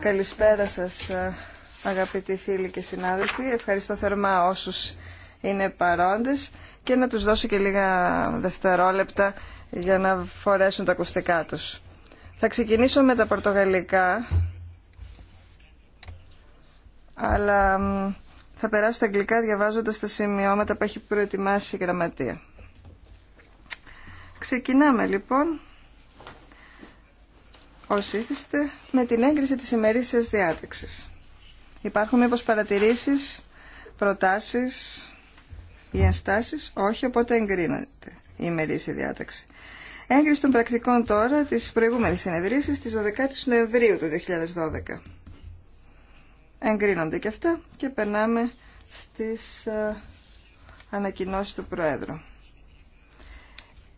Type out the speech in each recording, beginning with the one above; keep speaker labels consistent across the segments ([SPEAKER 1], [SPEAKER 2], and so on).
[SPEAKER 1] Καλησπέρα
[SPEAKER 2] σας ε, αγαπητοί φίλοι και συνάδελφοι. Ευχαριστώ θερμά όσους είναι παρόντες και να τους δώσω και λίγα δευτερόλεπτα για να φορέσουν τα ακουστικά τους. Θα ξεκινήσω με τα πορτογαλικά, αλλά θα περάσω τα αγγλικά διαβάζοντας τα σημειώματα που έχει προετοιμάσει η γραμματεία. Ξεκινάμε λοιπόν όσοι ήθιστε, με την έγκριση της ημερήσιας διάταξης. Υπάρχουν μήπως παρατηρήσεις, προτάσεις ή ενστάσεις. Όχι, οπότε εγκρίνεται η ημερήσια διάταξη. Έγκριση των πρακτικών τώρα της προηγούμενης συνεδρίασης της 12 η Νοεμβρίου του 2012. Εγκρίνονται και αυτά και περνάμε στις ε, ανακοινώσεις του Προέδρου.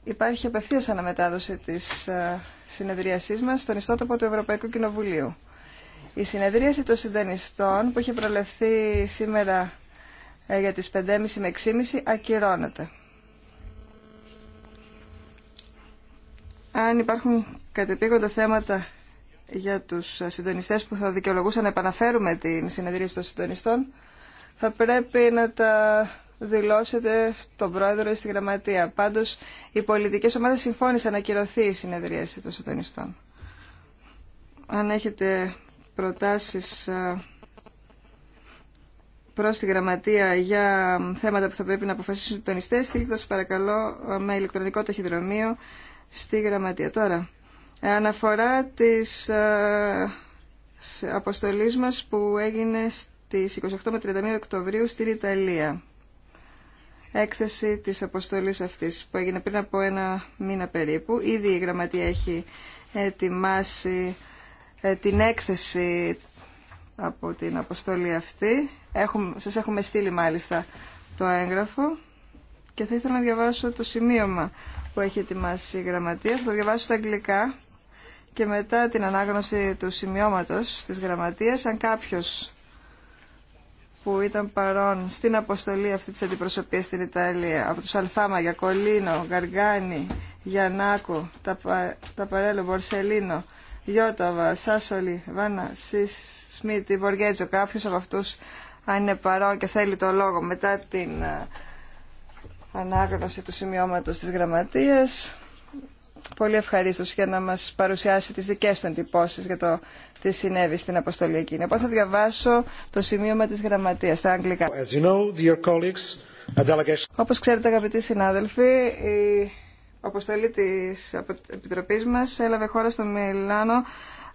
[SPEAKER 2] Υπάρχει απευθείας αναμετάδοση της ε, Συνεδρίασή μας στον ιστότοπο του Ευρωπαϊκού Κοινοβουλίου. Η συνεδρίαση των συντονιστών που έχει προλευθεί σήμερα ε, για τις 5.30 με 6.30 ακυρώνεται. Αν υπάρχουν κατεπήγοντα θέματα για τους συντονιστές που θα δικαιολογούσαν να επαναφέρουμε την συνεδρίαση των συντονιστών, θα πρέπει να τα δηλώσετε στον πρόεδρο ή στη γραμματεία. Πάντως, οι πολιτικές ομάδες συμφώνησαν να κυρωθεί η στη γραμματεια παντω οι πολιτικε ομαδε συμφωνησαν να κυρωθει η συνεδριαση των συντονιστών. Αν έχετε προτάσει προ τη γραμματεία για θέματα που θα πρέπει να αποφασίσουν οι συντονιστές, στείλτε σα παρακαλώ με ηλεκτρονικό ταχυδρομείο στη γραμματεία. Τώρα, αναφορά τη αποστολή μα που έγινε στις 28 με 31 Οκτωβρίου στην Ιταλία έκθεση της αποστολής αυτής που έγινε πριν από ένα μήνα περίπου. Ήδη η Γραμματεία έχει ετοιμάσει ε, την έκθεση από την αποστολή αυτή. Έχουμε, σας έχουμε στείλει μάλιστα το έγγραφο και θα ήθελα να διαβάσω το σημείωμα που έχει ετοιμάσει η Γραμματεία. Θα το διαβάσω στα αγγλικά και μετά την ανάγνωση του σημειώματος της Γραμματείας, αν κάποιος που ήταν παρόν στην αποστολή αυτή της αντιπροσωπείας στην Ιταλία από τους Αλφάμα, Γιακολίνο, Γαργάνη, Γιαννάκου, Ταπαρέλο, Μπορσελίνο, Γιώταβα, Σάσολη, Βάνα, Σις, Σμίτη, Μποργέτζο, κάποιος από αυτούς αν είναι παρόν και θέλει το λόγο μετά την ε, ανάγνωση του σημειώματος της γραμματείας πολύ ευχαρίστω για να μα παρουσιάσει τι δικέ του εντυπωσει για το τι συνέβη στην αποστολή εκείνη. Εγώ θα διαβάσω το σημείωμα τη γραμματείας στα αγγλικά. You know, Όπως ξέρετε αγαπητοί συνάδελφοι, η αποστολή τη Επιτροπή μα έλαβε χώρα στο Μιλάνο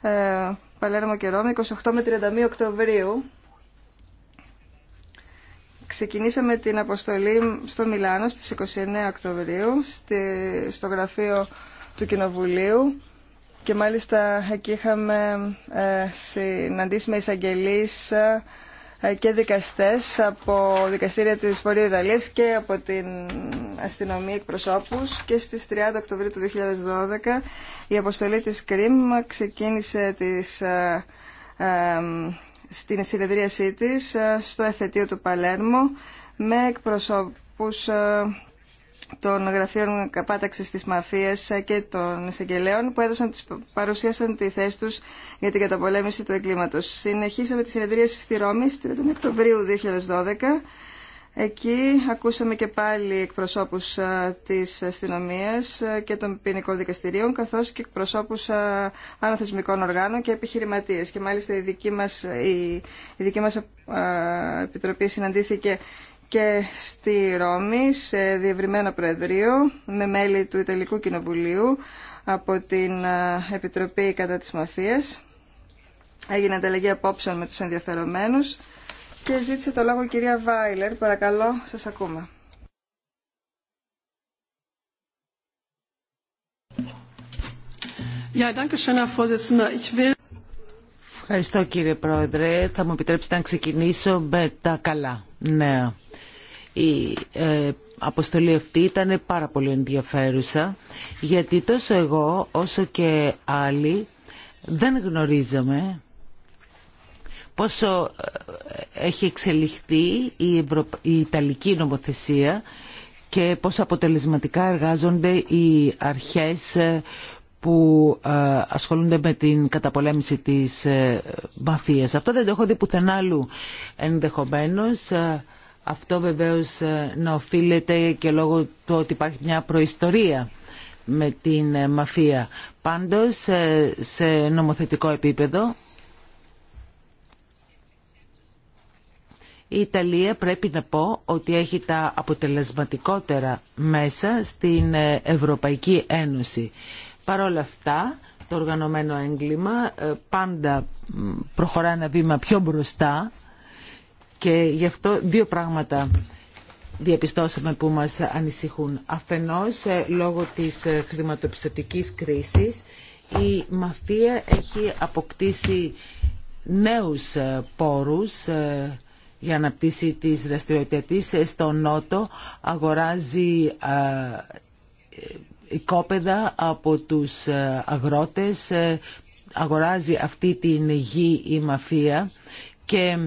[SPEAKER 2] ε, Παλέρμο και Ρώμη 28 με 31 Οκτωβρίου. Ξεκινήσαμε την αποστολή στο Μιλάνο στις 29 Οκτωβρίου στο γραφείο του Κοινοβουλίου και μάλιστα εκεί είχαμε ε, συναντήσει με εισαγγελείς ε, και δικαστές από δικαστήρια της Βορείου Ιταλίας και από την αστυνομία εκπροσώπους και στις 30 Οκτωβρίου του 2012 η αποστολή της ΚΡΙΜ ξεκίνησε τις, ε, ε στην συνεδρίασή της στο εφετείο του Παλέρμο με εκπροσώπους των γραφείων καπάταξης της μαφίας και των εισαγγελέων που έδωσαν, παρουσίασαν τη θέση τους για την καταπολέμηση του εγκλήματος. Συνεχίσαμε τη συνεδρίαση στη Ρώμη στις 30 Οκτωβρίου 2012. Εκεί ακούσαμε και πάλι εκπροσώπους της αστυνομία και των ποινικών δικαστηρίων καθώς και εκπροσώπους αναθεσμικών οργάνων και επιχειρηματίες. Και μάλιστα η δική μας, η, η δική μας επιτροπή συναντήθηκε και στη Ρώμη σε διευρυμένο προεδρείο με μέλη του Ιταλικού Κοινοβουλίου από την Επιτροπή κατά της Μαφίας. Έγινε ανταλλαγή απόψεων με τους ενδιαφερομένους και ζήτησε το λόγο η κυρία Βάιλερ. Παρακαλώ, σας ακούμε.
[SPEAKER 1] Ευχαριστώ κύριε Πρόεδρε. Θα μου επιτρέψετε να ξεκινήσω με τα καλά νέα. Η ε, αποστολή αυτή ήταν πάρα πολύ ενδιαφέρουσα γιατί τόσο εγώ όσο και άλλοι δεν γνωρίζαμε πόσο ε, έχει εξελιχθεί η, η Ιταλική νομοθεσία και πόσο αποτελεσματικά εργάζονται οι αρχές ε, που ε, ασχολούνται με την καταπολέμηση της ε, μαφίας. Αυτό δεν το έχω δει πουθενά ενδεχομένως. Ε, αυτό βεβαίως να οφείλεται και λόγω του ότι υπάρχει μια προϊστορία με την μαφία. Πάντως σε νομοθετικό επίπεδο η Ιταλία πρέπει να πω ότι έχει τα αποτελεσματικότερα μέσα στην Ευρωπαϊκή Ένωση. Παρ' όλα αυτά, το οργανωμένο έγκλημα ε, πάντα προχωρά ένα βήμα πιο μπροστά και γι' αυτό δύο πράγματα διαπιστώσαμε που μας ανησυχούν. Αφενός, ε, λόγω της ε, χρηματοπιστωτικής κρίσης, η μαφία έχει αποκτήσει νέους πόρους για να πτήσει τις δραστηριότητες στο Νότο, αγοράζει οικόπεδα από τους ε, αγρότες, ε, αγοράζει αυτή την γη η μαφία και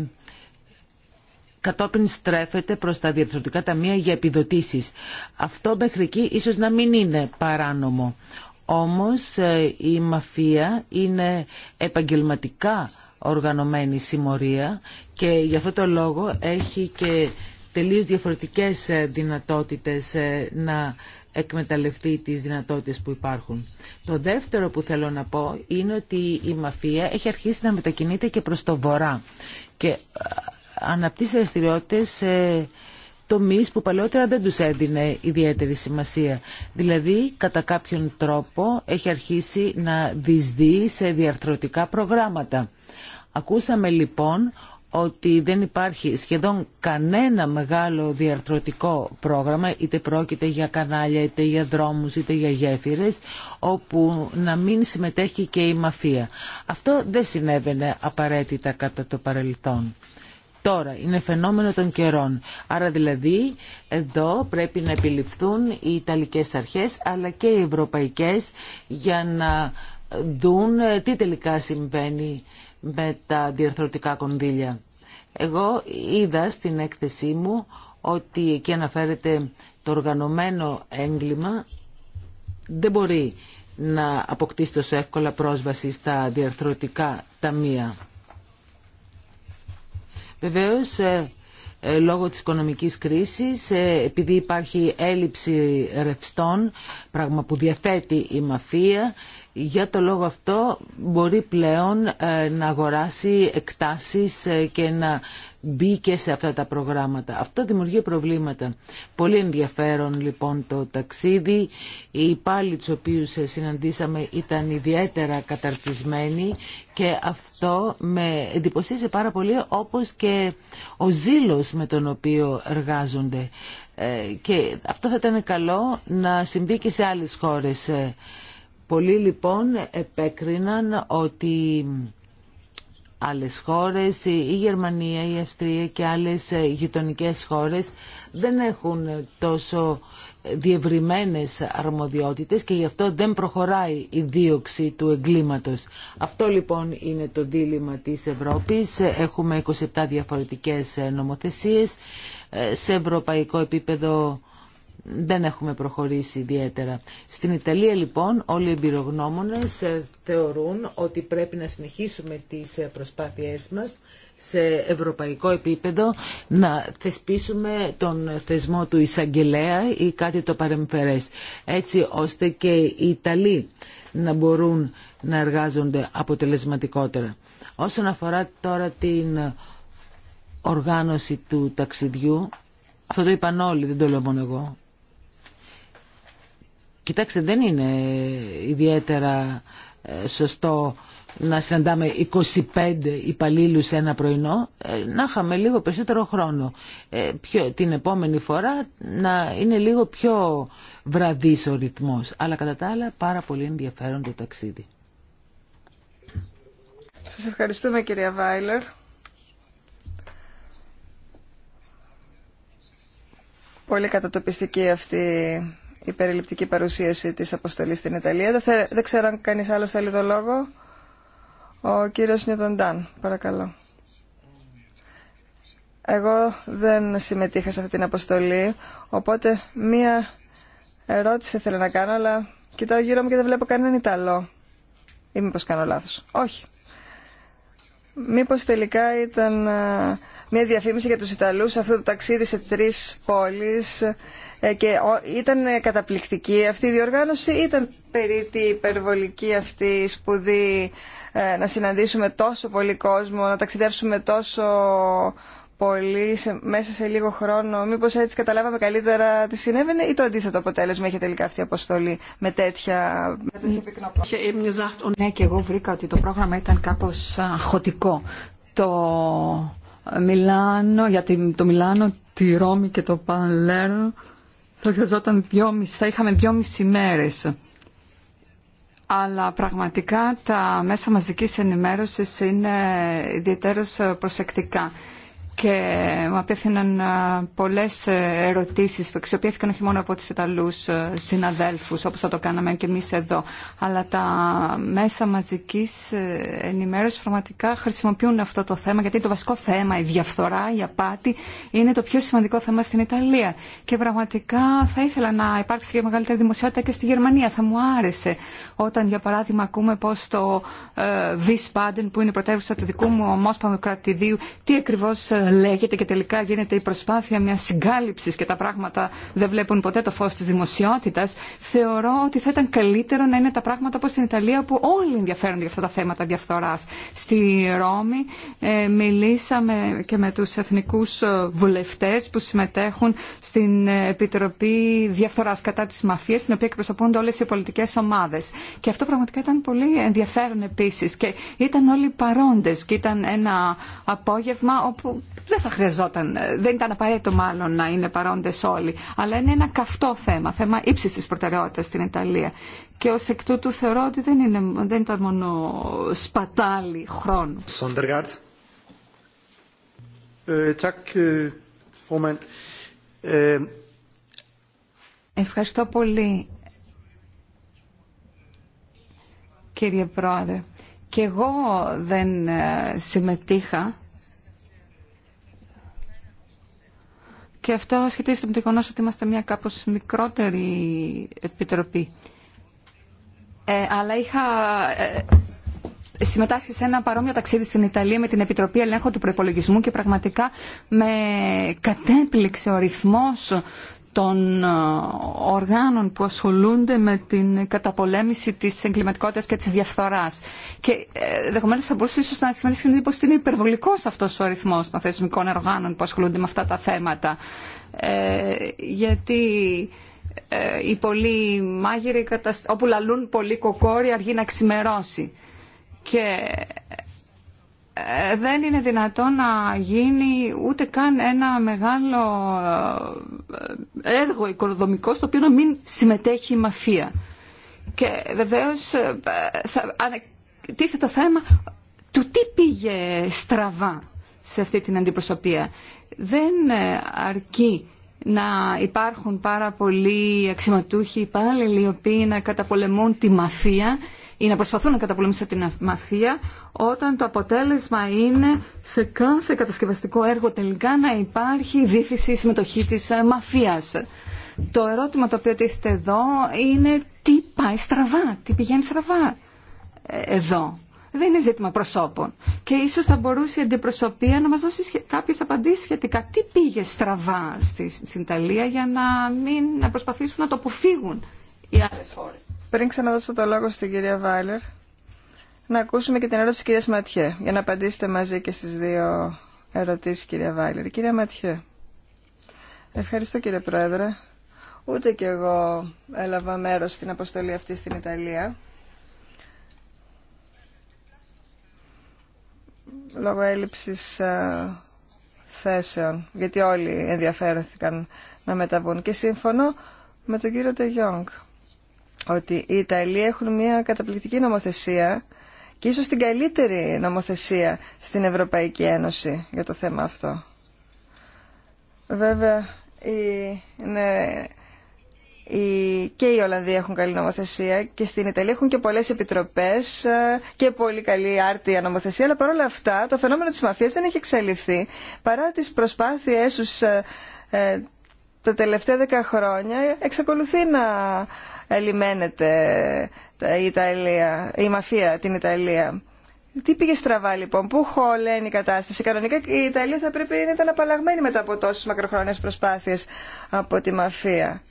[SPEAKER 1] κατόπιν στρέφεται προς τα διευθυντικά ταμεία για επιδοτήσεις. Αυτό μέχρι εκεί ίσως να μην είναι παράνομο. Όμως ε, η μαφία είναι επαγγελματικά οργανωμένη συμμορία και για αυτό το λόγο έχει και τελείως διαφορετικές δυνατότητες να εκμεταλλευτεί τις δυνατότητες που υπάρχουν. Το δεύτερο που θέλω να πω είναι ότι η μαφία έχει αρχίσει να μετακινείται και προς το βορρά και ε, αναπτύσσει δραστηριότητε σε τομείς που παλαιότερα δεν τους έδινε ιδιαίτερη σημασία. Δηλαδή, κατά κάποιον τρόπο έχει αρχίσει να δυσδύει σε διαρθρωτικά προγράμματα. Ακούσαμε λοιπόν ότι δεν υπάρχει σχεδόν κανένα μεγάλο διαρθρωτικό πρόγραμμα, είτε πρόκειται για κανάλια, είτε για δρόμους, είτε για γέφυρες, όπου να μην συμμετέχει και η μαφία. Αυτό δεν συνέβαινε απαραίτητα κατά το παρελθόν. Τώρα είναι φαινόμενο των καιρών. Άρα δηλαδή εδώ πρέπει να επιληφθούν οι Ιταλικές αρχές αλλά και οι Ευρωπαϊκές για να δουν ε, τι τελικά συμβαίνει με τα διαρθρωτικά κονδύλια. Εγώ είδα στην έκθεσή μου ότι εκεί αναφέρεται το οργανωμένο έγκλημα δεν μπορεί να αποκτήσει τόσο εύκολα πρόσβαση στα διαρθρωτικά ταμεία. Βεβαίως, ε, ε, λόγω της οικονομικής κρίσης, ε, επειδή υπάρχει έλλειψη ρευστών, πράγμα που διαθέτει η μαφία, για το λόγο αυτό μπορεί πλέον ε, να αγοράσει εκτάσεις ε, και να μπει και σε αυτά τα προγράμματα. Αυτό δημιουργεί προβλήματα. Πολύ ενδιαφέρον λοιπόν το ταξίδι. Οι υπάλληλοι του οποίου ε, συναντήσαμε ήταν ιδιαίτερα καταρτισμένοι και αυτό με εντυπωσίασε πάρα πολύ όπως και ο ζήλος με τον οποίο εργάζονται. Και αυτό θα ήταν καλό να συμβεί και σε άλλες χώρες Πολλοί λοιπόν επέκριναν ότι άλλες χώρες, η Γερμανία, η Αυστρία και άλλες ε, γειτονικές χώρες δεν έχουν τόσο διευρυμένες αρμοδιότητες και γι' αυτό δεν προχωράει η δίωξη του εγκλήματος. Αυτό λοιπόν είναι το δίλημα της Ευρώπης. Έχουμε 27 διαφορετικές ε, νομοθεσίες. Ε, σε ευρωπαϊκό επίπεδο δεν έχουμε προχωρήσει ιδιαίτερα. Στην Ιταλία λοιπόν όλοι οι εμπειρογνώμονες ε, θεωρούν ότι πρέπει να συνεχίσουμε τις ε, προσπάθειές μας σε ευρωπαϊκό επίπεδο να θεσπίσουμε τον θεσμό του εισαγγελέα ή κάτι το παρεμφερές έτσι ώστε και οι Ιταλοί να μπορούν να εργάζονται αποτελεσματικότερα. Όσον αφορά τώρα την οργάνωση του ταξιδιού αυτό το είπαν όλοι, δεν το λέω μόνο εγώ. Κοιτάξτε, δεν είναι ιδιαίτερα ε, σωστό να συναντάμε 25 υπαλλήλου σε ένα πρωινό, ε, να είχαμε λίγο περισσότερο χρόνο. Ε, την επόμενη φορά να είναι λίγο πιο βραδύς ο ρυθμός. Αλλά κατά τα άλλα πάρα πολύ ενδιαφέρον το ταξίδι.
[SPEAKER 2] Σας ευχαριστούμε κυρία Βάιλερ. Πολύ κατατοπιστική αυτή η περιληπτική παρουσίαση της αποστολής στην Ιταλία. Δεν ξέρω αν κανείς άλλος θέλει το λόγο. Ο κύριος Νιουτοντάν, παρακαλώ. Εγώ δεν συμμετείχα σε αυτή την αποστολή, οπότε μία ερώτηση θα θέλω να κάνω, αλλά κοιτάω γύρω μου και δεν βλέπω κανέναν Ιταλό. Ή μήπως κάνω λάθος. Όχι. Μήπως τελικά ήταν ε, μια διαφήμιση για τους Ιταλούς αυτό το ταξίδι σε τρεις πόλεις ε, και ήταν καταπληκτική αυτή η διοργάνωση, ήταν περίτη υπερβολική αυτή η σπουδή ε, να συναντήσουμε τόσο πολύ κόσμο, να ταξιδεύσουμε τόσο πολύ μέσα σε λίγο χρόνο. Μήπως έτσι καταλάβαμε καλύτερα τι συνέβαινε ή το αντίθετο αποτέλεσμα είχε τελικά αυτή η αποστολή με τέτοια
[SPEAKER 3] με Ναι και εγώ βρήκα ότι το πρόγραμμα ήταν κάπως αγχωτικό. Το Μιλάνο, γιατί το Μιλάνο, τη Ρώμη και το Παλέρνο το δυόμιση, θα είχαμε δυόμιση μέρες. Αλλά πραγματικά τα μέσα μαζικής ενημέρωσης είναι ιδιαίτερως προσεκτικά και μου απέφθηναν ε, πολλές ε, ερωτήσεις που αξιοποιήθηκαν όχι μόνο από τους Ιταλούς ε, συναδέλφους όπως θα το κάναμε και εμείς εδώ αλλά τα μέσα μαζικής ενημέρωσης πραγματικά χρησιμοποιούν αυτό το θέμα γιατί το βασικό θέμα, η διαφθορά, η απάτη είναι το πιο σημαντικό θέμα στην Ιταλία και πραγματικά θα ήθελα να υπάρξει και μεγαλύτερη δημοσιότητα και στη Γερμανία θα μου άρεσε όταν για παράδειγμα ακούμε πως το Wiesbaden που είναι η πρωτεύουσα του δικού μου κρατηδίου τι ακριβώς λέγεται και τελικά γίνεται η προσπάθεια μιας συγκάλυψης και τα πράγματα δεν βλέπουν ποτέ το φως της δημοσιότητας, θεωρώ ότι θα ήταν καλύτερο να είναι τα πράγματα όπως στην Ιταλία που όλοι ενδιαφέρονται για αυτά τα θέματα διαφθοράς. Στη Ρώμη ε, μιλήσαμε και με τους εθνικούς ε, βουλευτές που συμμετέχουν στην ε, Επιτροπή Διαφθοράς κατά της Μαφίας, στην οποία εκπροσωπούνται όλες οι πολιτικές ομάδες. Και αυτό πραγματικά ήταν πολύ ενδιαφέρον επίσης και ήταν όλοι παρόντες και ήταν ένα απόγευμα όπου δεν θα χρειαζόταν, ε, δεν ήταν απαραίτητο μάλλον να είναι παρόντε όλοι, αλλά είναι ένα καυτό θέμα, θέμα ύψη τη προτεραιότητα στην Ιταλία. Και ω εκ τούτου θεωρώ ότι δεν, είναι, ήταν μόνο σπατάλη χρόνου.
[SPEAKER 1] Ε, Σοντεργάρτ.
[SPEAKER 3] Ε, Ευχαριστώ πολύ, κύριε Πρόεδρε. Και εγώ δεν συμμετείχα Και αυτό σχετίζεται με το γεγονό ότι είμαστε μια κάπως μικρότερη επιτροπή. Ε, αλλά είχα ε, συμμετάσχει σε ένα παρόμοιο ταξίδι στην Ιταλία με την Επιτροπή Ελέγχου του Προπολογισμού και πραγματικά με κατέπληξε ο ρυθμός των ε, οργάνων που ασχολούνται με την καταπολέμηση της εγκληματικότητας και της διαφθοράς. Και ε, δεχομένω θα μπορούσε ίσως να σημαίνει την εντύπωση ότι είναι υπερβολικός αυτός ο αριθμός των θεσμικών οργάνων που ασχολούνται με αυτά τα θέματα. Ε, γιατί ε, οι πολλοί μάγειροι όπου λαλούν πολλοί κοκόροι αργεί να ξημερώσει. Και δεν είναι δυνατό να γίνει ούτε καν ένα μεγάλο ε, έργο οικοδομικό στο οποίο να μην συμμετέχει η μαφία. Και βεβαίως ε, θα το θέμα του τι πήγε στραβά σε αυτή την αντιπροσωπεία. Δεν ε, αρκεί να υπάρχουν πάρα πολλοί αξιωματούχοι υπάλληλοι οι οποίοι να καταπολεμούν τη μαφία ή να προσπαθούν να καταπολεμήσουν την αμαθία όταν το αποτέλεσμα είναι σε κάθε κατασκευαστικό έργο τελικά να υπάρχει δίθυση συμμετοχή της ε, μαφίας. Το ερώτημα το οποίο τίθεται εδώ είναι τι πάει στραβά, τι πηγαίνει στραβά ε, εδώ. Δεν είναι ζήτημα προσώπων. Και ίσως θα μπορούσε η να προσπαθουν να καταπολεμησουν την μαφια οταν το αποτελεσμα ειναι σε καθε κατασκευαστικο εργο τελικα να υπαρχει διθυση συμμετοχη της μαφιας το ερωτημα το οποιο τιθεται εδω ειναι τι παει στραβα τι πηγαινει στραβα εδω δεν ειναι ζητημα προσωπων και ισως θα μπορουσε η αντιπροσωπεια να μας δώσει κάποιες απαντήσεις σχετικά. Τι πήγε στραβά στη, στην Ιταλία για να, μην, να προσπαθήσουν να το αποφύγουν πριν ξαναδώσω το λόγο στην
[SPEAKER 2] κυρία Βάιλερ, να ακούσουμε και την ερώτηση τη κυρία Ματιέ, για να απαντήσετε μαζί και στις δύο ερωτήσει, κυρία Βάιλερ. Κυρία Ματιέ, ευχαριστώ κύριε Πρόεδρε. Ούτε κι εγώ έλαβα μέρος στην αποστολή αυτή στην Ιταλία. Λόγω έλλειψης θέσεων, γιατί όλοι ενδιαφέρθηκαν να μεταβούν. Και σύμφωνο με τον κύριο Τεγιόγκ ότι οι Ιταλοί έχουν μια καταπληκτική νομοθεσία και ίσως την καλύτερη νομοθεσία στην Ευρωπαϊκή Ένωση για το θέμα αυτό. Βέβαια, ναι, και οι Ολλανδοί έχουν καλή νομοθεσία και στην Ιταλία έχουν και πολλές επιτροπές ε, και πολύ καλή άρτια νομοθεσία, αλλά παρόλα αυτά το φαινόμενο της μαφίας δεν έχει εξαλειφθεί παρά τις προσπάθειές τους ε, ε, τα τελευταία δέκα χρόνια εξακολουθεί να ελιμένεται η, Ιταλία, η μαφία την Ιταλία. Τι πήγε στραβά λοιπόν, πού χωλένει η κατάσταση. Κανονικά η Ιταλία θα πρέπει να ήταν απαλλαγμένη μετά από τόσες μακροχρόνιες προσπάθειες από τη μαφία.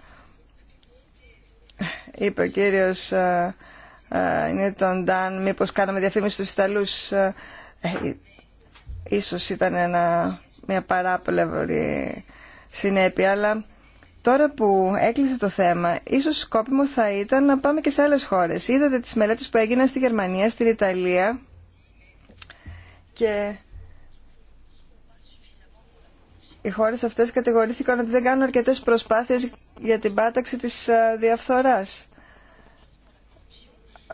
[SPEAKER 2] Είπε ο κύριο ε, ε, είναι τον Νταν, μήπως κάναμε διαφήμιση στου Ιταλού. Ε, ε, ίσως ήταν ένα, μια παράπλευρη συνέπεια, αλλά Τώρα που έκλεισε το θέμα, ίσως σκόπιμο θα ήταν να πάμε και σε άλλες χώρες. Είδατε τις μελέτες που έγιναν στη Γερμανία, στην Ιταλία και οι χώρες αυτές κατηγορήθηκαν ότι δεν κάνουν αρκετές προσπάθειες για την πάταξη της ε, διαφθοράς.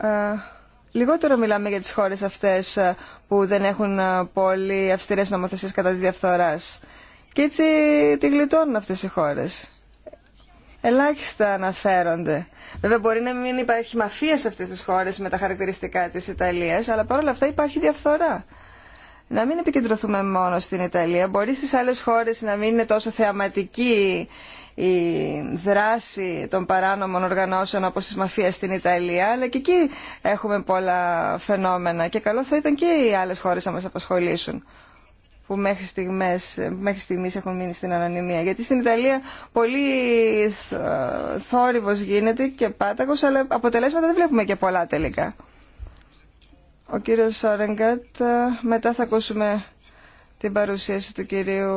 [SPEAKER 2] Ε, λιγότερο μιλάμε για τις χώρες αυτές ε, που δεν έχουν πολύ αυστηρές νομοθεσίες κατά της διαφθοράς. Και έτσι τη γλιτώνουν αυτές οι χώρες ελάχιστα αναφέρονται. Βέβαια μπορεί να μην υπάρχει μαφία σε αυτές τις χώρες με τα χαρακτηριστικά της Ιταλίας, αλλά παρόλα αυτά υπάρχει διαφθορά. Να μην επικεντρωθούμε μόνο στην Ιταλία. Μπορεί στις άλλες χώρες να μην είναι τόσο θεαματική η δράση των παράνομων οργανώσεων όπως της μαφίας στην Ιταλία, αλλά και εκεί έχουμε πολλά φαινόμενα και καλό θα ήταν και οι άλλες χώρες να μας απασχολήσουν που μέχρι, στιγμές, μέχρι στιγμής έχουν μείνει στην ανωνυμία. Γιατί στην Ιταλία πολύ θόρυβος γίνεται και πάταγος, αλλά αποτελέσματα δεν βλέπουμε και πολλά τελικά. Ο κύριος Σόρενγκατ, ε, μετά θα ακούσουμε την παρουσίαση του κυρίου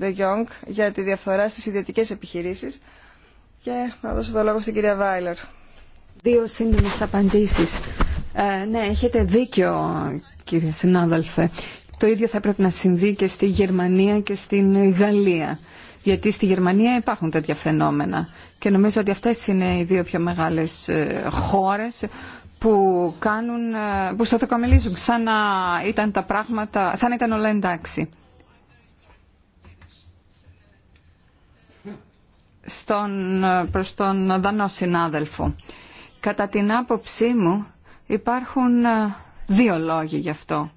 [SPEAKER 2] De Jong για τη διαφθορά στις ιδιωτικές επιχειρήσεις και να δώσω το λόγο στην κυρία Βάιλερ.
[SPEAKER 3] Δύο σύντομες απαντήσεις. Ε, ναι, έχετε δίκιο κύριε συνάδελφε. Το ίδιο θα πρέπει να συμβεί και στη Γερμανία και στην Γαλλία. Γιατί στη Γερμανία υπάρχουν τέτοια φαινόμενα. Και νομίζω ότι αυτές είναι οι δύο πιο μεγάλες ε, χώρες που, κάνουν, ε, που σαν να ήταν τα πράγματα, σαν να ήταν όλα εντάξει. Στον, ε, προς τον Δανό συνάδελφο. Κατά την άποψή μου υπάρχουν δύο λόγοι γι' αυτό.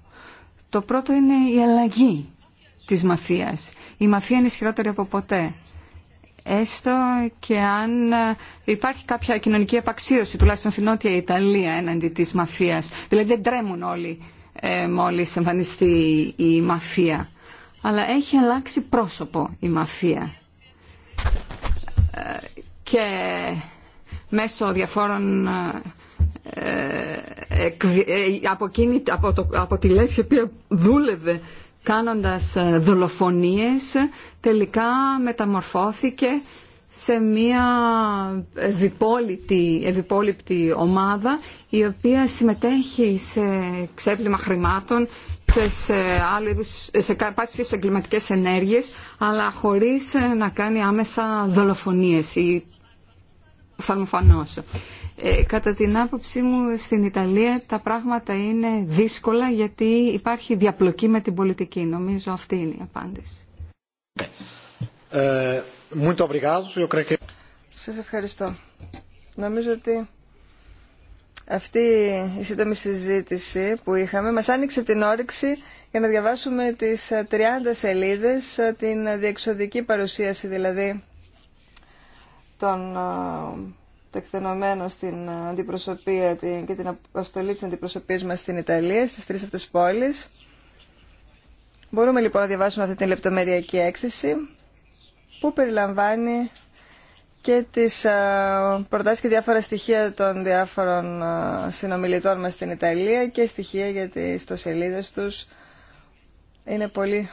[SPEAKER 3] Το πρώτο είναι η αλλαγή της μαφίας. Η μαφία είναι ισχυρότερη από ποτέ. Έστω και αν ε, υπάρχει κάποια κοινωνική επαξίωση, τουλάχιστον στην Νότια Ιταλία, έναντι της μαφίας. Δηλαδή δεν τρέμουν όλοι ε, μόλις εμφανιστεί η μαφία. Αλλά έχει αλλάξει πρόσωπο η μαφία. Ε, και μέσω διαφόρων ε, ε, ε, από, από, το, από τη λέξη η οποία δούλευε κάνοντας ε, δολοφονίες τελικά μεταμορφώθηκε σε μια ευυπόλυπτη ομάδα η οποία συμμετέχει σε ξέπλυμα χρημάτων και σε, άλλου είδους, σε κάποιες εγκληματικές ενέργειες αλλά χωρίς να κάνει άμεσα δολοφονίες ή φανώσω ε, κατά την άποψή μου στην Ιταλία τα πράγματα είναι δύσκολα γιατί υπάρχει διαπλοκή με την πολιτική. Νομίζω αυτή είναι η απάντηση. Ε,
[SPEAKER 2] Σας ευχαριστώ. Νομίζω ότι αυτή η σύντομη συζήτηση που είχαμε μας άνοιξε την όρεξη για να διαβάσουμε τις 30 σελίδες, την διεξοδική παρουσίαση δηλαδή των ε, τεκτενωμένο στην αντιπροσωπεία και την αποστολή της αντιπροσωπείας μας στην Ιταλία, στις τρεις αυτές πόλεις. Μπορούμε λοιπόν να διαβάσουμε αυτή την λεπτομεριακή έκθεση που περιλαμβάνει και τις προτάσεις και διάφορα στοιχεία των διάφορων συνομιλητών μας στην Ιταλία και στοιχεία για τις τοσελίδες τους. Είναι πολύ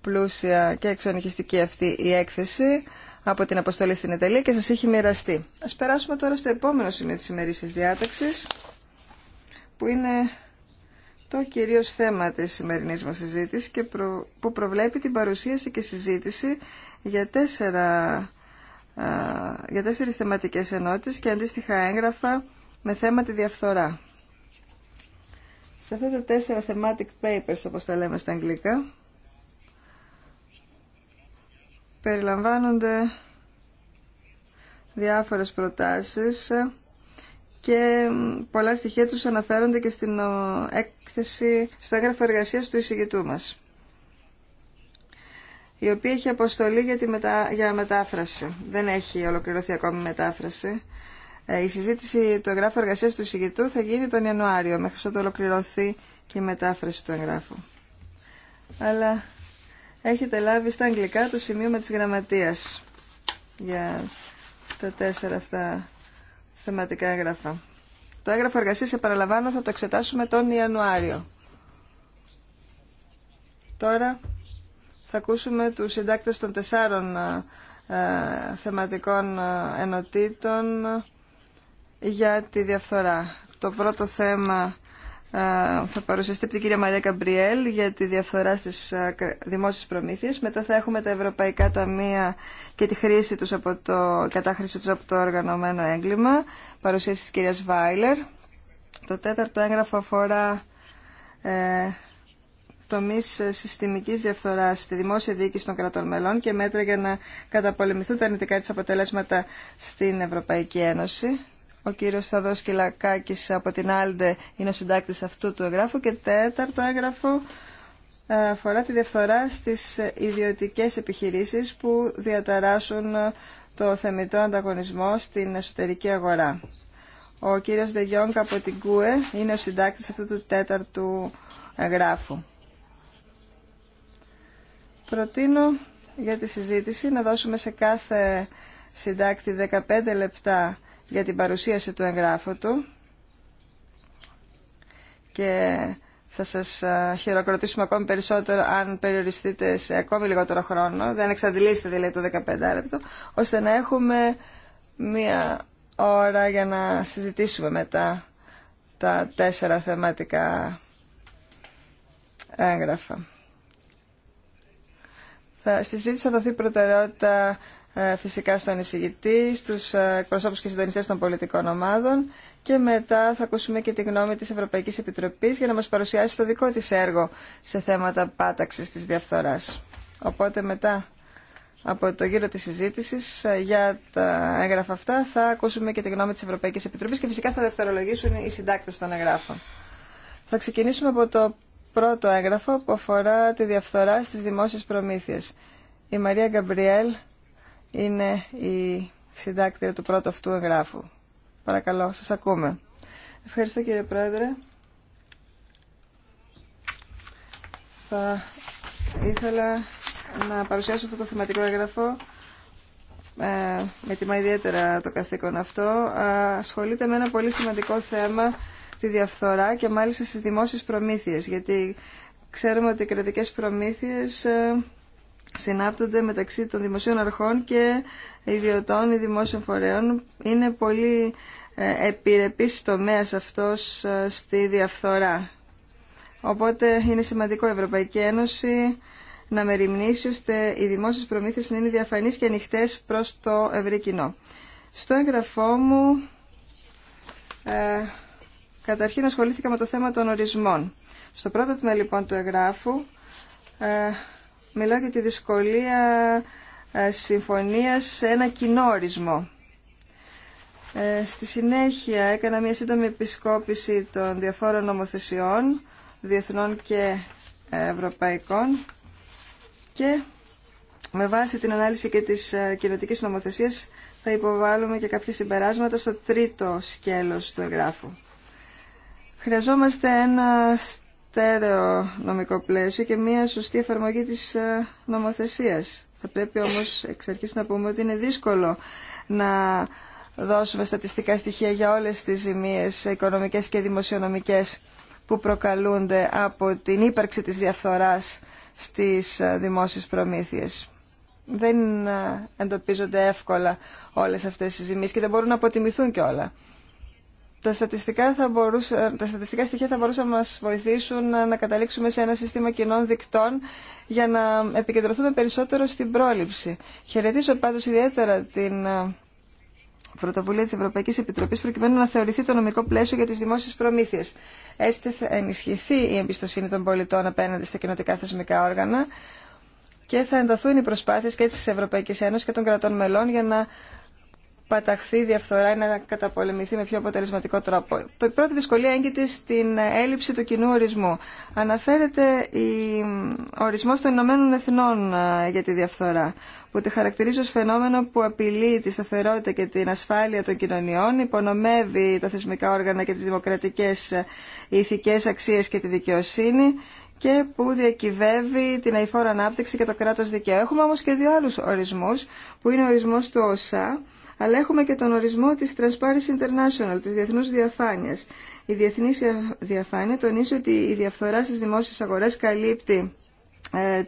[SPEAKER 2] πλούσια και εξονυχιστική αυτή η έκθεση από την αποστολή στην Ιταλία και σας έχει μοιραστεί. Ας περάσουμε τώρα στο επόμενο σημείο της ημερήσιας διάταξης, που είναι το κυρίως θέμα της σημερινής μας συζήτησης και που προβλέπει την παρουσίαση και συζήτηση για τέσσερα για τέσσερις θεματικές ενότητες και αντίστοιχα έγγραφα με θέμα τη διαφθορά. Σε αυτά τα τέσσερα thematic papers, όπως τα λέμε στα αγγλικά, περιλαμβάνονται διάφορες προτάσεις και πολλά στοιχεία τους αναφέρονται και στην ε, έκθεση, στο έγγραφο εργασίας του εισηγητού μας η οποία έχει αποστολή για, τη μετα... για μετάφραση. Δεν έχει ολοκληρωθεί ακόμη η μετάφραση. Ε, η συζήτηση του εγγράφου εργασία του εισηγητού θα γίνει τον Ιανουάριο, μέχρι όταν ολοκληρωθεί και η μετάφραση του εγγράφου. Αλλά έχετε λάβει στα αγγλικά το σημείο με της γραμματείας για τα τέσσερα αυτά θεματικά έγγραφα. Το έγγραφο εργασίας, επαναλαμβάνω, θα το εξετάσουμε τον Ιανουάριο. Τώρα θα ακούσουμε τους συντάκτες των τεσσάρων ε, θεματικών ε, ενωτήτων για τη διαφθορά. Το πρώτο θέμα θα παρουσιαστεί από την κυρία Μαρία Καμπριέλ για τη διαφθορά στις δημόσιες προμήθειες. Μετά θα έχουμε τα ευρωπαϊκά ταμεία και τη χρήση τους από το, κατάχρηση τους από το οργανωμένο έγκλημα. Παρουσίαση της κυρίας Βάιλερ. Το τέταρτο έγγραφο αφορά ε, τομείς ε, συστημικής διαφθοράς στη δημόσια διοίκηση των κρατών μελών και μέτρα για να καταπολεμηθούν τα αρνητικά τη αποτελέσματα στην Ευρωπαϊκή Ένωση. Ο κύριο Θαδός Κυλακάκη από την Άλντε είναι ο συντάκτη αυτού του εγγράφου και τέταρτο έγγραφο ε, αφορά τη διαφθορά στι ιδιωτικέ επιχειρήσει που διαταράσσουν το θεμητό ανταγωνισμό στην εσωτερική αγορά. Ο κύριος Δεγιόνκα από την ΚΟΕ είναι ο συντάκτης αυτού του τέταρτου εγγράφου. Προτείνω για τη συζήτηση να δώσουμε σε κάθε συντάκτη 15 λεπτά για την παρουσίαση του εγγράφου του και θα σας χειροκροτήσουμε ακόμη περισσότερο αν περιοριστείτε σε ακόμη λιγότερο χρόνο, δεν εξαντλήσετε δηλαδή το 15 λεπτό, ώστε να έχουμε μία ώρα για να συζητήσουμε μετά τα τέσσερα θεματικά έγγραφα. Θα, στη συζήτηση θα δοθεί προτεραιότητα ε, φυσικά στον εισηγητή, στους ε, εκπροσώπους και συντονιστές των πολιτικών ομάδων και μετά θα ακούσουμε και τη γνώμη της Ευρωπαϊκής Επιτροπής για να μας παρουσιάσει το δικό της έργο σε θέματα πάταξης της διαφθοράς. Οπότε μετά από το γύρο της συζήτησης ε, για τα έγγραφα αυτά θα ακούσουμε και τη γνώμη της Ευρωπαϊκής Επιτροπής και φυσικά θα δευτερολογήσουν οι συντάκτες των εγγράφων. Θα ξεκινήσουμε από το πρώτο έγγραφο που αφορά τη διαφθορά στις δημόσιες προμήθειες. Η Μαρία Γκαμπριέλ είναι η συντάκτη του πρώτου αυτού εγγράφου. Παρακαλώ, σας ακούμε. Ευχαριστώ κύριε Πρόεδρε. Θα ήθελα να παρουσιάσω αυτό το θεματικό έγγραφο ε, με τιμά ιδιαίτερα το καθήκον αυτό. ασχολείται με ένα πολύ σημαντικό θέμα, τη διαφθορά και μάλιστα στις δημόσιες προμήθειες, γιατί ξέρουμε ότι οι κρατικές προμήθειες ε, συνάπτονται μεταξύ των δημοσίων αρχών και ιδιωτών ή δημόσιων φορέων. Είναι πολύ ε, επιρρεπής τομέας αυτός ε, στη διαφθορά. Οπότε είναι σημαντικό η Ευρωπαϊκή Ένωση να μεριμνήσει ώστε οι δημόσιες προμήθειες να είναι διαφανείς και ανοιχτές προς το ευρύ κοινό. Στο εγγραφό μου ε, καταρχήν ασχολήθηκα με το θέμα των ορισμών. Στο πρώτο τμήμα λοιπόν του εγγράφου ε, μιλάω για τη δυσκολία ε, συμφωνίας σε ένα κοινόρισμό. Ε, στη συνέχεια έκανα μια σύντομη επισκόπηση των διαφόρων νομοθεσιών, διεθνών και ευρωπαϊκών και με βάση την ανάλυση και της ε, κοινωτικής νομοθεσίας θα υποβάλουμε και κάποια συμπεράσματα στο τρίτο σκέλος του εγγράφου. Χρειαζόμαστε ένα στέρεο νομικό πλαίσιο και μια σωστή εφαρμογή της ε, νομοθεσίας. Θα πρέπει όμως εξ αρχής να πούμε ότι είναι δύσκολο να δώσουμε στατιστικά στοιχεία για όλες τις ζημίες οικονομικές και δημοσιονομικές που προκαλούνται από την ύπαρξη της διαφθοράς στις ε, δημόσιες προμήθειες. Δεν ε, εντοπίζονται εύκολα όλες αυτές οι ζημίες και δεν μπορούν να αποτιμηθούν κιόλα τα στατιστικά, θα τα στατιστικά στοιχεία θα μπορούσαν να μας βοηθήσουν να καταλήξουμε σε ένα σύστημα κοινών δικτών για να επικεντρωθούμε περισσότερο στην πρόληψη. Χαιρετίζω πάντως ιδιαίτερα την ε, πρωτοβουλία της Ευρωπαϊκής Επιτροπής προκειμένου να θεωρηθεί το νομικό πλαίσιο για τις δημόσιες προμήθειες. Έτσι θα ενισχυθεί η εμπιστοσύνη των πολιτών απέναντι στα κοινοτικά θεσμικά όργανα και θα ενταθούν οι προσπάθειες και της Ευρωπαϊκής Ένωσης και των κρατών μελών για να παταχθεί η διαφθορά ή να καταπολεμηθεί με πιο αποτελεσματικό τρόπο. Η πρώτη δυσκολία έγκυται στην έλλειψη του κοινού ορισμού. Αναφέρεται ο ορισμός των Ηνωμένων Εθνών για τη διαφθορά, που τη χαρακτηρίζει ως φαινόμενο που απειλεί τη σταθερότητα και την ασφάλεια των κοινωνιών, υπονομεύει τα θεσμικά όργανα και τις δημοκρατικές ηθικές αξίες και τη δικαιοσύνη, και που διακυβεύει την αηφόρο ανάπτυξη και το κράτος δικαίου. Έχουμε όμως και δύο άλλους ορισμούς, που είναι ο ορισμός του ΩΣΑ, αλλά έχουμε και τον ορισμό της Transparency International, της διεθνούς διαφάνειας. Η διεθνή διαφάνεια τονίζει ότι η διαφθορά στις δημόσιες αγορές καλύπτει ε,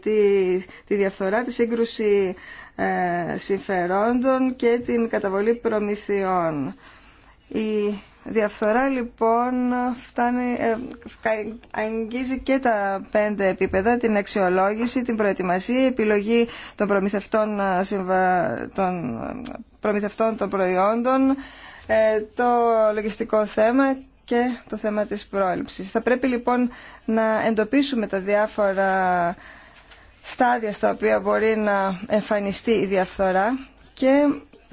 [SPEAKER 2] τη, διαφθορά, τη σύγκρουση ε, συμφερόντων και την καταβολή προμηθειών διαφθορά λοιπόν φτάνει, ε, αγγίζει και τα πέντε επίπεδα, την αξιολόγηση, την προετοιμασία, η επιλογή των προμηθευτών, ε, των, ε, προμηθευτών των προϊόντων, ε, το λογιστικό θέμα και το θέμα της πρόληψης. Θα πρέπει λοιπόν να εντοπίσουμε τα διάφορα στάδια στα οποία μπορεί να εμφανιστεί η διαφθορά και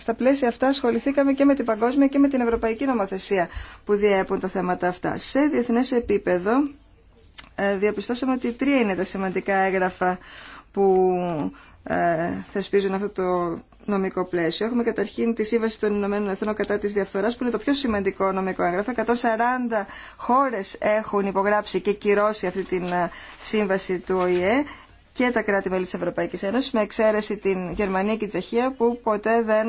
[SPEAKER 2] στα πλαίσια αυτά ασχοληθήκαμε και με την παγκόσμια και με την ευρωπαϊκή νομοθεσία που διέπουν τα θέματα αυτά. Σε διεθνές επίπεδο ε, διαπιστώσαμε ότι τρία είναι τα σημαντικά έγγραφα που ε, θεσπίζουν αυτό το νομικό πλαίσιο. Έχουμε καταρχήν τη Σύμβαση των Ηνωμένων Εθνών κατά της διαφθοράς που είναι το πιο σημαντικό νομικό έγγραφο. 140 χώρες έχουν υπογράψει και κυρώσει αυτή την ε, σύμβαση του ΟΗΕ και τα κράτη-μέλη της Ευρωπαϊκής Ένωσης με εξαίρεση την Γερμανία και την Τσεχία που ποτέ δεν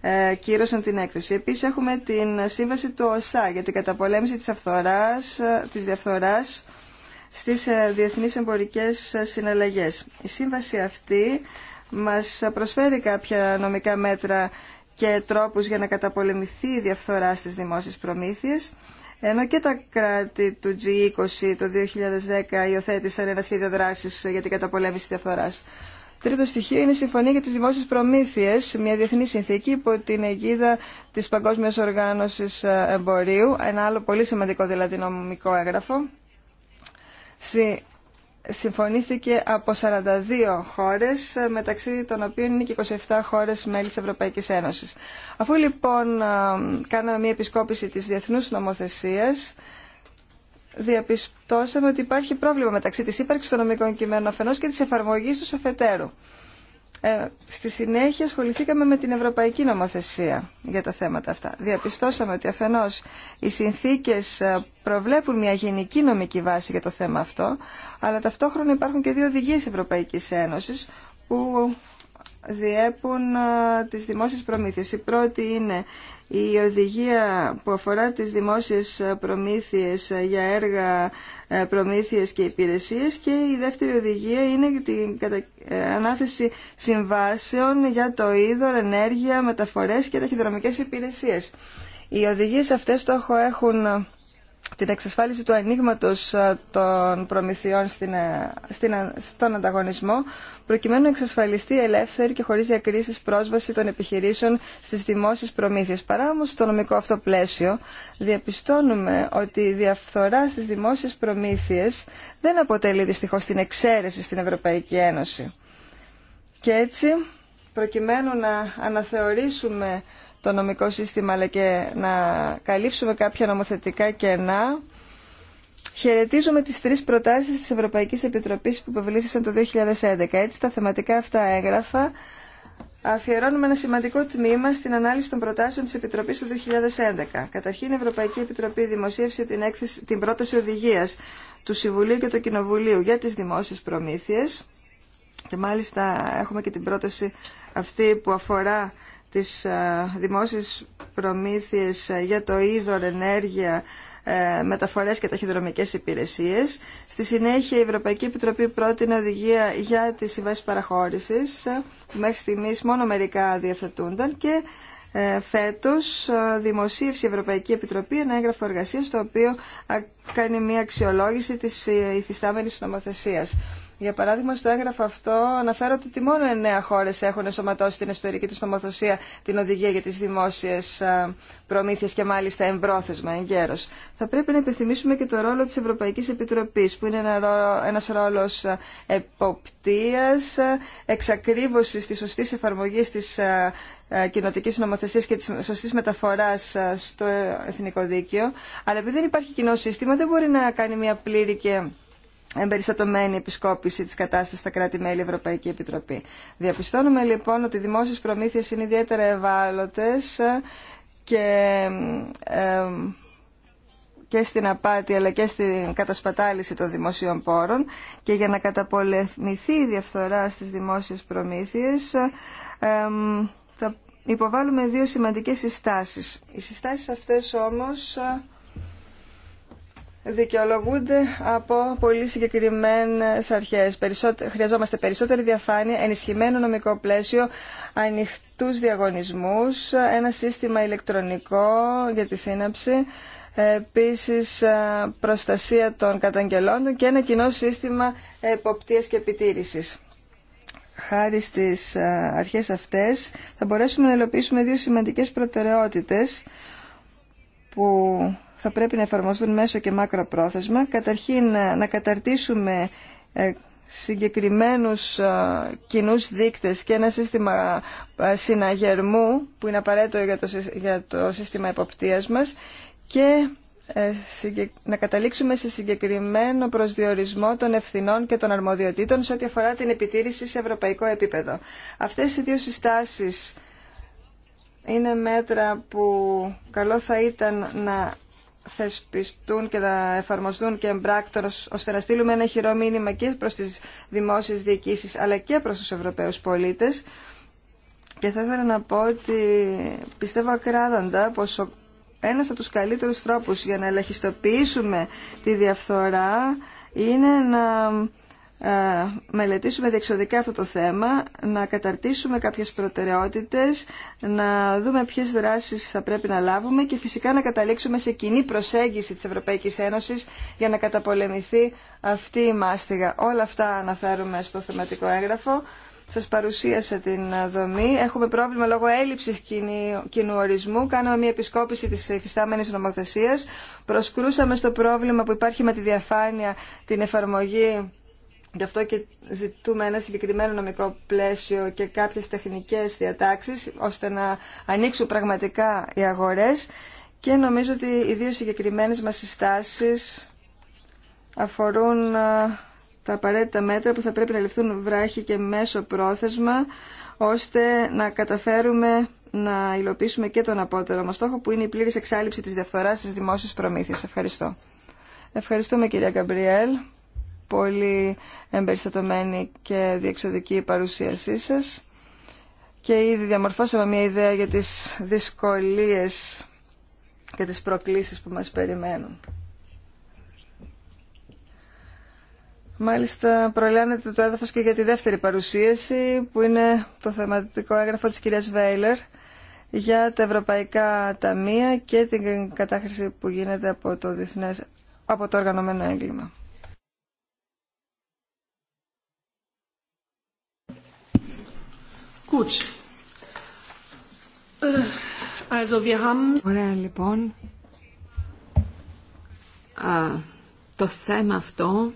[SPEAKER 2] ε, κύρωσαν την έκθεση. Επίσης έχουμε την σύμβαση του ΟΣΑ για την καταπολέμηση της, αυθοράς, ε, της διαφθοράς στις ε, διεθνείς εμπορικές συναλλαγές. Η σύμβαση αυτή μας προσφέρει κάποια νομικά μέτρα και τρόπους για να καταπολεμηθεί η διαφθορά στις δημόσιες προμήθειες ενώ και τα κράτη του G20 το 2010 υιοθέτησαν ένα σχέδιο δράση για την καταπολέμηση διαφθορά. Τρίτο στοιχείο είναι η Συμφωνία για τι Δημόσιε Προμήθειε, μια διεθνή συνθήκη υπό την αιγίδα τη Παγκόσμια Οργάνωση Εμπορίου, ένα άλλο πολύ σημαντικό δηλαδή νομικό έγγραφο συμφωνήθηκε από 42 χώρες, μεταξύ των οποίων είναι και 27 χώρες μέλη της Ευρωπαϊκής Ένωσης. Αφού λοιπόν κάναμε μια επισκόπηση της διεθνούς νομοθεσίας, διαπιστώσαμε ότι υπάρχει πρόβλημα μεταξύ της ύπαρξης των νομικών κειμένων αφενός και της εφαρμογής του αφετέρου. Ε, στη συνέχεια ασχοληθήκαμε με την Ευρωπαϊκή Νομοθεσία για τα θέματα αυτά. Διαπιστώσαμε ότι αφενός οι συνθήκες ε, προβλέπουν μια γενική νομική βάση για το θέμα αυτό, αλλά ταυτόχρονα υπάρχουν και δύο οδηγίες Ευρωπαϊκής Ένωσης που διέπουν ε, τις δημόσιες προμήθειες. Η πρώτη είναι η οδηγία που αφορά τις δημόσιες προμήθειες για έργα, ε, προμήθειες και υπηρεσίες και η δεύτερη οδηγία είναι την ε, ανάθεση συμβάσεων για το είδωρ, ενέργεια, μεταφορές και ταχυδρομικές υπηρεσίες. Οι οδηγίες αυτές το έχουν την εξασφάλιση του ανοίγματο ε, των προμηθειών στην, ε, στην, στον ανταγωνισμό, προκειμένου να εξασφαλιστεί ελεύθερη και χωρί διακρίσει πρόσβαση των επιχειρήσεων στι δημόσιε προμήθειες. Παρά όμω στο νομικό αυτό πλαίσιο, διαπιστώνουμε ότι η διαφθορά στι δημόσιε προμήθειες δεν αποτελεί δυστυχώ την εξαίρεση στην Ευρωπαϊκή Ένωση. Και έτσι, προκειμένου να αναθεωρήσουμε το νομικό σύστημα αλλά και να καλύψουμε κάποια νομοθετικά κενά. Χαιρετίζουμε τις τρεις προτάσεις της Ευρωπαϊκής Επιτροπής που υπευλήθησαν το 2011. Έτσι, τα θεματικά αυτά έγραφα αφιερώνουμε ένα σημαντικό τμήμα στην ανάλυση των προτάσεων της Επιτροπής του 2011. Καταρχήν, η Ευρωπαϊκή Επιτροπή δημοσίευσε την, έκθεση, την πρόταση οδηγίας του Συμβουλίου και του Κοινοβουλίου για τις δημόσιες προμήθειες. Και μάλιστα έχουμε και την πρόταση αυτή που αφορά τις ε, δημόσιες προμήθειες ε, για το είδωρ ενέργεια, ε, μεταφορές και ταχυδρομικές υπηρεσίες. Στη συνέχεια η Ευρωπαϊκή Επιτροπή πρότεινε οδηγία για τις συμβάσεις παραχώρησης, που μέχρι στιγμής μόνο μερικά διαθετούνταν και φέτος δημοσίευσε η Ευρωπαϊκή Επιτροπή ένα έγγραφο εργασίας το οποίο κάνει μια αξιολόγηση της υφιστάμενης νομοθεσίας. Για παράδειγμα, στο έγγραφο αυτό αναφέρονται ότι μόνο εννέα χώρε έχουν εσωματώσει την ιστορική του νομοθεσία την οδηγία για τι δημόσιε προμήθειε και μάλιστα εμπρόθεσμα, εγκαίρω. Θα πρέπει να υπενθυμίσουμε και το ρόλο τη Ευρωπαϊκή Επιτροπή, που είναι ένα ρόλο εποπτεία, εξακρίβωση τη σωστή εφαρμογή τη κοινοτική νομοθεσία και τη σωστή μεταφορά στο εθνικό δίκαιο. Αλλά επειδή δεν υπάρχει κοινό σύστημα, δεν μπορεί να κάνει μια πλήρη και εμπεριστατωμένη επισκόπηση της κατάστασης στα κράτη-μέλη Ευρωπαϊκή Επιτροπή. Διαπιστώνουμε λοιπόν ότι οι δημόσιε προμήθειε είναι ιδιαίτερα ευάλωτε ε, και, ε, και στην απάτη αλλά και στην κατασπατάληση των δημοσίων πόρων και για να καταπολεμηθεί η διαφθορά στις δημόσιες προμήθειες ε, θα δύο σημαντικές συστάσεις. Οι συστάσεις αυτές όμως ε, δικαιολογούνται από πολύ συγκεκριμένες αρχές. Χρειαζόμαστε περισσότερη διαφάνεια, ενισχυμένο νομικό πλαίσιο, ανοιχτού διαγωνισμού, ένα σύστημα ηλεκτρονικό για τη σύναψη, επίση ε, προστασία των καταγγελόντων και ένα κοινό σύστημα εποπτείας και επιτήρησης. Χάρη στι ε, αρχές αυτές θα μπορέσουμε να υλοποιήσουμε δύο σημαντικέ προτεραιότητε που θα πρέπει να εφαρμοστούν μέσω και μακροπρόθεσμα. Καταρχήν ε, να καταρτήσουμε ε, συγκεκριμένους ε, κοινούς δείκτες και ένα σύστημα συναγερμού που είναι απαραίτητο για το, για το σύστημα εποπτείας μας και να καταλήξουμε σε συγκεκριμένο προσδιορισμό των ευθυνών και των αρμοδιοτήτων σε ό,τι αφορά την επιτήρηση σε ευρωπαϊκό επίπεδο. Αυτές οι δύο συστάσεις είναι μέτρα που καλό θα ήταν να θεσπιστούν και να εφαρμοστούν και εμπράκτορος ώστε να στείλουμε ένα χειρό μήνυμα και προς τις δημόσιες διοικήσεις αλλά και προς τους Ευρωπαίους πολίτες και θα ήθελα να πω ότι πιστεύω ακράδαντα πως ο ένας από τους καλύτερους τρόπους για να ελαχιστοποιήσουμε τη διαφθορά είναι να ε, μελετήσουμε διεξοδικά αυτό το θέμα, να καταρτήσουμε κάποιες προτεραιότητες, να δούμε ποιες δράσεις θα πρέπει να λάβουμε και φυσικά να καταλήξουμε σε κοινή προσέγγιση της Ευρωπαϊκής Ένωσης για να καταπολεμηθεί αυτή η μάστιγα. Όλα αυτά αναφέρουμε στο θεματικό έγγραφο. Σας παρουσίασα την δομή. Έχουμε πρόβλημα λόγω έλλειψης κοινού ορισμού. Κάναμε μια επισκόπηση της υφιστάμενης νομοθεσίας. Προσκρούσαμε στο πρόβλημα που υπάρχει με τη διαφάνεια, την εφαρμογή Γι' αυτό και ζητούμε ένα συγκεκριμένο νομικό πλαίσιο και κάποιες τεχνικές διατάξεις ώστε να ανοίξουν πραγματικά οι αγορές και νομίζω ότι οι δύο συγκεκριμένες μας συστάσεις αφορούν τα απαραίτητα μέτρα που θα πρέπει να ληφθούν βράχη και μέσο πρόθεσμα ώστε να καταφέρουμε να υλοποιήσουμε και τον απότερο μας στόχο που είναι η πλήρης εξάλληψη της διαφθοράς στις δημόσιες προμήθειες. Ευχαριστώ. Ευχαριστούμε κυρία Καμπριέλ πολύ εμπεριστατωμένη και διεξοδική παρουσίασή σας και ήδη διαμορφώσαμε μια ιδέα για τις δυσκολίες και τις προκλήσεις που μας περιμένουν. Μάλιστα προλάνεται το έδαφος και για τη δεύτερη παρουσίαση που είναι το θεματικό έγγραφο της κυρίας Βέιλερ για τα ευρωπαϊκά ταμεία και την κατάχρηση που γίνεται από το, διεθνές, από το οργανωμένο έγκλημα.
[SPEAKER 3] Äh, Ωραία λοιπόν. το θέμα αυτό,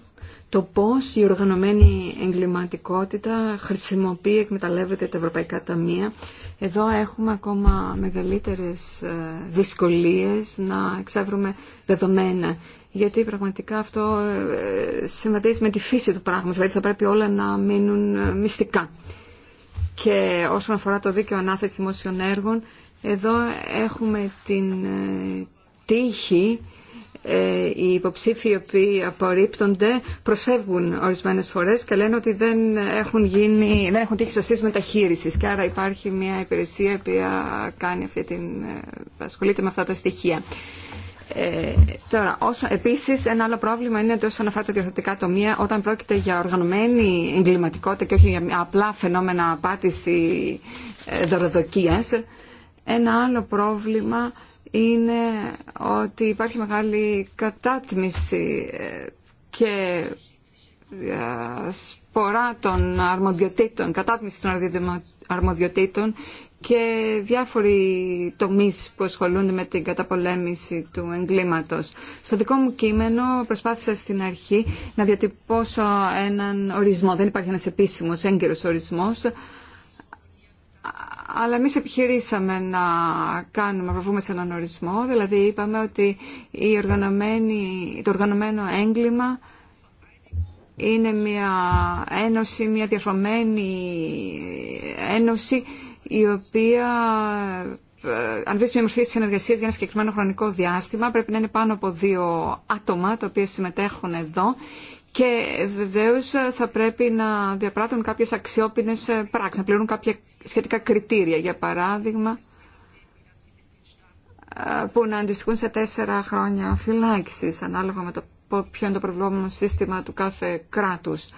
[SPEAKER 3] το πώς η οργανωμένη εγκληματικότητα χρησιμοποιεί, εκμεταλλεύεται τα ευρωπαϊκά ταμεία. Εδώ έχουμε ακόμα μεγαλύτερες ε, δυσκολίες να εξεύρουμε δεδομένα γιατί πραγματικά αυτό ε, συμβαδίζει με τη φύση του πράγματος, δηλαδή θα πρέπει όλα να μείνουν ε, μυστικά. Και όσον αφορά το δίκαιο ανάθεση δημόσιων έργων, εδώ έχουμε την ε, τύχη ε, οι υποψήφοι οι οποίοι απορρίπτονται προσφεύγουν ορισμένες φορές και λένε ότι δεν έχουν, γίνει, δεν έχουν τύχει σωστή μεταχείριση. και άρα υπάρχει μια υπηρεσία που οποία ε, ασχολείται με αυτά τα στοιχεία. Ε, τώρα, όσο, επίσης ένα άλλο πρόβλημα είναι ότι όσον αφορά τα διορθωτικά τομεία, όταν πρόκειται για οργανωμένη εγκληματικότητα και όχι για απλά φαινόμενα απάτηση ε, ένα άλλο πρόβλημα είναι ότι υπάρχει μεγάλη κατάτμιση ε, και ε, σπορά των αρμοδιοτήτων, κατάτμιση των αρμοδιοτήτων και διάφοροι τομείς που ασχολούνται με την καταπολέμηση του εγκλήματος. Στο δικό μου κείμενο προσπάθησα στην αρχή να διατυπώσω έναν ορισμό. Δεν υπάρχει ένας επίσημος έγκυρος ορισμός, αλλά εμεί επιχειρήσαμε να κάνουμε, να σε έναν ορισμό. Δηλαδή είπαμε ότι η οργανωμένη, το οργανωμένο έγκλημα είναι μια ένωση, μια διαφωμένη ένωση η οποία ε, αν βρει μια μορφή συνεργασία για ένα συγκεκριμένο χρονικό διάστημα, πρέπει να είναι πάνω από δύο άτομα τα οποία συμμετέχουν εδώ και βεβαίω θα πρέπει να διαπράττουν κάποιε αξιόπινε πράξει, να πληρούν κάποια σχετικά κριτήρια. Για παράδειγμα, ε, που να αντιστοιχούν σε τέσσερα χρόνια φυλάκιση, ανάλογα με το ποιο είναι το προβλόμενο σύστημα του κάθε κράτους.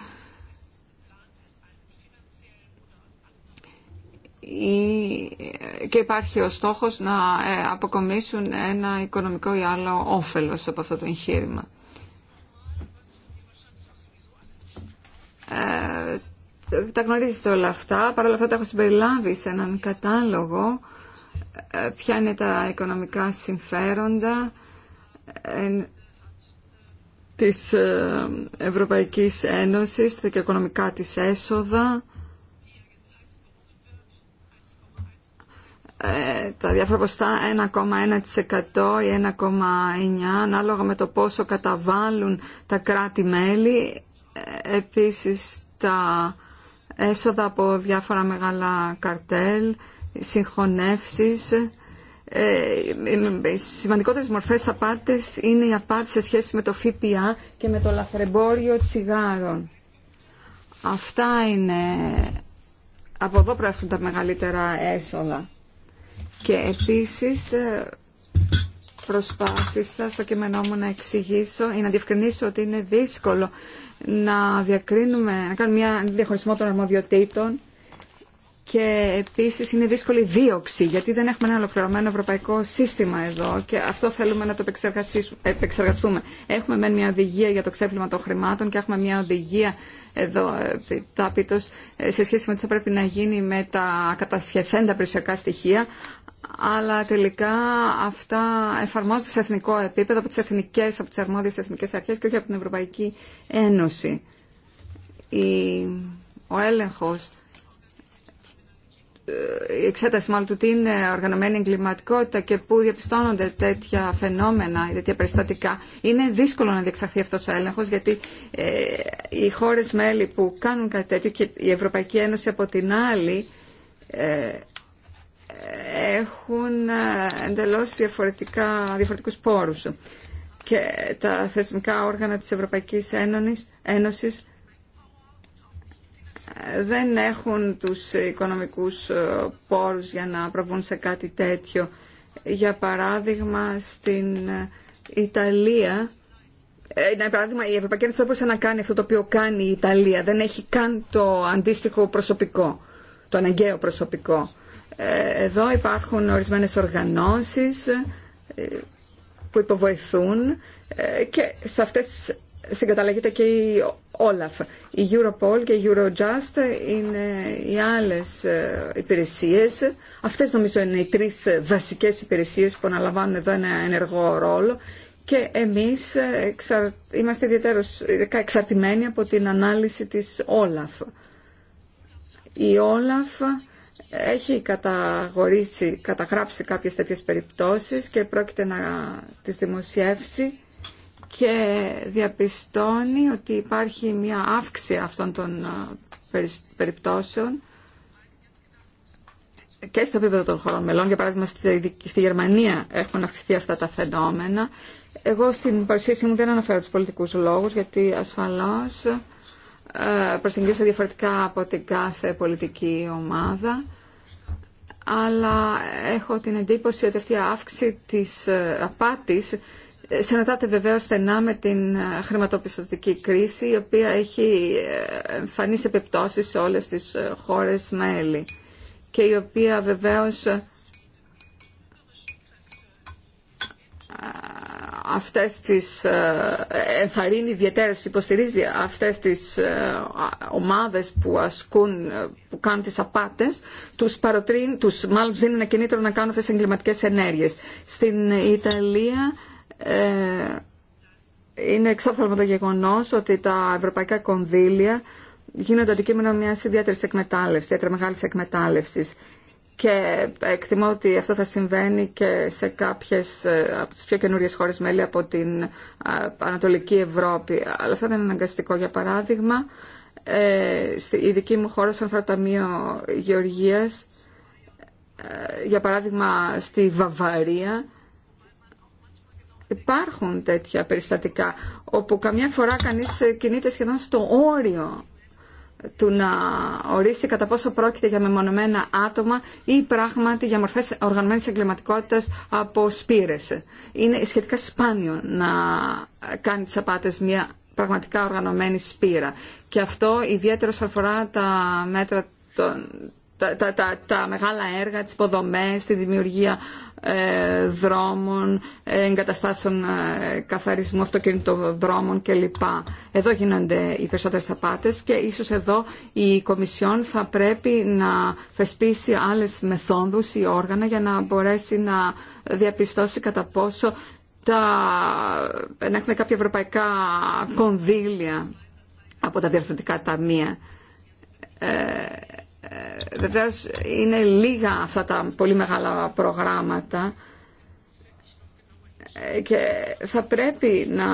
[SPEAKER 3] και υπάρχει ο στόχος να ε, αποκομίσουν ένα οικονομικό ή άλλο όφελος από αυτό το εγχείρημα. Ε, τα γνωρίζετε όλα αυτά, όλα αυτά τα έχω συμπεριλάβει σε έναν κατάλογο ε, ποια είναι τα οικονομικά συμφέροντα ε, της Ευρωπαϊκής Ένωσης και οικονομικά της έσοδα Ε, τα διάφορα ποστά 1,1% ή 1,9% ανάλογα με το πόσο καταβάλουν τα κράτη-μέλη. Ε, επίσης τα έσοδα από διάφορα μεγάλα καρτέλ, συγχωνεύσεις. Ε, οι σημαντικότερες μορφές απάτης είναι η απάτη σε σχέση με το ΦΠΑ και με το λαθρεμπόριο τσιγάρων. Αυτά είναι... Από εδώ προέρχονται τα μεγαλύτερα έσοδα. Και επίσης ε, προσπάθησα στο κείμενό μου να εξηγήσω ή να διευκρινίσω ότι είναι δύσκολο να διακρίνουμε, να κάνουμε μια διαχωρισμό των αρμοδιοτήτων και επίσης είναι δύσκολη δίωξη γιατί δεν έχουμε ένα ολοκληρωμένο ευρωπαϊκό σύστημα εδώ και αυτό θέλουμε να το επεξεργαστούμε. Έχουμε μεν μια οδηγία για το ξέπλυμα των χρημάτων και έχουμε μια οδηγία εδώ ε, τάπητος ε, σε σχέση με τι θα πρέπει να γίνει με τα κατασχεθέντα περιουσιακά στοιχεία αλλά τελικά αυτά εφαρμόζονται σε εθνικό επίπεδο από τις, εθνικές, από τις αρμόδιες εθνικές αρχές και όχι από την Ευρωπαϊκή Ένωση. Η... Ο έλεγχος ε, η εξέταση μάλλον του τι είναι οργανωμένη εγκληματικότητα και πού διαπιστώνονται τέτοια φαινόμενα, ή τέτοια περιστατικά. Είναι δύσκολο να διεξαχθεί αυτός ο έλεγχος γιατί ε, οι χώρες μέλη που κάνουν κάτι τέτοιο και η Ευρωπαϊκή Ένωση από την άλλη ε, έχουν εντελώς διαφορετικού διαφορετικούς πόρους. Και τα θεσμικά όργανα τη Ευρωπαϊκή Ένωση δεν έχουν τους οικονομικούς πόρους για να προβούν σε κάτι τέτοιο. Για παράδειγμα, στην Ιταλία, ε, για παράδειγμα, η Ευρωπαϊκή Ένωση δεν μπορούσε να κάνει αυτό το οποίο κάνει η Ιταλία. Δεν έχει καν το αντίστοιχο προσωπικό, το αναγκαίο προσωπικό. Ε, εδώ υπάρχουν ορισμένες οργανώσεις ε, που υποβοηθούν και σε αυτές συγκαταλέγεται και η Όλαφ. Η Europol και η Eurojust είναι οι άλλες ε, υπηρεσίες. Αυτές νομίζω είναι οι τρεις βασικές υπηρεσίες που αναλαμβάνουν εδώ ένα ενεργό ρόλο και εμείς ε, είμαστε ιδιαίτερως εξαρτημένοι από την ανάλυση της Όλαφ. Η Όλαφ έχει καταγράψει κάποιες τέτοιες περιπτώσεις και πρόκειται να τις δημοσιεύσει και διαπιστώνει ότι υπάρχει μια αύξηση αυτών των περιπτώσεων και στο επίπεδο των χωρών μελών, για παράδειγμα στη Γερμανία έχουν αυξηθεί αυτά τα φαινόμενα. Εγώ στην παρουσίασή μου δεν αναφέρω τους πολιτικούς λόγους, γιατί ασφαλώς ε, προσεγγίζω διαφορετικά από την κάθε πολιτική ομάδα, αλλά έχω την εντύπωση ότι αυτή η αύξηση της ε, απάτης Συναντάται βεβαίω στενά με την ε, χρηματοπιστωτική κρίση, η οποία έχει ε, εμφανίσει επιπτώσει σε όλες τις ε, χώρες μέλη και η οποία βεβαίως αυτές τις ενθαρρύνει υποστηρίζει αυτές τις ομάδες που ασκούν, που κάνουν τις απάτες, τους παροτρύνει, τους μάλλον δίνει ένα κινήτρο να κάνουν αυτές τις εγκληματικές ενέργειες. Στην Ιταλία ε, είναι εξόφθαλμο το γεγονό ότι τα ευρωπαϊκά κονδύλια γίνονται αντικείμενο μια ιδιαίτερη εκμετάλλευση, ιδιαίτερα μεγάλη εκμετάλλευση. Και εκτιμώ ότι αυτό θα συμβαίνει και σε κάποιες ε, από τις πιο καινούριε χώρε μέλη από την ε, Ανατολική Ευρώπη. Αλλά αυτό δεν είναι αναγκαστικό. Για παράδειγμα, η δική μου χώρα, σαν αφορά για παράδειγμα στη Βαυαρία, Υπάρχουν τέτοια περιστατικά όπου καμιά φορά κανείς κινείται σχεδόν στο όριο του να ορίσει κατά πόσο πρόκειται για μεμονωμένα άτομα ή πράγματι για μορφές οργανωμένης εγκληματικότητας από σπήρες. Είναι σχετικά σπάνιο να κάνει τις απάτες μια πραγματικά οργανωμένη σπήρα. Και αυτό ιδιαίτερο αφορά τα μέτρα των, τα, τα, τα, μεγάλα έργα, τις υποδομές, τη δημιουργία ε, δρόμων, ε, εγκαταστάσεων ε, καθαρισμού αυτοκινητοδρόμων κλπ. Εδώ γίνονται οι περισσότερες απάτες και ίσως εδώ η Κομισιόν θα πρέπει να θεσπίσει άλλες μεθόδους ή όργανα για να μπορέσει να διαπιστώσει κατά πόσο τα, να έχουμε κάποια ευρωπαϊκά κονδύλια από τα διευθυντικά ταμεία. Ε, ε, Βεβαίω, είναι λίγα αυτά τα πολύ μεγάλα προγράμματα ε, και θα πρέπει να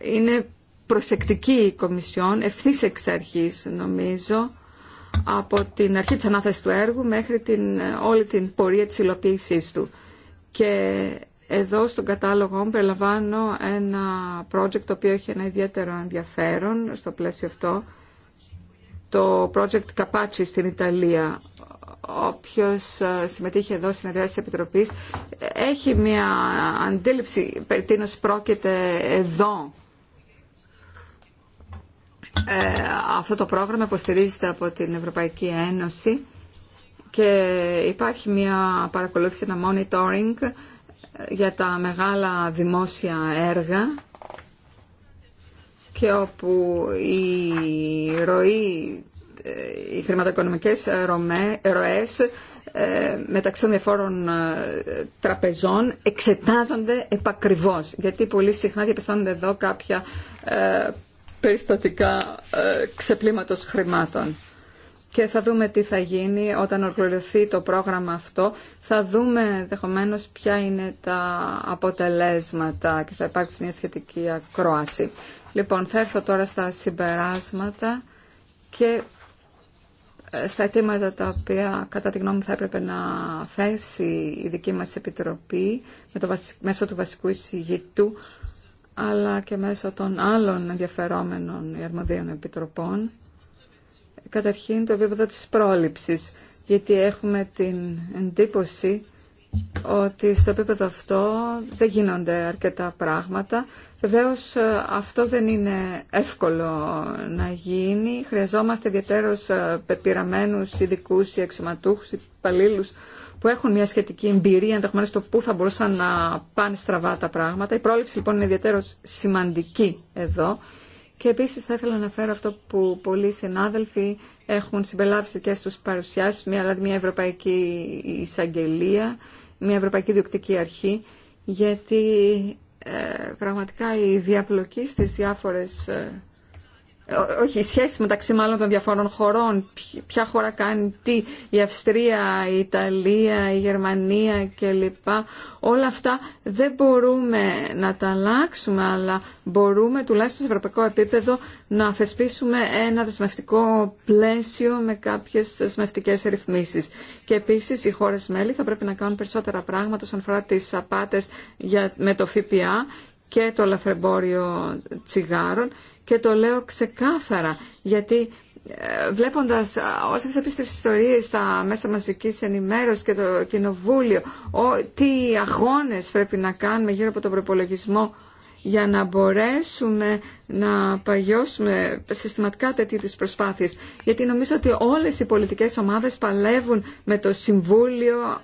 [SPEAKER 3] είναι προσεκτική η Κομισιόν ευθύς εξ αρχής νομίζω από την αρχή της ανάθεσης του έργου μέχρι την, όλη την πορεία της υλοποίησής του. Και εδώ στον κατάλογο μου περιλαμβάνω ένα project το οποίο έχει ένα ιδιαίτερο ενδιαφέρον στο πλαίσιο αυτό το project Καπάτσι στην Ιταλία. Όποιος ε, συμμετείχε εδώ στην Ενδράση τη Επιτροπή έχει μια αντίληψη περί τίνο πρόκειται εδώ. Ε, αυτό το πρόγραμμα υποστηρίζεται από την Ευρωπαϊκή Ένωση και υπάρχει μια παρακολούθηση, ένα monitoring για τα μεγάλα δημόσια έργα και όπου η ροή, ε, οι χρηματοοικονομικές ροές ε, μεταξύ των διαφόρων ε, τραπεζών εξετάζονται επακριβώς. Γιατί πολύ συχνά διαπιστώνονται εδώ κάποια περιστατικά ξεπλήματος χρημάτων. Και θα δούμε τι θα γίνει όταν ολοκληρωθεί το πρόγραμμα αυτό. Θα δούμε δεχομένω ποια είναι τα αποτελέσματα και θα υπάρξει μια σχετική ακρόαση. Λοιπόν, θα έρθω τώρα στα συμπεράσματα και ε, στα αιτήματα τα οποία κατά τη γνώμη μου θα έπρεπε να θέσει η δική μας Επιτροπή με το μέσω του βασικού εισηγητού αλλά και μέσω των άλλων ενδιαφερόμενων αρμοδίων επιτροπών. Καταρχήν το επίπεδο της πρόληψης, γιατί έχουμε την εντύπωση ότι στο επίπεδο αυτό δεν γίνονται αρκετά πράγματα. Βεβαίω ε, αυτό δεν είναι εύκολο να γίνει. Χρειαζόμαστε ιδιαίτερως ε, πεπειραμένους ειδικού ή εξωματούχους υπαλλήλους που έχουν μια σχετική εμπειρία ενδεχομένω το πού θα μπορούσαν να πάνε στραβά τα πράγματα. Η λοιπόν, σημαντική εδώ. Και επίση Και επίση θα ήθελα να φέρω αυτό που πολλοί συνάδελφοι ειναι ιδιαιτερω σημαντικη εδω και επίση θα ηθελα να φέρω αυτο που πολλοι συναδελφοι εχουν συμπελαβει και στου παρουσιάσει, μια, δηλαδή μια Ευρωπαϊκή Εισαγγελία, μια Ευρωπαϊκή Διοκτική Αρχή, γιατί ε, πραγματικά η διαπλοκή στις διάφορες ε, ε, όχι, η σχέση μεταξύ μάλλον των διαφόρων χωρών, ποια χώρα κάνει τι, η Αυστρία, η Ιταλία, η Γερμανία κλπ. Όλα αυτά δεν μπορούμε να τα αλλάξουμε, αλλά μπορούμε τουλάχιστον σε ευρωπαϊκό επίπεδο να θεσπίσουμε ένα δεσμευτικό πλαίσιο με κάποιες δεσμευτικές ρυθμίσεις. Και επίσης οι χώρες μέλη θα πρέπει να κάνουν περισσότερα πράγματα όσον αφορά τις απάτες με το ΦΠΑ και το λαφρεμπόριο τσιγάρων και το λέω ξεκάθαρα γιατί ε, βλέποντας ε, όλες τις ιστορίες στα μέσα μαζικής ενημέρωσης και το κοινοβούλιο ο, τι αγώνες πρέπει να κάνουμε γύρω από τον προπολογισμό για να μπορέσουμε να παγιώσουμε συστηματικά τέτοιε προσπάθειε. Γιατί νομίζω ότι όλες οι πολιτικές ομάδες παλεύουν με το Συμβούλιο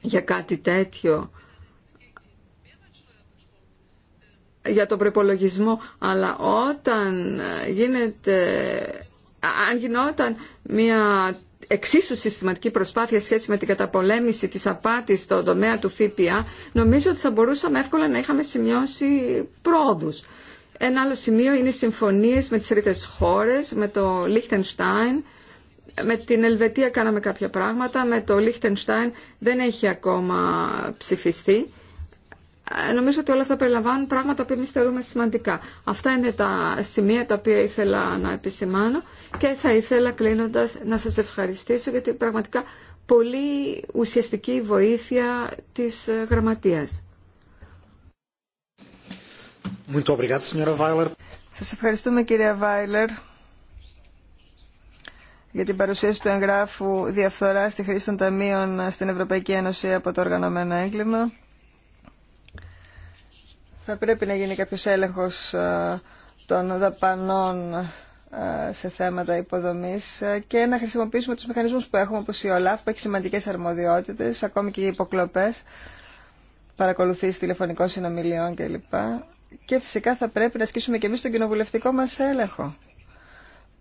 [SPEAKER 3] για κάτι τέτοιο. για τον προπολογισμό, αλλά όταν γίνεται, αν γινόταν μια εξίσου συστηματική προσπάθεια σχέση με την καταπολέμηση της απάτης στον τομέα του ΦΠΑ, νομίζω ότι θα μπορούσαμε εύκολα να είχαμε σημειώσει πρόοδους. Ένα άλλο σημείο είναι οι συμφωνίες με τις τρίτες χώρες, με το Λίχτενστάιν, με την Ελβετία κάναμε κάποια πράγματα, με το Λίχτενστάιν δεν έχει ακόμα ψηφιστεί νομίζω ότι όλα αυτά περιλαμβάνουν πράγματα που εμεί θεωρούμε σημαντικά. Αυτά είναι τα σημεία τα οποία ήθελα να επισημάνω και θα ήθελα κλείνοντα να σα ευχαριστήσω γιατί πραγματικά πολύ ουσιαστική βοήθεια τη Γραμματεία.
[SPEAKER 2] Σα ευχαριστούμε κυρία Βάιλερ για την παρουσίαση του εγγράφου διαφθορά στη χρήση των ταμείων στην Ευρωπαϊκή Ένωση από το οργανωμένο έγκλημα θα πρέπει να γίνει κάποιος έλεγχος ε, των δαπανών ε, σε θέματα υποδομής ε, και να χρησιμοποιήσουμε τους μηχανισμούς που έχουμε όπως η ΟΛΑΦ που έχει σημαντικές αρμοδιότητες, ακόμη και οι υποκλοπές, παρακολουθήσει τηλεφωνικών συνομιλιών κλπ. Και φυσικά θα πρέπει να ασκήσουμε και εμείς τον κοινοβουλευτικό μας έλεγχο.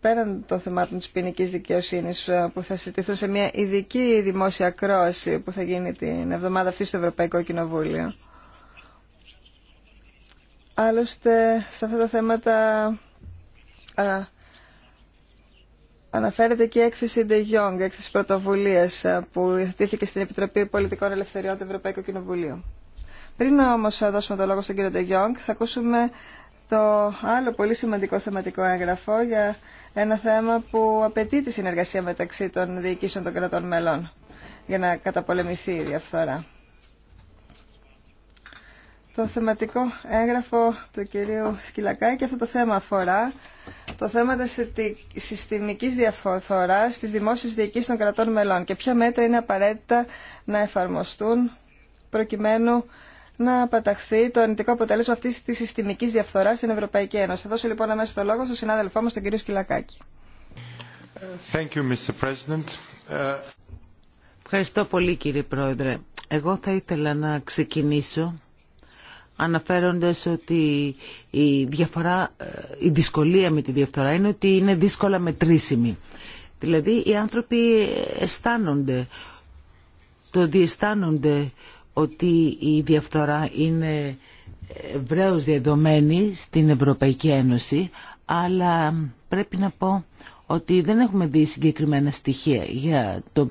[SPEAKER 2] Πέραν των θεμάτων της ποινική δικαιοσύνη, που θα συζητηθούν σε μια ειδική δημόσια κρόαση που θα γίνει την εβδομάδα αυτή στο Ευρωπαϊκό Κοινοβούλιο. Άλλωστε, σε αυτά τα θέματα αναφέρεται και η έκθεση De Jong, έκθεση πρωτοβουλίας που θετήθηκε στην Επιτροπή Πολιτικών Ελευθεριών του Ευρωπαϊκού Κοινοβουλίου. Πριν όμως δώσουμε το λόγο στον κύριο De Young, θα ακούσουμε το άλλο πολύ σημαντικό θεματικό έγγραφο για ένα θέμα που απαιτεί τη συνεργασία μεταξύ των διοικήσεων των κρατών μελών για να καταπολεμηθεί η διαφθορά το θεματικό έγγραφο του κυρίου Σκυλακάκη και αυτό το θέμα αφορά το θέμα της συστημικής διαφοράς της δημόσιας διοίκησης των κρατών μελών και ποια μέτρα είναι απαραίτητα να εφαρμοστούν προκειμένου να παταχθεί το αρνητικό αποτέλεσμα αυτής της συστημικής διαφθοράς στην Ευρωπαϊκή Ένωση. Θα δώσω λοιπόν αμέσως το λόγο στον συνάδελφό μας, τον κύριο Σκυλακάκη.
[SPEAKER 1] Ευχαριστώ πολύ κύριε Πρόεδρε. Εγώ θα ήθελα να ξεκινήσω αναφέροντας ότι η, διαφορά, ε, η δυσκολία με τη διαφθορά είναι ότι είναι δύσκολα μετρήσιμη. Δηλαδή οι άνθρωποι αισθάνονται, το διαισθάνονται ότι η διαφθορά είναι ευραίως διαδομένη στην Ευρωπαϊκή Ένωση, αλλά πρέπει να πω ότι δεν έχουμε δει συγκεκριμένα στοιχεία για το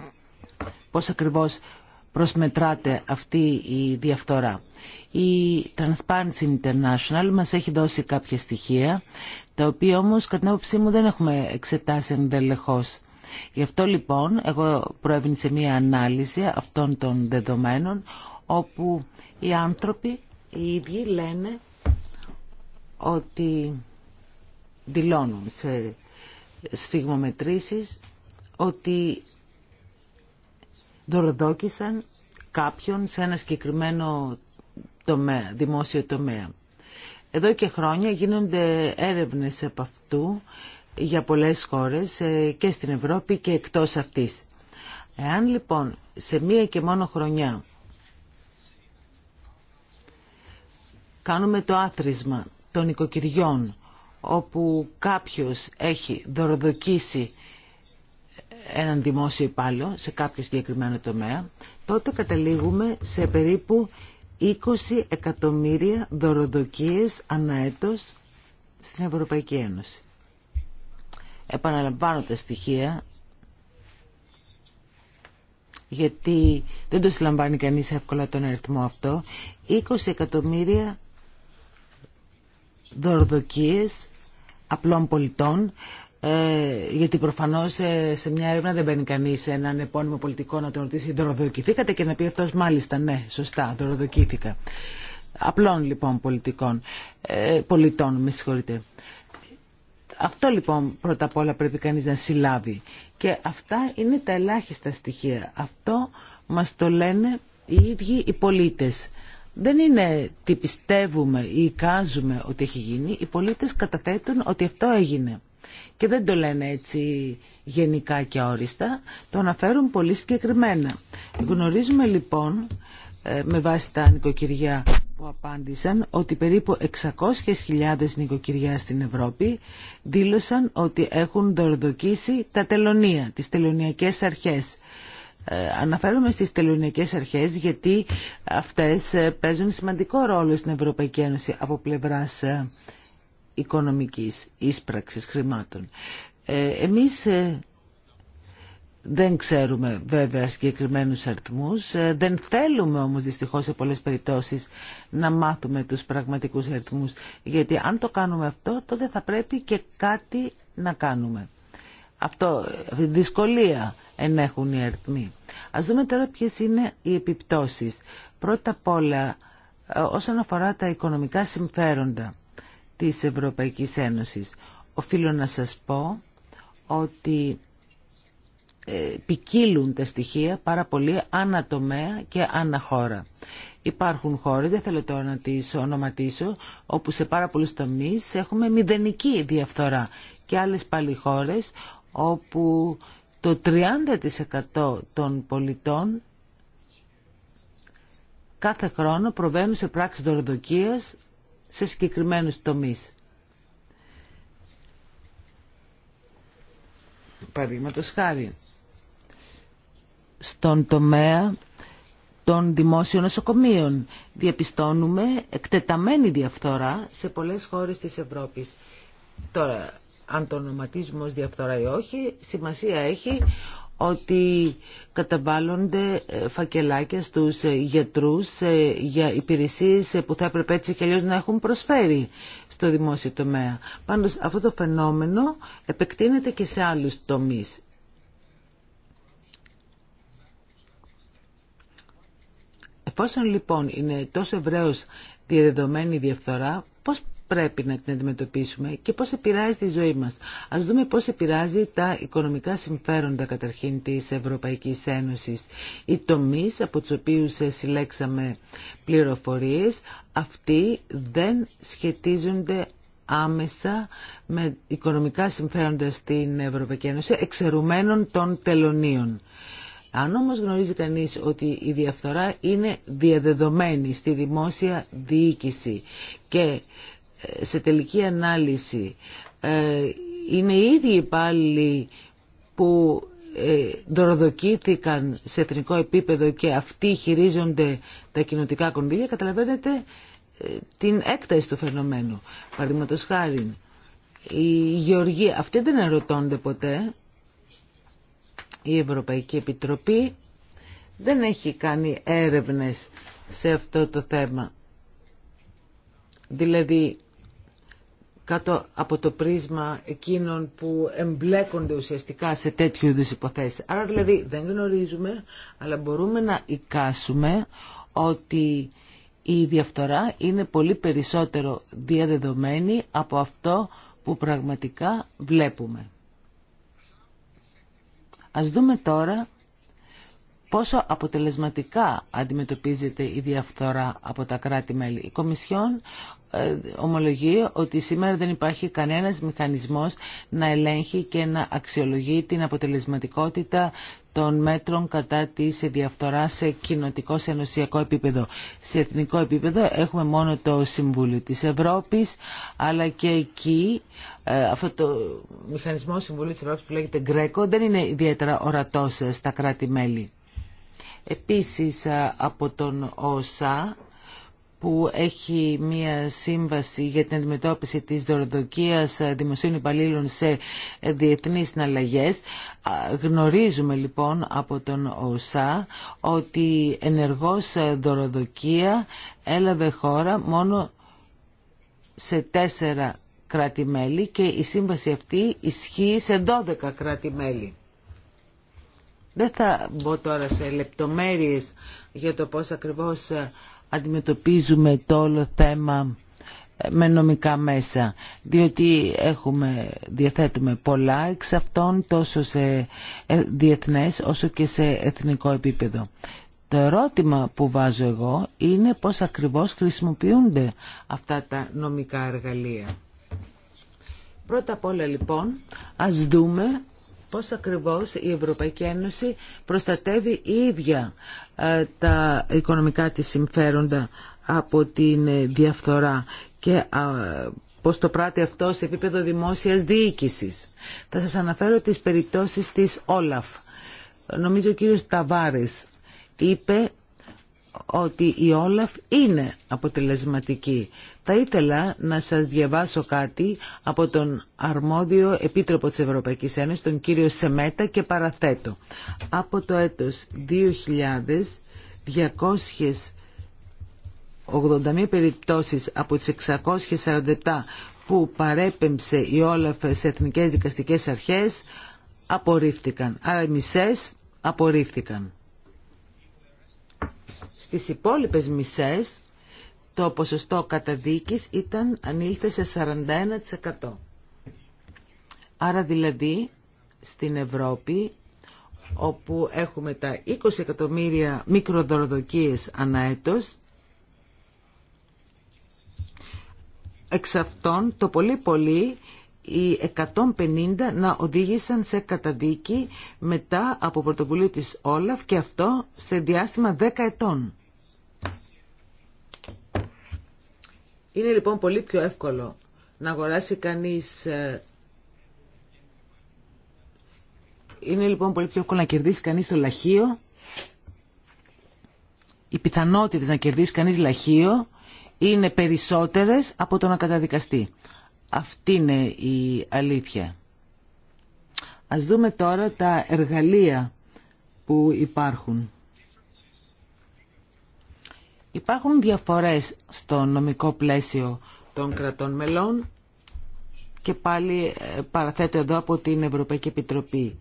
[SPEAKER 1] πώς ακριβώς προσμετράται αυτή η διαφθορά. Η Transparency International μας έχει δώσει κάποια στοιχεία, τα οποία όμως κατά την άποψή μου δεν έχουμε εξετάσει ενδελεχώς. Γι' αυτό λοιπόν εγώ προέβηνε σε μία ανάλυση αυτών των δεδομένων, όπου οι άνθρωποι οι ίδιοι λένε ότι δηλώνουν σε σφιγμομετρήσεις ότι δωροδόκησαν κάποιον σε ένα συγκεκριμένο τομέα, δημόσιο τομέα. Εδώ και χρόνια γίνονται έρευνες από αυτού για πολλές χώρες ε, και στην Ευρώπη και εκτός αυτής. Εάν λοιπόν σε μία και μόνο χρονιά κάνουμε το άθροισμα των οικοκυριών όπου κάποιος έχει δωροδοκίσει έναν δημόσιο υπάλληλο σε κάποιο συγκεκριμένο τομέα, τότε καταλήγουμε σε περίπου 20 εκατομμύρια δωροδοκίες ανά στην Ευρωπαϊκή Ένωση. Επαναλαμβάνω τα στοιχεία, γιατί δεν το συλλαμβάνει κανείς εύκολα τον αριθμό αυτό, 20 εκατομμύρια δωροδοκίες απλών πολιτών ε, γιατί προφανώ σε, σε μια έρευνα δεν μπαίνει κανεί σε έναν επώνυμο πολιτικό να τον ρωτήσει δωροδοκηθήκατε και να πει αυτό μάλιστα ναι, σωστά, δωροδοκήθηκα. Απλών λοιπόν πολιτικών, ε, πολιτών, με συγχωρείτε. Αυτό λοιπόν πρώτα απ' όλα πρέπει κανείς να συλλάβει. Και αυτά είναι τα ελάχιστα στοιχεία. Αυτό μας το λένε οι ίδιοι οι πολίτες. Δεν είναι τι πιστεύουμε ή εικάζουμε ότι έχει γίνει. Οι πολίτες καταθέτουν ότι αυτό έγινε. Και δεν το λένε έτσι γενικά και όριστα, το αναφέρουν πολύ συγκεκριμένα. Γνωρίζουμε λοιπόν, ε, με βάση τα νοικοκυριά που απάντησαν, ότι περίπου 600.000 νοικοκυριά στην Ευρώπη δήλωσαν ότι έχουν δορδοκίσει τα τελωνία, τις τελωνιακές αρχές. Ε, αναφέρομαι στις τελωνιακές αρχές γιατί αυτές ε, παίζουν σημαντικό ρόλο στην Ευρωπαϊκή Ένωση από πλευράς οικονομικής ίσπραξης χρημάτων. Ε, εμείς ε, δεν ξέρουμε βέβαια συγκεκριμένους αριθμούς, ε, δεν θέλουμε όμως δυστυχώς σε πολλές περιπτώσεις να μάθουμε τους πραγματικούς αριθμούς, γιατί αν το κάνουμε αυτό τότε θα πρέπει και κάτι να κάνουμε. Αυτό, αυτή τη δυσκολία ενέχουν οι αριθμοί. Ας δούμε τώρα ποιες είναι οι επιπτώσεις. Πρώτα απ' όλα όσον αφορά τα οικονομικά συμφέροντα της Ευρωπαϊκής Ένωσης. Οφείλω να σας πω ότι ε, ποικίλουν τα στοιχεία πάρα πολύ ανατομέα και αναχώρα. Υπάρχουν χώρες, δεν θέλω τώρα να τις ονοματίσω, όπου σε πάρα πολλούς τομείς έχουμε μηδενική διαφθορά και άλλες πάλι χώρες όπου το 30% των πολιτών κάθε χρόνο προβαίνουν σε πράξεις δωροδοκίας σε συγκεκριμένους τομείς. Παραδείγματο χάρη, στον τομέα των δημόσιων νοσοκομείων διαπιστώνουμε εκτεταμένη διαφθορά σε πολλές χώρες της Ευρώπης. Τώρα, αν το ονοματίζουμε ως διαφθορά ή όχι, σημασία έχει ότι καταβάλλονται ε, φακελάκια στους ε, γιατρούς ε, για υπηρεσίες που θα έπρεπε έτσι και αλλιώς να έχουν προσφέρει στο δημόσιο τομέα. Πάντως αυτό το φαινόμενο επεκτείνεται και σε άλλους τομείς. Εφόσον λοιπόν είναι τόσο ευρέως διαδεδομένη η διαφθορά, πώς πρέπει να την αντιμετωπίσουμε και πώς επηρεάζει τη ζωή μας. Ας δούμε πώς επηρεάζει τα οικονομικά συμφέροντα καταρχήν της Ευρωπαϊκής Ένωσης. Οι τομείς από τους οποίους συλλέξαμε πληροφορίες, αυτοί δεν σχετίζονται άμεσα με οικονομικά συμφέροντα στην Ευρωπαϊκή Ένωση, εξαιρουμένων των τελωνίων. Αν όμως γνωρίζει κανείς ότι η διαφθορά είναι διαδεδομένη στη δημόσια διοίκηση και σε τελική ανάλυση ε, είναι οι ίδιοι υπάλληλοι που ε, δωροδοκήθηκαν σε εθνικό επίπεδο και αυτοί χειρίζονται τα κοινοτικά κονδύλια, καταλαβαίνετε ε, την έκταση του φαινομένου. Παραδείγματο χάρη, οι γεωργοί αυτοί δεν ερωτώνται ποτέ. Η Ευρωπαϊκή Επιτροπή δεν έχει κάνει έρευνες σε αυτό το θέμα. Δηλαδή, κάτω από το πρίσμα εκείνων που εμπλέκονται ουσιαστικά σε τέτοιου είδου υποθέσεις. Άρα δηλαδή δεν γνωρίζουμε, αλλά μπορούμε να εικάσουμε ότι η διαφθορά είναι πολύ περισσότερο διαδεδομένη από αυτό που πραγματικά βλέπουμε. Ας δούμε τώρα πόσο αποτελεσματικά αντιμετωπίζεται η διαφθορά από τα κράτη-μέλη. Η ε, ομολογεί ότι σήμερα δεν υπάρχει κανένας μηχανισμός να ελέγχει και να αξιολογεί την αποτελεσματικότητα των μέτρων κατά της διαφθορά σε κοινοτικό, σε ενωσιακό επίπεδο. Σε εθνικό επίπεδο έχουμε μόνο το Συμβούλιο της Ευρώπης, αλλά και εκεί ε, αυτό το μηχανισμό Συμβούλιο της Ευρώπης που λέγεται Γκρέκο δεν είναι ιδιαίτερα ορατός ε, στα κράτη-μέλη. Επίσης από τον ΟΣΑ που έχει μία σύμβαση για την αντιμετώπιση της δωροδοκίας δημοσίων υπαλλήλων σε διεθνείς συναλλαγές. Γνωρίζουμε λοιπόν από τον ΟΣΑ ότι ενεργός δωροδοκία έλαβε χώρα μόνο σε τέσσερα κράτη-μέλη και η σύμβαση αυτή ισχύει σε 12 κράτη-μέλη. Δεν θα μπω τώρα σε λεπτομέρειες για το πώς ακριβώς αντιμετωπίζουμε το όλο θέμα ε, με νομικά μέσα, διότι έχουμε, διαθέτουμε πολλά εξ αυτών τόσο σε ε, διεθνές όσο και σε εθνικό επίπεδο. Το ερώτημα που βάζω εγώ είναι πώς ακριβώς χρησιμοποιούνται αυτά τα νομικά εργαλεία. Πρώτα απ' όλα λοιπόν ας δούμε πώς ακριβώς η Ευρωπαϊκή Ένωση προστατεύει η ίδια ε, τα οικονομικά της συμφέροντα από την ε, διαφθορά και πώς το πράττει αυτό σε επίπεδο δημόσιας διοίκησης. Θα σας αναφέρω τις περιπτώσεις της Όλαφ. Νομίζω ο κύριος Ταβάρης είπε ότι η Όλαφ είναι αποτελεσματική. Θα ήθελα να σας διαβάσω κάτι από τον αρμόδιο Επίτροπο της Ευρωπαϊκής Ένωσης, τον κύριο Σεμέτα και παραθέτω. Από το έτος 2.281 περιπτώσεις από τις 647 που παρέπεμψε η Όλαφ σε εθνικές δικαστικές αρχές απορρίφθηκαν. Άρα οι μισές απορρίφθηκαν. Στις υπόλοιπες μισές το ποσοστό καταδίκης ήταν ανήλθε σε 41%. Άρα δηλαδή στην Ευρώπη όπου έχουμε τα 20 εκατομμύρια μικροδοροδοκίες ανά έτος, εξ αυτών το πολύ πολύ οι 150 να οδήγησαν σε καταδίκη μετά από πρωτοβουλία της Όλαφ και αυτό σε διάστημα 10 ετών. Είναι λοιπόν πολύ πιο εύκολο να αγοράσει κανείς... Ε, είναι λοιπόν πολύ πιο εύκολο να κερδίσει κανείς το λαχείο. Οι πιθανότητες να κερδίσει κανείς λαχείο είναι περισσότερες από το να καταδικαστεί. Αυτή είναι η αλήθεια. Ας δούμε τώρα τα εργαλεία που υπάρχουν. Υπάρχουν διαφορές στο νομικό πλαίσιο των κρατών μελών και πάλι ε, παραθέτω εδώ από την Ευρωπαϊκή Επιτροπή.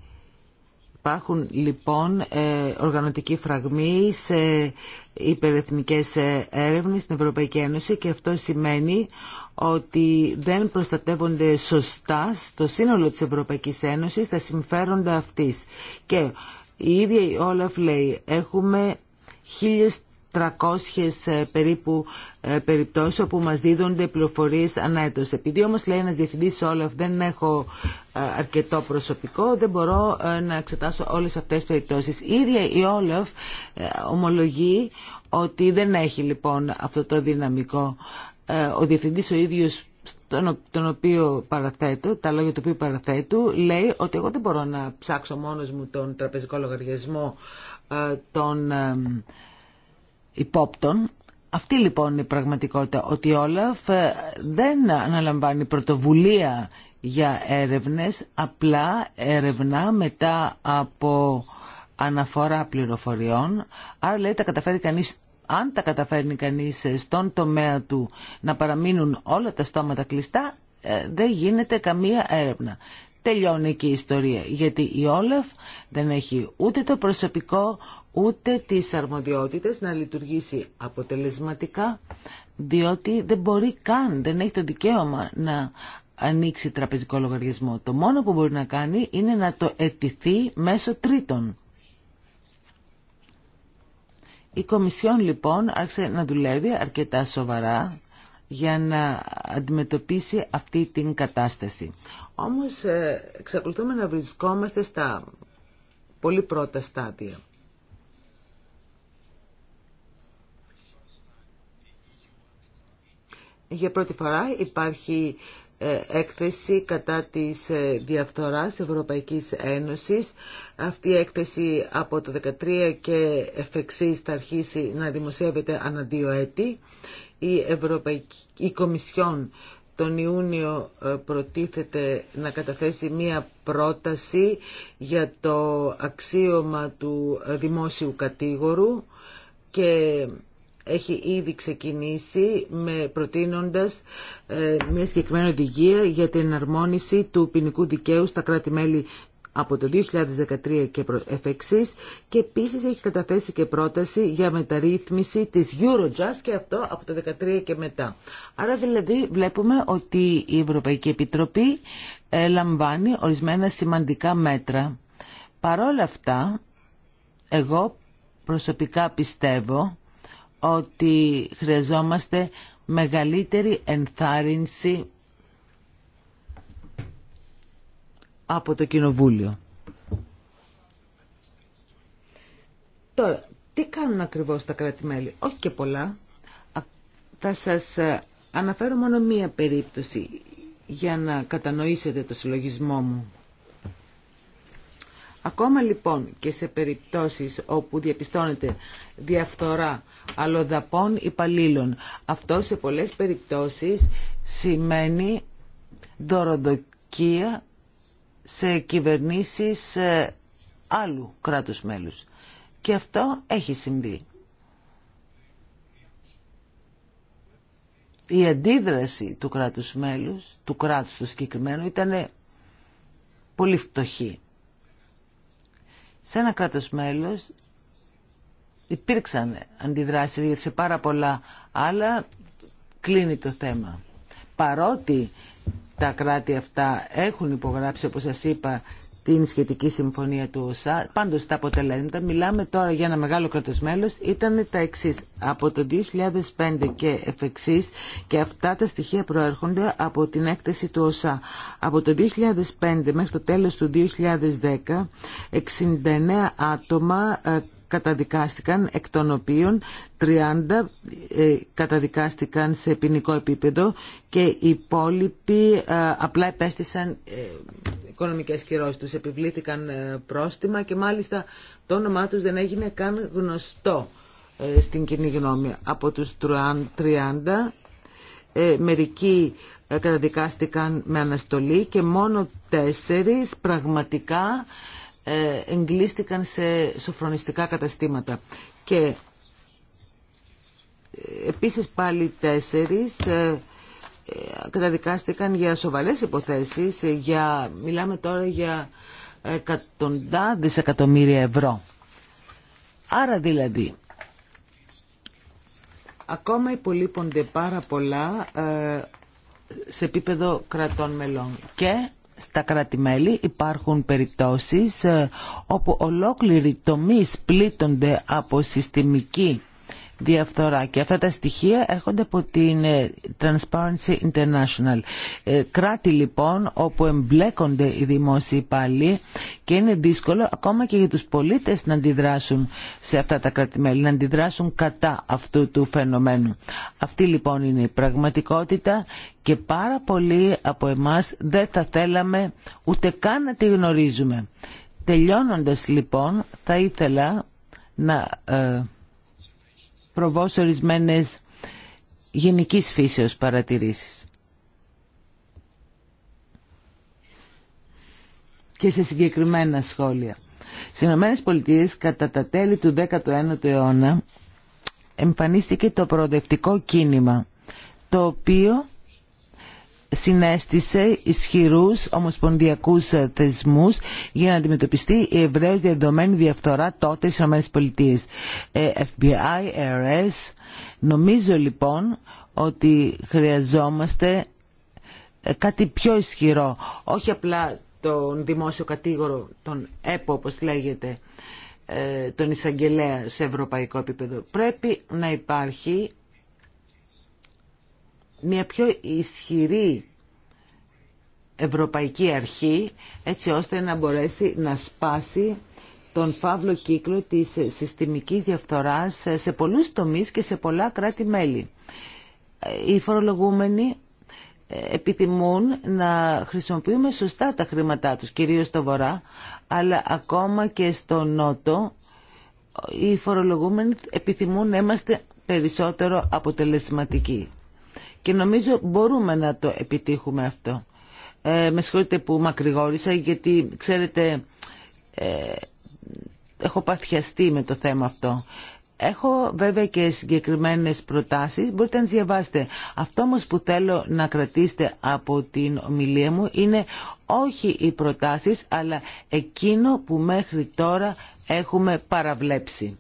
[SPEAKER 1] Υπάρχουν λοιπόν ε, οργανωτικοί φραγμοί σε υπερεθνικές ε, έρευνες στην Ευρωπαϊκή Ένωση και αυτό σημαίνει ότι δεν προστατεύονται σωστά στο σύνολο της Ευρωπαϊκής Ένωσης τα συμφέροντα αυτής. Και η ίδια η Όλαφ λέει έχουμε 300 ε, περίπου ε, περιπτώσεις όπου μας δίδονται πληροφορίες ανέτος. Επειδή όμως λέει ένας διευθυντής όλευ δεν έχω ε, αρκετό προσωπικό, δεν μπορώ να εξετάσω όλες αυτές τις περιπτώσεις. Η ίδια η Όλαφ ομολογεί ότι δεν έχει λοιπόν αυτό το δυναμικό. Ο διευθυντής ο ίδιος τον οποίο παραθέτω, τα λόγια του οποίου παραθέτω, λέει ότι εγώ δεν μπορώ να ψάξω μόνος μου τον τραπεζικό λογαριασμό των υπόπτων. Αυτή λοιπόν είναι η πραγματικότητα, ότι η Όλαφ ε, δεν αναλαμβάνει πρωτοβουλία για έρευνες, απλά έρευνα μετά από αναφορά πληροφοριών. Άρα λέει τα καταφέρει κανείς, αν τα καταφέρνει κανείς ε, στον τομέα του να παραμείνουν όλα τα στόματα κλειστά, ε, δεν γίνεται καμία έρευνα. Τελειώνει και η ιστορία, γιατί η Όλαφ δεν έχει ούτε το προσωπικό, ούτε τις αρμοδιότητες να λειτουργήσει αποτελεσματικά, διότι δεν μπορεί καν, δεν έχει το δικαίωμα να ανοίξει τραπεζικό λογαριασμό. Το μόνο που μπορεί να κάνει είναι να το ετηθεί μέσω τρίτων. Η Κομισιόν λοιπόν άρχισε να δουλεύει αρκετά σοβαρά για να αντιμετωπίσει αυτή την κατάσταση. Όμως ε, εξακολουθούμε να βρισκόμαστε στα πολύ πρώτα στάδια. Για πρώτη φορά υπάρχει ε, έκθεση κατά της ε, διαφθοράς Ευρωπαϊκής Ένωσης. Αυτή η έκθεση από το 2013 και εφεξής θα αρχίσει να δημοσιεύεται ανά δύο έτη. Η, Ευρωπαϊκή, η Κομισιόν τον Ιούνιο ε, προτίθεται να καταθέσει μία πρόταση για το αξίωμα του δημόσιου κατήγορου και έχει ήδη ξεκινήσει με προτείνοντας ε, μια συγκεκριμένη οδηγία για την εναρμόνιση του ποινικού δικαίου στα κράτη-μέλη από το 2013 και εφ' και επίσης έχει καταθέσει και πρόταση για μεταρρύθμιση της Eurojust και αυτό από το 2013 και μετά. Άρα δηλαδή βλέπουμε ότι η Ευρωπαϊκή Επιτροπή ε, λαμβάνει ορισμένα σημαντικά μέτρα. Παρόλα αυτά, εγώ προσωπικά πιστεύω ότι χρειαζόμαστε μεγαλύτερη ενθάρρυνση από το Κοινοβούλιο. Τώρα, τι κάνουν ακριβώς τα κρατη Όχι και πολλά. Θα σας ε, αναφέρω μόνο μία περίπτωση για να κατανοήσετε το συλλογισμό μου. Ακόμα λοιπόν και σε περιπτώσεις όπου διαπιστώνεται διαφθορά αλλοδαπών υπαλλήλων, αυτό σε πολλές περιπτώσεις σημαίνει δωροδοκία σε κυβερνήσεις ε, άλλου κράτους μέλους. Και αυτό έχει συμβεί. Η αντίδραση του κράτους μέλους, του κράτους του συγκεκριμένου, ήταν πολύ φτωχή σε ένα κράτος μέλος υπήρξαν αντιδράσεις σε πάρα πολλά άλλα κλείνει το θέμα. Παρότι τα κράτη αυτά έχουν υπογράψει, όπως σας είπα, την σχετική συμφωνία του ΟΣΑ. Πάντως τα αποτελέσματα, μιλάμε τώρα για ένα μεγάλο κρατοσμέλος, ήταν τα εξή. Από το 2005 και εφ' εξή, και αυτά τα στοιχεία προέρχονται από την έκθεση του ΟΣΑ. Από το 2005 μέχρι το τέλος του 2010, 69 άτομα ε, καταδικάστηκαν, εκ των οποίων 30 ε, καταδικάστηκαν σε ποινικό επίπεδο και οι υπόλοιποι ε, απλά επέστησαν οικονομικές κυρώσεις τους. Επιβλήθηκαν ε, πρόστιμα και μάλιστα το όνομά τους δεν έγινε καν γνωστό ε, στην κοινή γνώμη. Από τους 30 ε, μερικοί καταδικάστηκαν με αναστολή και μόνο τέσσερις πραγματικά εγκλίστηκαν σε σοφρονιστικά καταστήματα. Και επίσης πάλι τέσσερις καταδικάστηκαν για σοβαρές υποθέσεις, για, μιλάμε τώρα για εκατοντάδες εκατομμύρια ευρώ. Άρα δηλαδή, ακόμα υπολείπονται πάρα πολλά ε, σε επίπεδο κρατών μελών και στα κρατη υπάρχουν περιπτώσεις ε, όπου ολόκληροι τομείς πλήττονται από συστημική διαφθορά. Και αυτά τα στοιχεία έρχονται από την ε, Transparency International. Ε, κράτη λοιπόν όπου εμπλέκονται οι δημόσιοι υπάλληλοι και είναι δύσκολο ακόμα και για τους πολίτες να αντιδράσουν σε αυτά τα κρατημέλη, να αντιδράσουν κατά αυτού του φαινομένου. Αυτή λοιπόν είναι η πραγματικότητα και πάρα πολλοί από εμάς δεν θα θέλαμε ούτε καν να τη γνωρίζουμε. Τελειώνοντας λοιπόν θα ήθελα να ε, προβώ μένες γενικής φύσεως παρατηρήσεις. Και σε συγκεκριμένα σχόλια. Στι Ηνωμένε Πολιτείες κατά τα τέλη του 19ου αιώνα εμφανίστηκε το προοδευτικό κίνημα το οποίο συνέστησε ισχυρούς ομοσπονδιακούς ε, θεσμούς για να αντιμετωπιστεί η ευρέως διαδεδομένη διαφθορά τότε στις ΗΠΑ. Ε, FBI, IRS, νομίζω λοιπόν ότι χρειαζόμαστε ε, κάτι πιο ισχυρό, όχι απλά τον δημόσιο κατήγορο, τον ΕΠΟ όπως λέγεται, τον εισαγγελέα σε ευρωπαϊκό επίπεδο. Πρέπει να υπάρχει μια πιο ισχυρή ευρωπαϊκή αρχή έτσι ώστε να μπορέσει να σπάσει τον φαύλο κύκλο της συστημικής διαφθοράς σε πολλούς τομείς και σε πολλά κράτη-μέλη. Οι φορολογούμενοι ε, επιθυμούν να χρησιμοποιούμε σωστά τα χρήματά τους, κυρίως στο Βορρά, αλλά ακόμα και στο Νότο. Οι φορολογούμενοι επιθυμούν να είμαστε περισσότερο αποτελεσματικοί και νομίζω μπορούμε να το επιτύχουμε αυτό. Ε, με συγχωρείτε που μακρηγόρησα γιατί ξέρετε ε, έχω παθιαστεί με το θέμα αυτό. Έχω βέβαια και συγκεκριμένες προτάσεις, μπορείτε να τις διαβάσετε. Αυτό όμως που θέλω να κρατήσετε από την ομιλία μου είναι όχι οι προτάσεις, αλλά εκείνο που μέχρι τώρα έχουμε παραβλέψει.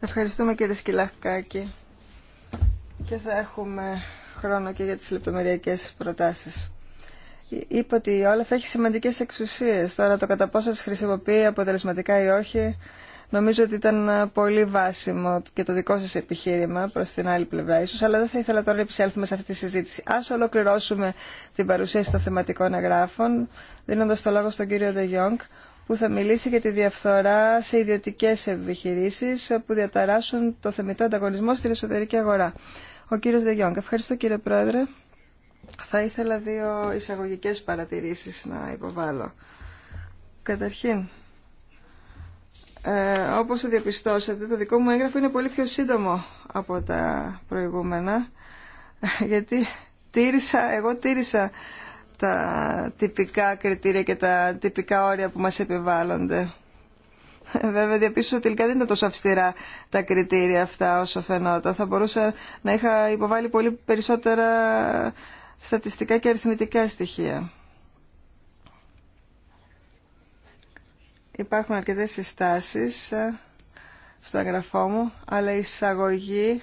[SPEAKER 2] Ευχαριστούμε κύριε Σκυλακάκη και θα έχουμε χρόνο και για τις λεπτομεριακές προτάσεις. Είπα ότι η Όλαφ έχει σημαντικές εξουσίες. Τώρα το κατά πόσο τις χρησιμοποιεί αποτελεσματικά ή όχι, νομίζω ότι ήταν πολύ βάσιμο και το δικό σας επιχείρημα προς την άλλη πλευρά ίσως, αλλά δεν θα ήθελα τώρα να επισέλθουμε σε αυτή τη συζήτηση. Ας ολοκληρώσουμε την παρουσίαση των θεματικών εγγράφων, δίνοντας το λόγο στον κύριο Ντεγιόγκ, που θα μιλήσει για τη διαφθορά σε ιδιωτικέ επιχειρήσει που διαταράσσουν το θεμητό ανταγωνισμό στην εσωτερική αγορά. Ο κύριος Δεγιόνγκ. Ευχαριστώ κύριε Πρόεδρε. Θα ήθελα δύο εισαγωγικέ παρατηρήσεις να υποβάλω. Καταρχήν, ε, θα διαπιστώσετε, το δικό μου έγγραφο είναι πολύ πιο σύντομο από τα προηγούμενα, γιατί τήρησα, εγώ τήρησα τα τυπικά κριτήρια και τα τυπικά όρια που μας επιβάλλονται. Ε, βέβαια, διαπίστωσα ότι τελικά δεν ήταν τόσο αυστηρά τα κριτήρια αυτά όσο φαινόταν. Θα μπορούσα να είχα υποβάλει πολύ περισσότερα στατιστικά και αριθμητικά στοιχεία. Υπάρχουν αρκετές συστάσεις ε, στο εγγραφό μου, αλλά η εισαγωγή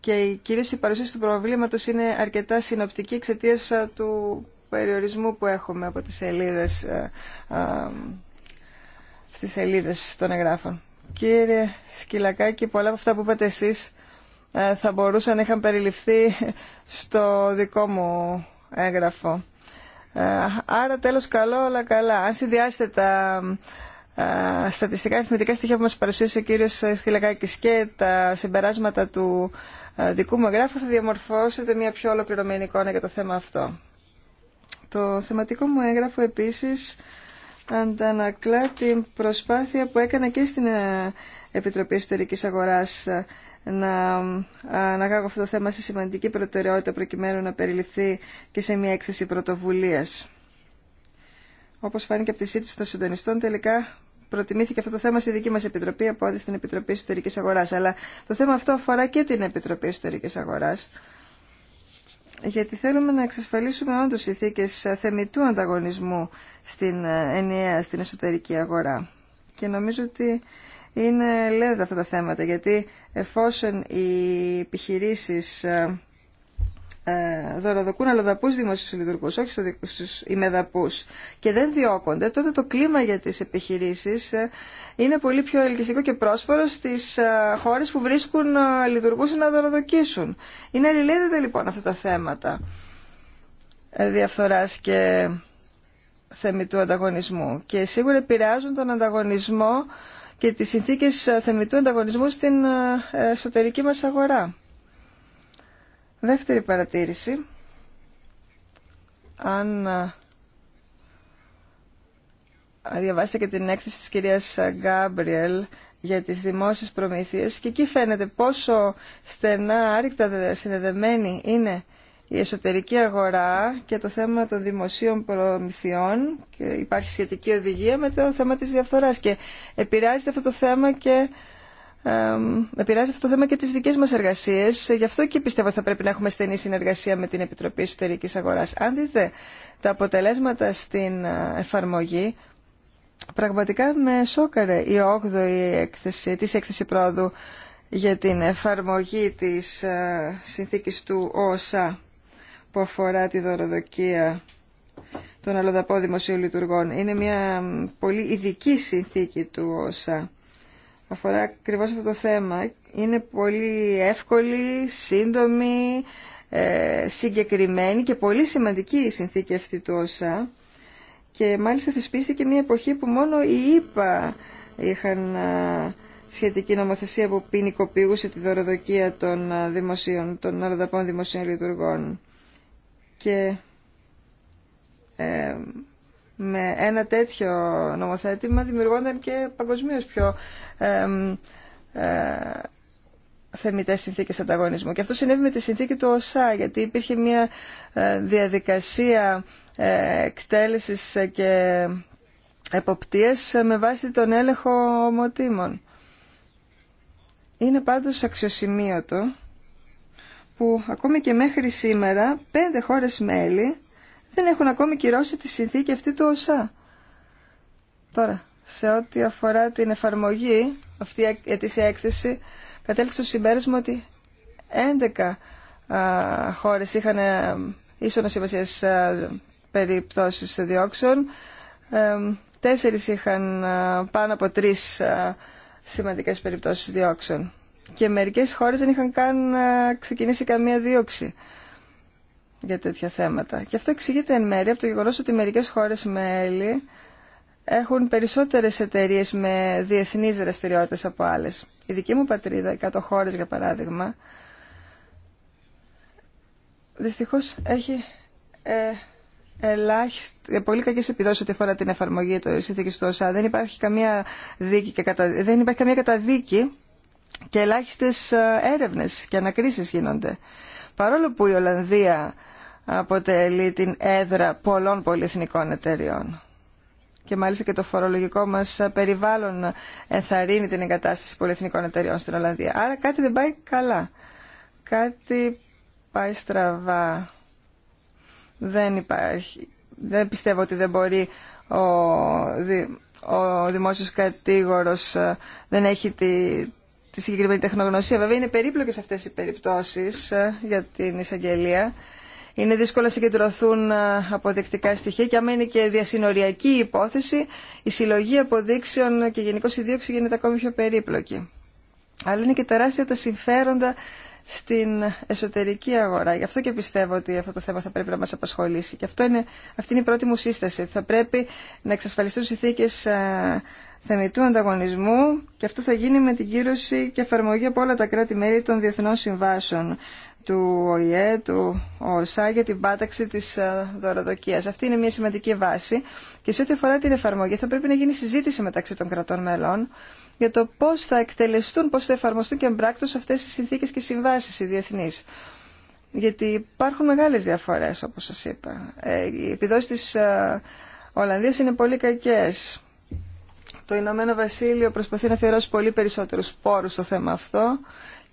[SPEAKER 2] και κυρίως η παρουσίαση του προβλήματος είναι αρκετά συνοπτική εξαιτία ε, του περιορισμού που έχουμε από τις σελίδες, ε, ε, στις σελίδες των εγγράφων. Κύριε Σκυλακάκη, πολλά από αυτά που είπατε εσείς ε, θα μπορούσαν να είχαν περιληφθεί στο δικό μου έγγραφο. Άρα τέλος καλό, όλα καλά. Αν συνδυάσετε τα στατιστικά αριθμητικά στοιχεία που μας παρουσίασε ο κύριος Σκυλακάκης και τα συμπεράσματα του δικού μου εγγράφου θα διαμορφώσετε μια πιο ολοκληρωμένη εικόνα για το θέμα αυτό. Το θεματικό μου έγγραφο επίσης αντανακλά την προσπάθεια που έκανα και στην ε, Επιτροπή Ιστορικής Αγοράς ε, να ε, αναγάγω αυτό το θέμα σε σημαντική προτεραιότητα προκειμένου να περιληφθεί και σε μια έκθεση πρωτοβουλίας. Όπως φάνηκε από τη σύντηση των συντονιστών, τελικά προτιμήθηκε αυτό το θέμα στη δική μας Επιτροπή από ό,τι στην Επιτροπή Ιστορικής Αγοράς. Αλλά το θέμα αυτό αφορά και την Επιτροπή Ιστορικής Αγοράς γιατί θέλουμε να εξασφαλίσουμε όντως θήκες θεμητού ανταγωνισμού στην ε, ενιαία, στην εσωτερική αγορά. Και νομίζω ότι είναι λέδα αυτά τα θέματα, γιατί εφόσον οι επιχειρήσεις ε, ε, δωροδοκούν αλλοδαπού δημοσίου λειτουργού, όχι στου ημεδαπού, και δεν διώκονται, τότε το κλίμα για τις επιχειρήσεις ε, είναι πολύ πιο ελκυστικό και πρόσφορο στις ε, χώρες που βρίσκουν λειτουργούς να δωροδοκίσουν. Είναι αλληλένδετα λοιπόν αυτά τα θέματα διαφθοράς και θεμητού ανταγωνισμού και σίγουρα επηρεάζουν τον ανταγωνισμό και τις συνθήκες θεμητού ανταγωνισμού στην εσωτερική μας αγορά. Δεύτερη παρατήρηση. Αν διαβάσετε και την έκθεση της κυρίας Γκάμπριελ για τις δημόσιες προμήθειες και εκεί φαίνεται πόσο στενά άρρηκτα συνδεδεμένη είναι η εσωτερική αγορά και το θέμα των δημοσίων προμηθειών και υπάρχει σχετική οδηγία με το θέμα της διαφθοράς και επηρεάζεται αυτό το θέμα και επηρεάζει αυτό το θέμα και τις δικές μας εργασίες. Γι' αυτό και πιστεύω θα πρέπει να έχουμε στενή συνεργασία με την Επιτροπή Εσωτερική Αγοράς. Αν δείτε τα αποτελέσματα στην ε, εφαρμογή, πραγματικά με σόκαρε η 8η έκθεση, της έκθεση πρόοδου για την εφαρμογή της ε, συνθήκης του ΩΣΑ που αφορά τη δωροδοκία των αλλοδαπών δημοσίου λειτουργών. Είναι μια πολύ ειδική συνθήκη του ΩΣΑ αφορά ακριβώς αυτό το θέμα. Είναι πολύ εύκολη, σύντομη, ε, συγκεκριμένη και πολύ σημαντική η συνθήκη αυτή του ΩΣΑ και μάλιστα θεσπίστηκε μια εποχή που μόνο οι ΙΠΑ είχαν σχετική νομοθεσία που ποινικοποιούσε τη δωροδοκία των, δημοσίων, των αρδαπών δημοσίων λειτουργών. Και ε, με ένα τέτοιο νομοθέτημα δημιουργόταν και παγκοσμίω πιο ε, ε, θεμητές συνθήκες ανταγωνισμού. Και αυτό συνέβη με τη συνθήκη του ΟΣΑ, γιατί υπήρχε μια ε, διαδικασία ε, εκτέλεσης και εποπτείας με βάση τον έλεγχο ομοτήμων. Είναι πάντως αξιοσημείωτο που ακόμη και μέχρι σήμερα πέντε χώρες μέλη δεν έχουν ακόμη κυρώσει τη συνθήκη αυτή του ΟΣΑ. Τώρα, σε ό,τι αφορά την εφαρμογή, αυτή η ετήσια έκθεση κατέληξε το συμπέρασμα ότι 11 α, χώρες είχαν ε, ίσονο α, περιπτώσεις διώξεων, ε, τέσσερις είχαν πάνω από τρεις α, σημαντικές περιπτώσεις διώξεων και μερικές χώρες δεν είχαν καν ξεκινήσει καμία δίωξη για τέτοια θέματα. Και αυτό εξηγείται εν μέρει από το γεγονό ότι μερικές χώρες μέλη έχουν περισσότερε εταιρείε με διεθνεί δραστηριότητες από άλλε. Η δική μου πατρίδα, 100 χώρε, για παράδειγμα, Δυστυχώ έχει ε, ελάχιστη, ε, πολύ κακέ επιδόσει ό,τι αφορά την εφαρμογή τη συνθήκη του ΩΣΑ. Δεν υπάρχει καμία, δίκη και κατα... δεν υπάρχει καμία καταδίκη και ελάχιστε ε, έρευνε και ανακρίσει γίνονται. Παρόλο που η Ολλανδία αποτελεί την έδρα πολλών πολυεθνικών εταιριών. Και μάλιστα και το φορολογικό μας περιβάλλον ενθαρρύνει την εγκατάσταση πολυεθνικών εταιριών στην Ολλανδία. Άρα κάτι δεν πάει καλά. Κάτι πάει στραβά. Δεν υπάρχει. Δεν πιστεύω ότι δεν μπορεί ο, ο δημόσιος κατήγορος ε, δεν έχει τη, τη συγκεκριμένη τεχνογνωσία. Βέβαια είναι περίπλοκες αυτές οι περιπτώσεις ε, για την εισαγγελία είναι δύσκολο να συγκεντρωθούν αποδεικτικά στοιχεία και άμα είναι και διασυνοριακή υπόθεση, η συλλογή αποδείξεων και γενικώ η δίωξη γίνεται ακόμη πιο περίπλοκη. Αλλά είναι και τεράστια τα συμφέροντα στην εσωτερική αγορά. Γι' αυτό και πιστεύω ότι αυτό το θέμα θα πρέπει να μας απασχολήσει. Και αυτό είναι, αυτή είναι η πρώτη μου σύσταση. Θα πρέπει να εξασφαλιστούν συνθήκε θεμητού ανταγωνισμού και αυτό θα γίνει με την κύρωση και εφαρμογή από όλα τα κράτη-μέλη των διεθνών συμβάσεων του ΟΗΕ, του ΟΣΑ για την πάταξη της ε, δωροδοκίας. Αυτή είναι μια σημαντική βάση και σε ό,τι αφορά την εφαρμογή θα πρέπει να γίνει συζήτηση μεταξύ των κρατών μελών για το πώς θα εκτελεστούν, πώς θα εφαρμοστούν και εμπράκτως αυτές οι συνθήκες και συμβάσεις οι διεθνείς. Γιατί υπάρχουν μεγάλες διαφορές όπως σας είπα. Ε, οι επιδόσεις της ε, Ολλανδίας είναι πολύ κακές. Το Ηνωμένο Βασίλειο προσπαθεί να αφιερώσει πολύ περισσότερους πόρου στο θέμα αυτό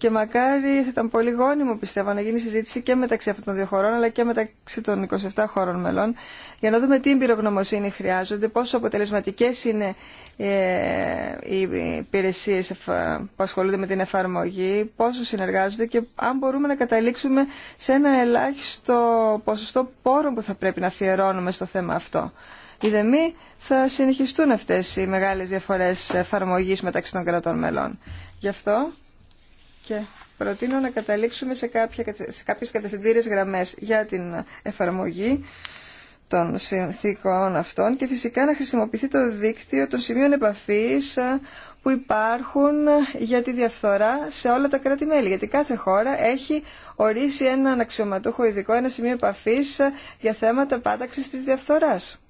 [SPEAKER 2] και μακάρι θα ήταν πολύ γόνιμο, πιστεύω, να γίνει συζήτηση και μεταξύ αυτών των δύο χωρών, αλλά και μεταξύ των 27 χωρών μελών, για να δούμε τι εμπειρογνωμοσύνη χρειάζονται, πόσο αποτελεσματικέ είναι ε, οι υπηρεσίε που ασχολούνται με την εφαρμογή, πόσο συνεργάζονται και αν μπορούμε να καταλήξουμε σε ένα ελάχιστο ποσοστό πόρων που θα πρέπει να αφιερώνουμε στο θέμα αυτό. Οι δεμή θα συνεχιστούν αυτές οι μεγάλες διαφορές εφαρμογής μεταξύ των κρατών μελών. Γι' αυτό και προτείνω να καταλήξουμε σε, κάποια, σε κάποιες κατευθυντήριες γραμμές για την εφαρμογή των συνθήκων αυτών και φυσικά να χρησιμοποιηθεί το δίκτυο των σημείων επαφής ε, που υπάρχουν για τη διαφθορά σε όλα τα κράτη-μέλη. Γιατί κάθε χώρα έχει ορίσει έναν αξιωματούχο ειδικό, ένα σημείο επαφής ε, για θέματα πάταξης της διαφθοράς.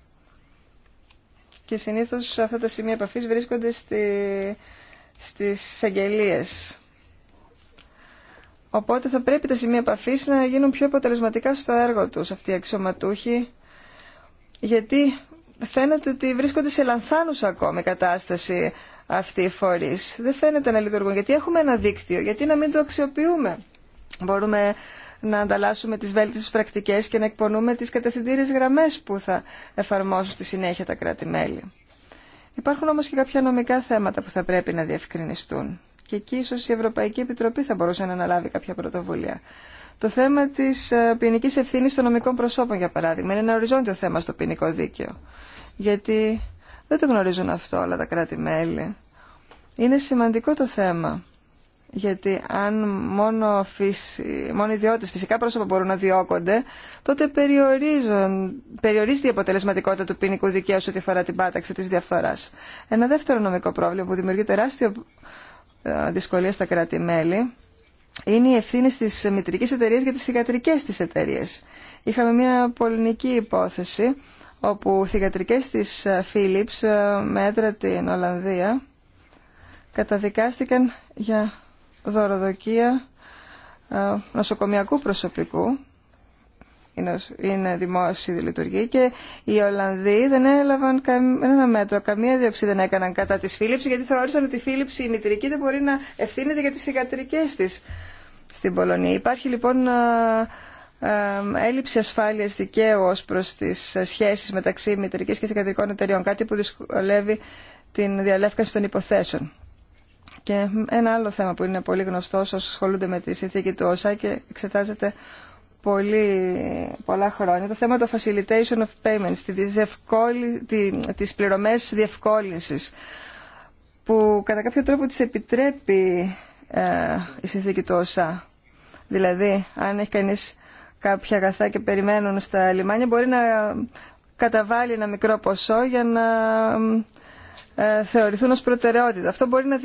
[SPEAKER 2] Και συνήθως αυτά τα σημεία επαφής βρίσκονται στη, στις Οπότε θα πρέπει τα σημεία επαφή να γίνουν πιο αποτελεσματικά στο έργο του αυτοί οι αξιωματούχοι, γιατί φαίνεται ότι βρίσκονται σε λανθάνουσα ακόμη κατάσταση αυτοί οι φορεί. Δεν φαίνεται να λειτουργούν, γιατί έχουμε ένα δίκτυο, γιατί να μην το αξιοποιούμε. Μπορούμε να ανταλλάσσουμε τις βέλτιστες πρακτικέ και να εκπονούμε τι κατευθυντήριε γραμμέ που θα εφαρμόσουν στη συνέχεια τα κράτη-μέλη. Υπάρχουν όμω και κάποια νομικά θέματα που θα πρέπει να διευκρινιστούν. Και εκεί ίσως η Ευρωπαϊκή Επιτροπή θα μπορούσε να αναλάβει κάποια πρωτοβουλία. Το θέμα τη ε, ποινική ευθύνη των νομικών προσώπων, για παράδειγμα, είναι ένα οριζόντιο θέμα στο ποινικό δίκαιο. Γιατί δεν το γνωρίζουν αυτό όλα τα κράτη-μέλη. Είναι σημαντικό το θέμα. Γιατί αν μόνο, φυσι... ιδιώτε, φυσικά πρόσωπα μπορούν να διώκονται, τότε περιορίζουν... περιορίζεται η αποτελεσματικότητα του ποινικού δικαίου σε ό,τι αφορά την πάταξη τη διαφθορά. Ένα δεύτερο νομικό πρόβλημα που δημιουργεί τεράστιο ε, δυσκολία στα κράτη-μέλη είναι η ευθύνη στις μητρική εταιρεία για τις θυγατρικές της εταιρείες. Είχαμε μια πολυνική υπόθεση όπου θυγατρικές της ε, Philips ε, μέτρα την Ολλανδία καταδικάστηκαν για δωροδοκία νοσοκομιακού προσωπικού είναι δημόσιοι λειτουργοί και οι Ολλανδοί δεν έλαβαν κανένα μέτρο, καμία δίωξη δεν έκαναν κατά τη Φίλιψη γιατί θεώρησαν ότι η Φίλιψη η μητρική δεν μπορεί να ευθύνεται για τι θηγατρικέ τη στην Πολωνία. Υπάρχει λοιπόν έλλειψη ασφάλεια δικαίου ω προς τις σχέσεις μεταξύ μητρικής και θηγατρικών εταιριών, κάτι που δυσκολεύει την διαλεύκανση των υποθέσεων. Και ένα άλλο θέμα που είναι πολύ γνωστό όσοι ασχολούνται με τη συνθήκη του ΩΣΑ και εξετάζεται πολύ, πολλά χρόνια το θέμα το facilitation of payments, τη πληρωμέ της πληρωμές διευκόλυνσης που κατά κάποιο τρόπο τις επιτρέπει ε, η συνθήκη του ΩΣΑ. Δηλαδή, αν έχει κανείς κάποια αγαθά και περιμένουν στα λιμάνια, μπορεί να καταβάλει ένα μικρό ποσό για να ε, θεωρηθούν ως προτεραιότητα. Αυτό μπορεί να,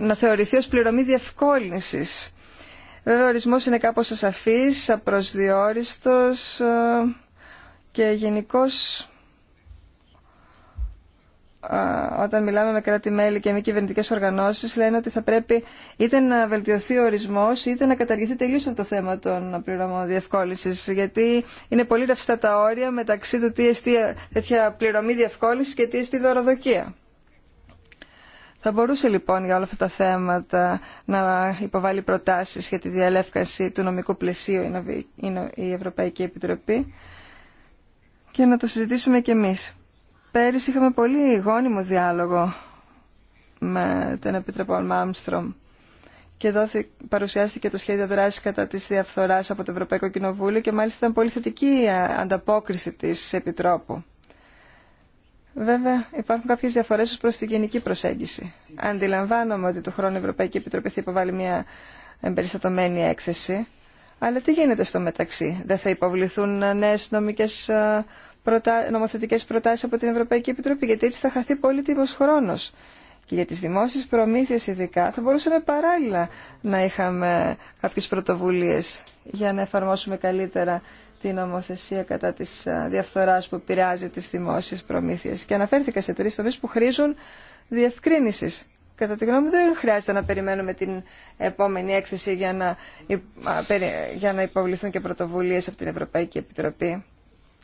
[SPEAKER 2] να θεωρηθεί ως πληρωμή διευκόλυνσης Βέβαια, ο ορισμός είναι κάπως ασαφής, απροσδιόριστος ε, και γενικώ ε, όταν μιλάμε με κράτη-μέλη και μη κυβερνητικέ οργανώσεις λένε ότι θα πρέπει είτε να βελτιωθεί ο ορισμός είτε να καταργηθεί τελείως αυτό το θέμα των πληρωμών διευκόλυσης γιατί είναι πολύ ρευστά τα όρια μεταξύ του τι εστία τέτοια πληρωμή διευκόλυσης και τι εστί δωροδοκία. Θα μπορούσε λοιπόν για όλα αυτά τα θέματα να υποβάλει προτάσεις για τη διαλεύκαση του νομικού πλαισίου η Ευρωπαϊκή Επιτροπή και να το συζητήσουμε κι εμείς. Πέρυσι είχαμε πολύ γόνιμο διάλογο με τον επιτρόπο Μάμστρομ και εδώ παρουσιάστηκε το σχέδιο δράση κατά της διαφθοράς από το Ευρωπαϊκό Κοινοβούλιο και μάλιστα ήταν πολύ θετική η ανταπόκριση της Επιτρόπου. Βέβαια, υπάρχουν κάποιε διαφορέ ω προ την γενική προσέγγιση. Αντιλαμβάνομαι ότι του χρόνου η Ευρωπαϊκή Επιτροπή θα υποβάλει μια εμπεριστατωμένη έκθεση. Αλλά τι γίνεται στο μεταξύ, δεν θα υποβληθούν νέε νομικέ ε, προτα... νομοθετικέ προτάσει από την Ευρωπαϊκή Επιτροπή, γιατί έτσι θα χαθεί πολύτιμο χρόνο. Και για τι δημόσιε προμήθειε, ειδικά, θα μπορούσαμε παράλληλα να είχαμε κάποιε πρωτοβουλίε για να εφαρμόσουμε καλύτερα την νομοθεσία κατά τη διαφθοράς που επηρεάζει τι δημόσιε προμήθειες. Και αναφέρθηκα σε τρεις τομεί που χρήζουν διευκρίνηση. Κατά τη γνώμη δεν χρειάζεται να περιμένουμε την επόμενη έκθεση για να, για να υποβληθούν και πρωτοβουλίε από την Ευρωπαϊκή Επιτροπή.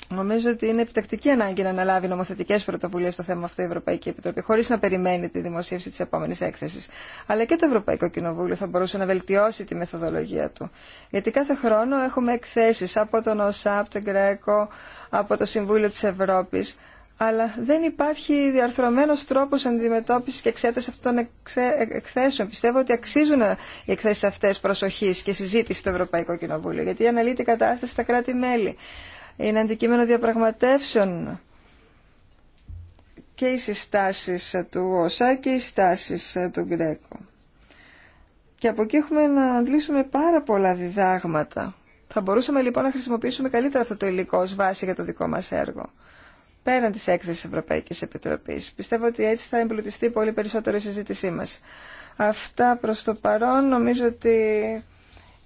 [SPEAKER 2] Νομίζω ότι είναι επιτακτική ανάγκη να αναλάβει νομοθετικέ πρωτοβουλίε στο θέμα αυτό η Ευρωπαϊκή Επιτροπή, χωρί να περιμένει τη δημοσίευση τη επόμενη έκθεση. Αλλά και το Ευρωπαϊκό Κοινοβούλιο θα μπορούσε να βελτιώσει τη μεθοδολογία του. Γιατί κάθε χρόνο έχουμε εκθέσει από τον ΟΣΑ, από τον Γκρέκο, από το Συμβούλιο τη Ευρώπη. Αλλά δεν υπάρχει διαρθρωμένο τρόπο αντιμετώπιση και εξέταση αυτών των εκθέσεων. Πιστεύω ότι αξίζουν οι εκθέσει αυτέ προσοχή και συζήτηση στο Ευρωπαϊκό Κοινοβούλιο, γιατί αναλύει την κατάσταση στα κράτη-μέλη είναι αντικείμενο διαπραγματεύσεων και οι συστάσεις του ΩΣΑ και οι συστάσεις του Γκρέκο. Και από εκεί έχουμε να αντλήσουμε πάρα πολλά διδάγματα. Θα μπορούσαμε λοιπόν να χρησιμοποιήσουμε καλύτερα αυτό το υλικό ως βάση για το δικό μας έργο. Πέραν της έκθεσης Ευρωπαϊκής Επιτροπής. Πιστεύω ότι έτσι θα εμπλουτιστεί πολύ περισσότερο η συζήτησή μας. Αυτά προς το παρόν νομίζω ότι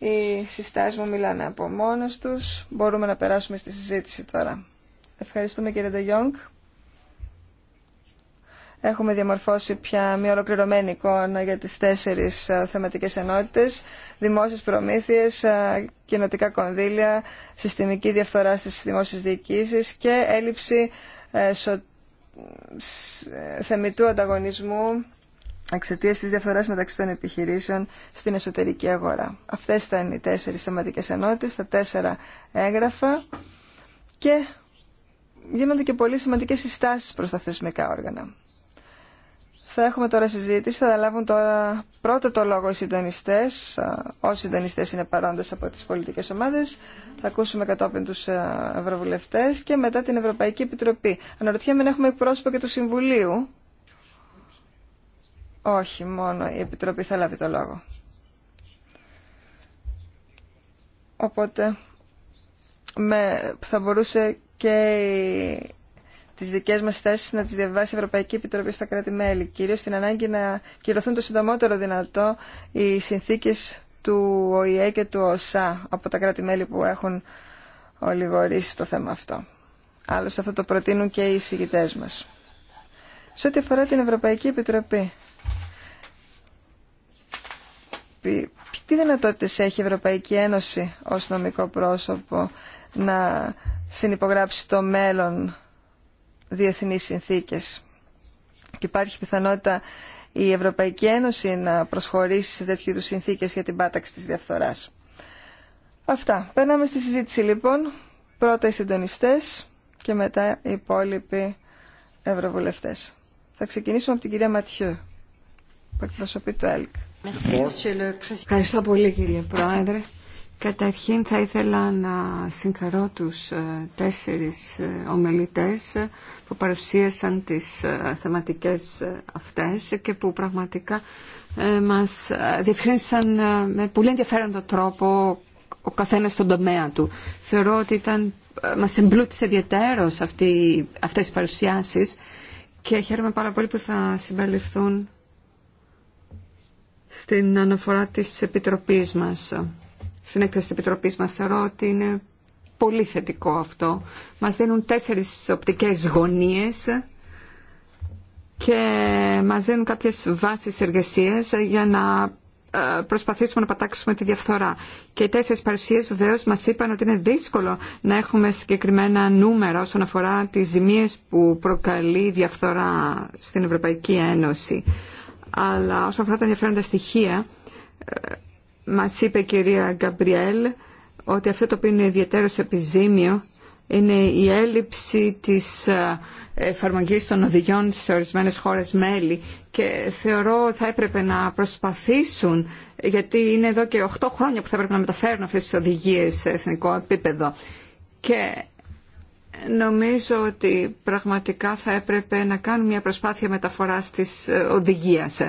[SPEAKER 2] οι συστάσεις μου μιλάνε από μόνος τους. Μπορούμε να περάσουμε στη συζήτηση τώρα. Ευχαριστούμε κύριε Ντεγιόγκ. Έχουμε διαμορφώσει πια μια ολοκληρωμένη εικόνα για τις τέσσερις ε, θεματικές ενότητες, δημόσιες προμήθειες, ε, κοινοτικά κονδύλια, συστημική διαφθορά στις δημόσιες διοικήσεις και έλλειψη ε, θεμητού ανταγωνισμού εξαιτία τη διαφθορά μεταξύ των επιχειρήσεων στην εσωτερική αγορά. Αυτέ ήταν οι τέσσερι θεματικέ ενότητε, τα τέσσερα έγγραφα και γίνονται και πολύ σημαντικέ συστάσει προ τα θεσμικά όργανα. Θα έχουμε τώρα συζήτηση, θα λάβουν τώρα πρώτα το λόγο οι συντονιστέ, όσοι συντονιστέ είναι παρόντε από τι πολιτικέ ομάδε. Θα ακούσουμε κατόπιν του ευρωβουλευτέ και μετά την Ευρωπαϊκή Επιτροπή. Αναρωτιέμαι να έχουμε εκπρόσωπο και του Συμβουλίου. Όχι, μόνο η Επιτροπή θα λάβει το λόγο. Οπότε με, θα μπορούσε και τις δικές μας θέσεις να τις διαβάσει η Ευρωπαϊκή Επιτροπή στα κράτη-μέλη, κυρίως την ανάγκη να κυρωθούν το συντομότερο δυνατό οι συνθήκες του ΟΗΕ και του ΟΣΑ από τα κράτη-μέλη που έχουν ολιγορήσει το θέμα αυτό. Άλλωστε αυτό το προτείνουν και οι εισηγητές μας. Σε ό,τι αφορά την Ευρωπαϊκή Επιτροπή, τι δυνατότητε έχει η Ευρωπαϊκή Ένωση ως νομικό πρόσωπο να συνυπογράψει το μέλλον διεθνείς συνθήκες και υπάρχει πιθανότητα η Ευρωπαϊκή Ένωση να προσχωρήσει σε τέτοιου είδου συνθήκες για την πάταξη της διαφθοράς. Αυτά. Περνάμε στη συζήτηση λοιπόν. Πρώτα οι συντονιστέ και μετά οι υπόλοιποι ευρωβουλευτέ. Θα ξεκινήσουμε από την κυρία Ματιού
[SPEAKER 3] που εκπροσωπεί το ΕΛΚ. Λοιπόν. Ευχαριστώ πολύ κύριε Πρόεδρε. Καταρχήν θα ήθελα να συγχαρώ τους ε, τέσσερις ε, ομιλητές ε, που παρουσίασαν τις θεματικές αυτές και που πραγματικά μας διευκρίνησαν με πολύ ενδιαφέροντο τρόπο ο καθένας στον τομέα του. Θεωρώ ότι ήταν, μας εμπλούτησε ιδιαίτερως αυτή, αυτές οι παρουσιάσεις και χαίρομαι πάρα πολύ που θα συμπεριληφθούν στην αναφορά της Επιτροπής μας, στην έκθεση της Επιτροπής μας. Θεωρώ ότι είναι πολύ θετικό αυτό. Μας δίνουν τέσσερις οπτικές γωνίες και μας δίνουν κάποιες βάσεις εργασίας για να ε, προσπαθήσουμε να πατάξουμε τη διαφθορά. Και οι τέσσερι παρουσίε βεβαίω μα είπαν ότι είναι δύσκολο να έχουμε συγκεκριμένα νούμερα όσον αφορά τι ζημίε που προκαλεί η διαφθορά στην Ευρωπαϊκή Ένωση αλλά όσον αφορά τα ενδιαφέροντα στοιχεία, ε, μας είπε η κυρία Γκαμπριέλ ότι αυτό το οποίο είναι ιδιαίτερο επιζήμιο είναι η έλλειψη της ε, εφαρμογής των οδηγιών σε ορισμένες χώρες μέλη και θεωρώ ότι θα έπρεπε να προσπαθήσουν γιατί είναι εδώ και 8 χρόνια που θα έπρεπε να μεταφέρουν αυτές τις οδηγίες σε εθνικό επίπεδο και Νομίζω ότι πραγματικά θα έπρεπε να κάνουμε μια προσπάθεια μεταφοράς της ε, οδηγίας.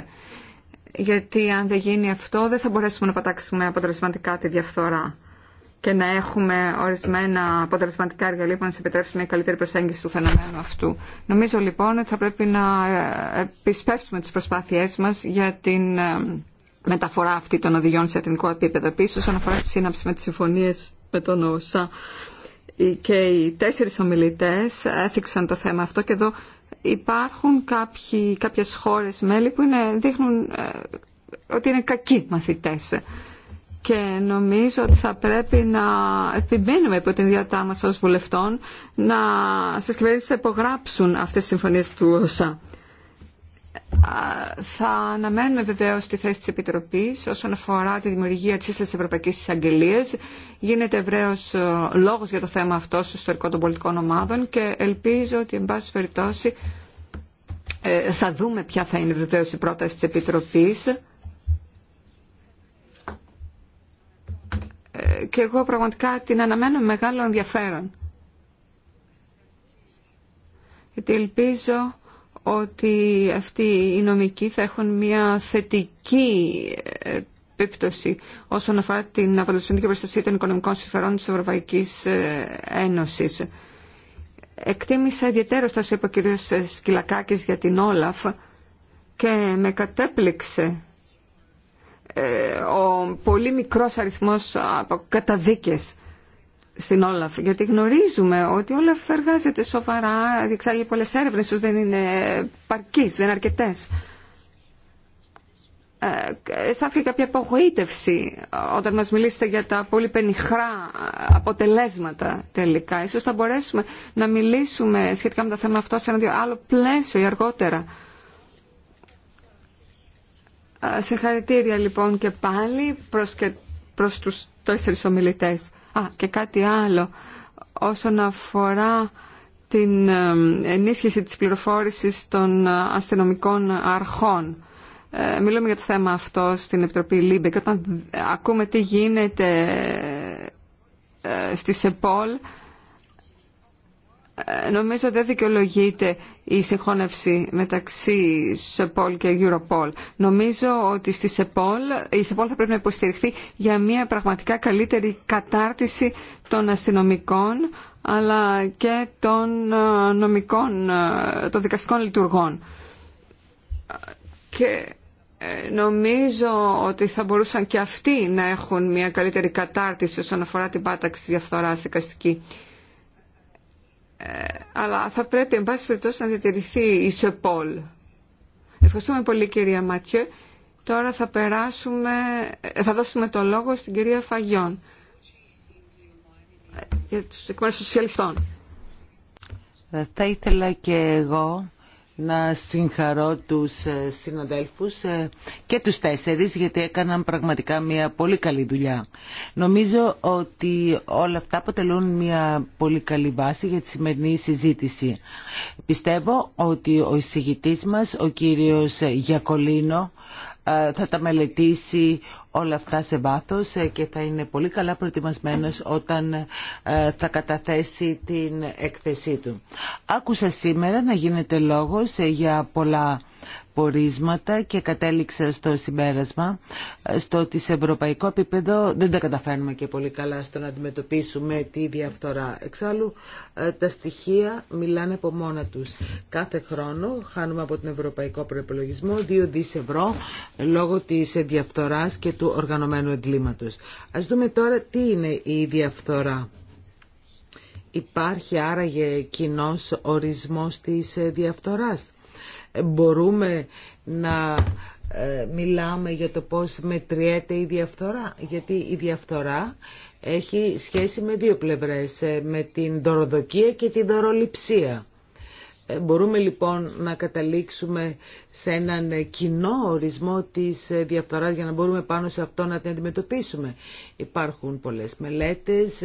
[SPEAKER 3] Γιατί αν δεν γίνει αυτό δεν θα μπορέσουμε να πατάξουμε αποτελεσματικά τη διαφθορά και να έχουμε ορισμένα αποτελεσματικά εργαλεία που να σε επιτρέψουν μια καλύτερη προσέγγιση του φαινομένου αυτού. Νομίζω λοιπόν ότι θα πρέπει να ε, επισπεύσουμε τις προσπάθειές μας για την ε, μεταφορά αυτή των οδηγιών σε εθνικό επίπεδο. Επίσης, όσον αφορά τη σύναψη με τις συμφωνίες με τον ΟΣΑ, και οι τέσσερις ομιλητές έθιξαν το θέμα αυτό και εδώ υπάρχουν κάποιοι, κάποιες χώρες μέλη που είναι, δείχνουν ε, ότι είναι κακοί μαθητές και νομίζω ότι θα πρέπει να επιμείνουμε υπό την ιδιότητά μας ως βουλευτών να στις κυβερνήσεις υπογράψουν αυτές τις συμφωνίες του ΩΣΑ θα αναμένουμε βεβαίω τη θέση τη Επιτροπή όσον αφορά τη δημιουργία τη ίστα Ευρωπαϊκή Εισαγγελία. Γίνεται ευρέω ε, λόγο για το θέμα αυτό στο ιστορικό των πολιτικών ομάδων και ελπίζω ότι, εν πάση περιπτώσει, ε, θα δούμε ποια θα είναι βεβαίω η πρόταση τη Επιτροπή. Ε, και εγώ πραγματικά την αναμένω με μεγάλο ενδιαφέρον. Γιατί ελπίζω ότι αυτοί οι νομικοί θα έχουν μια θετική επίπτωση όσον αφορά την αποτελεσματική προστασία των οικονομικών συμφερόντων της Ευρωπαϊκής ε, Ένωσης. Εκτίμησα ιδιαίτερο τα είπε ο κ. Σκυλακάκης για την Όλαφ και με κατέπληξε ε, ο πολύ μικρός αριθμός από καταδίκες στην Όλαφ, γιατί γνωρίζουμε ότι η Όλαφ εργάζεται σοβαρά, διεξάγει πολλές έρευνες, όσο δεν είναι παρκής, δεν είναι αρκετές. Ε, Αισθάνθηκε κάποια απογοήτευση όταν μας μιλήσετε για τα πολύ πενιχρά αποτελέσματα τελικά. Ίσως θα μπορέσουμε να μιλήσουμε σχετικά με το θέμα αυτό σε ένα άλλο πλαίσιο ή αργότερα. Ε, Συγχαρητήρια λοιπόν και πάλι προς, και, προς τους τέσσερις ομιλητές. Α, και κάτι άλλο όσον αφορά την ενίσχυση της πληροφόρησης των ε, αστυνομικών αρχών. Ε, μιλούμε για το θέμα αυτό στην Επιτροπή ΛΥΜΠΕ και όταν ε, ακούμε τι γίνεται στη ΣΕΠΟΛ νομίζω δεν δικαιολογείται η συγχώνευση μεταξύ ΣΕΠΟΛ και Europol. Νομίζω ότι στη ΣΕΠΟΛ, η ΣΕΠΟΛ θα πρέπει να υποστηριχθεί για μια πραγματικά καλύτερη κατάρτιση των αστυνομικών αλλά και των ε, νομικών, ε, των δικαστικών λειτουργών. Και ε, νομίζω ότι θα μπορούσαν και αυτοί να έχουν μια καλύτερη κατάρτιση όσον αφορά την πάταξη διαφθοράς δικαστική. Ε, αλλά θα πρέπει, εν πάση περιπτώσει, να διατηρηθεί η ΣΕΠΟΛ. Ευχαριστούμε πολύ, κυρία Ματιέ. Τώρα θα περάσουμε, ε, θα δώσουμε το λόγο στην κυρία Φαγιόν ε, για τους εκ σοσιαλιστών.
[SPEAKER 1] Θα ήθελα και εγώ να συγχαρώ τους ε, συναδέλφους ε, και τους τέσσερις γιατί έκαναν πραγματικά μια πολύ καλή δουλειά. Νομίζω ότι όλα αυτά αποτελούν μια πολύ καλή βάση για τη σημερινή συζήτηση. Πιστεύω ότι ο εισηγητής μας, ο κύριος Γιακολίνο, ε, θα τα μελετήσει όλα αυτά σε βάθος ε, και θα είναι πολύ καλά προετοιμασμένος όταν ε, θα καταθέσει την έκθεσή του. Άκουσα σήμερα να γίνεται λόγος για πολλά πορίσματα και κατέληξα στο συμπέρασμα ε, στο ότι σε ευρωπαϊκό επίπεδο δεν τα καταφέρνουμε και πολύ καλά στο να αντιμετωπίσουμε τη διαφθορά. Εξάλλου ε, τα στοιχεία μιλάνε από μόνα τους. Κάθε χρόνο χάνουμε από τον ευρωπαϊκό προπολογισμό 2 δις ευρώ λόγω της διαφθοράς και του οργανωμένου εγκλήματος. Ας δούμε τώρα τι είναι η διαφθορά. Υπάρχει άραγε κοινός ορισμός της ε, διαφθοράς Μπορούμε να ε, μιλάμε για το πώς μετριέται η διαφθορά, γιατί η διαφθορά έχει σχέση με δύο πλευρές, ε, με την δωροδοκία και την δωροληψία. Ε, μπορούμε λοιπόν να καταλήξουμε σε έναν κοινό ορισμό της διαφθοράς για να μπορούμε πάνω σε αυτό να την αντιμετωπίσουμε. Υπάρχουν πολλές μελέτες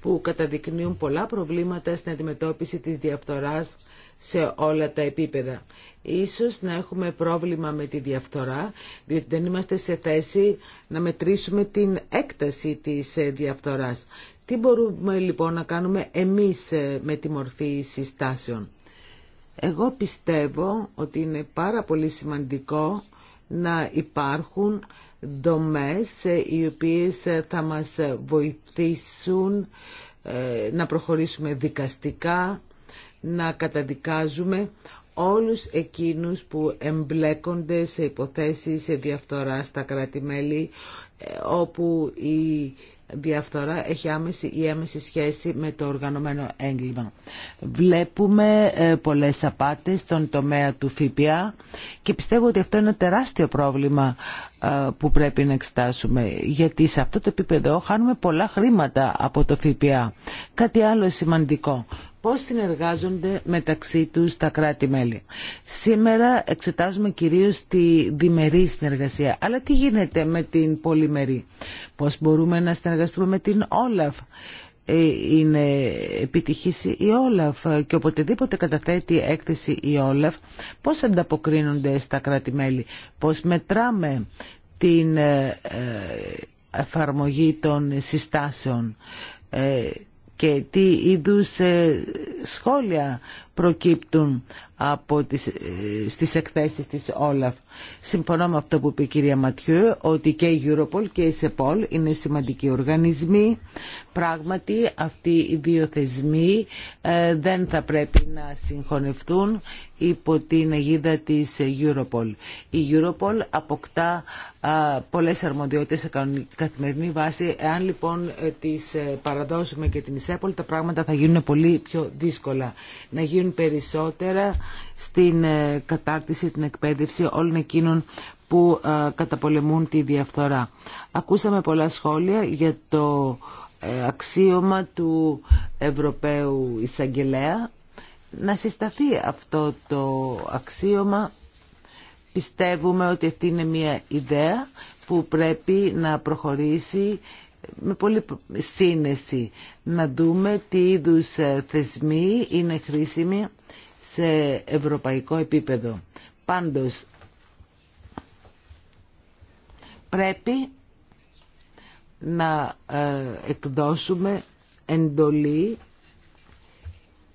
[SPEAKER 1] που καταδεικνύουν πολλά προβλήματα στην αντιμετώπιση της διαφθοράς σε όλα τα επίπεδα. Ίσως να έχουμε πρόβλημα με τη διαφθορά, διότι δεν είμαστε σε θέση να μετρήσουμε την έκταση της ε, διαφθοράς. Τι μπορούμε λοιπόν να κάνουμε εμείς ε, με τη μορφή συστάσεων. Εγώ πιστεύω ότι είναι πάρα πολύ σημαντικό να υπάρχουν δομές ε, οι οποίες θα μας βοηθήσουν να προχωρήσουμε δικαστικά, να καταδικάζουμε όλους εκείνους που εμπλέκονται σε υποθέσεις σε διαφθορά στα κρατη ε, όπου η διαφθορά έχει άμεση ή έμεση σχέση με το οργανωμένο έγκλημα. Βλέπουμε ε, πολλές απάτες στον τομέα του ΦΠΑ και πιστεύω ότι αυτό είναι ένα τεράστιο πρόβλημα ε, που πρέπει να εξετάσουμε γιατί σε αυτό το επίπεδο χάνουμε πολλά χρήματα από το ΦΠΑ. Κάτι άλλο σημαντικό πώς συνεργάζονται μεταξύ τους τα κράτη-μέλη. Σήμερα εξετάζουμε κυρίως τη διμερή συνεργασία. Αλλά τι γίνεται με την πολυμερή. Πώς μπορούμε να συνεργαστούμε με την Όλαφ ε, είναι επιτυχής η Όλαφ και οποτεδήποτε καταθέτει έκθεση η Όλαφ πώς ανταποκρίνονται στα κράτη-μέλη πώς μετράμε την ε, ε, εφαρμογή των συστάσεων και τι είδους ε, σχόλια προκύπτουν από τις, ε, στις εκθέσεις της Όλαφ. Συμφωνώ με αυτό που είπε η κυρία Ματιού, ότι και η Europol και η ΣΕΠΟΛ είναι σημαντικοί οργανισμοί. Πράγματι, αυτοί οι δύο θεσμοί ε, δεν θα πρέπει να συγχωνευτούν υπό την αιγίδα της Europol. Η Europol αποκτά πολλές αρμοδιότητες σε καθημερινή βάση. Εάν λοιπόν ε, τις παραδώσουμε και την ΣΕΠΟΛ, τα πράγματα θα γίνουν πολύ πιο δύσκολα. Να γίνουν περισσότερα στην ε, κατάρτιση, την εκπαίδευση όλων εκείνων που ε, καταπολεμούν τη διαφθορά. Ακούσαμε πολλά σχόλια για το ε, αξίωμα του Ευρωπαίου Ισαγγελέα. να συσταθεί αυτό το αξίωμα. Πιστεύουμε ότι αυτή είναι μια ιδέα που πρέπει να προχωρήσει με πολύ σύνεση να δούμε τι είδου ε, θεσμοί είναι χρήσιμοι σε ευρωπαϊκό επίπεδο. Πάντως, πρέπει να ε, εκδώσουμε εντολή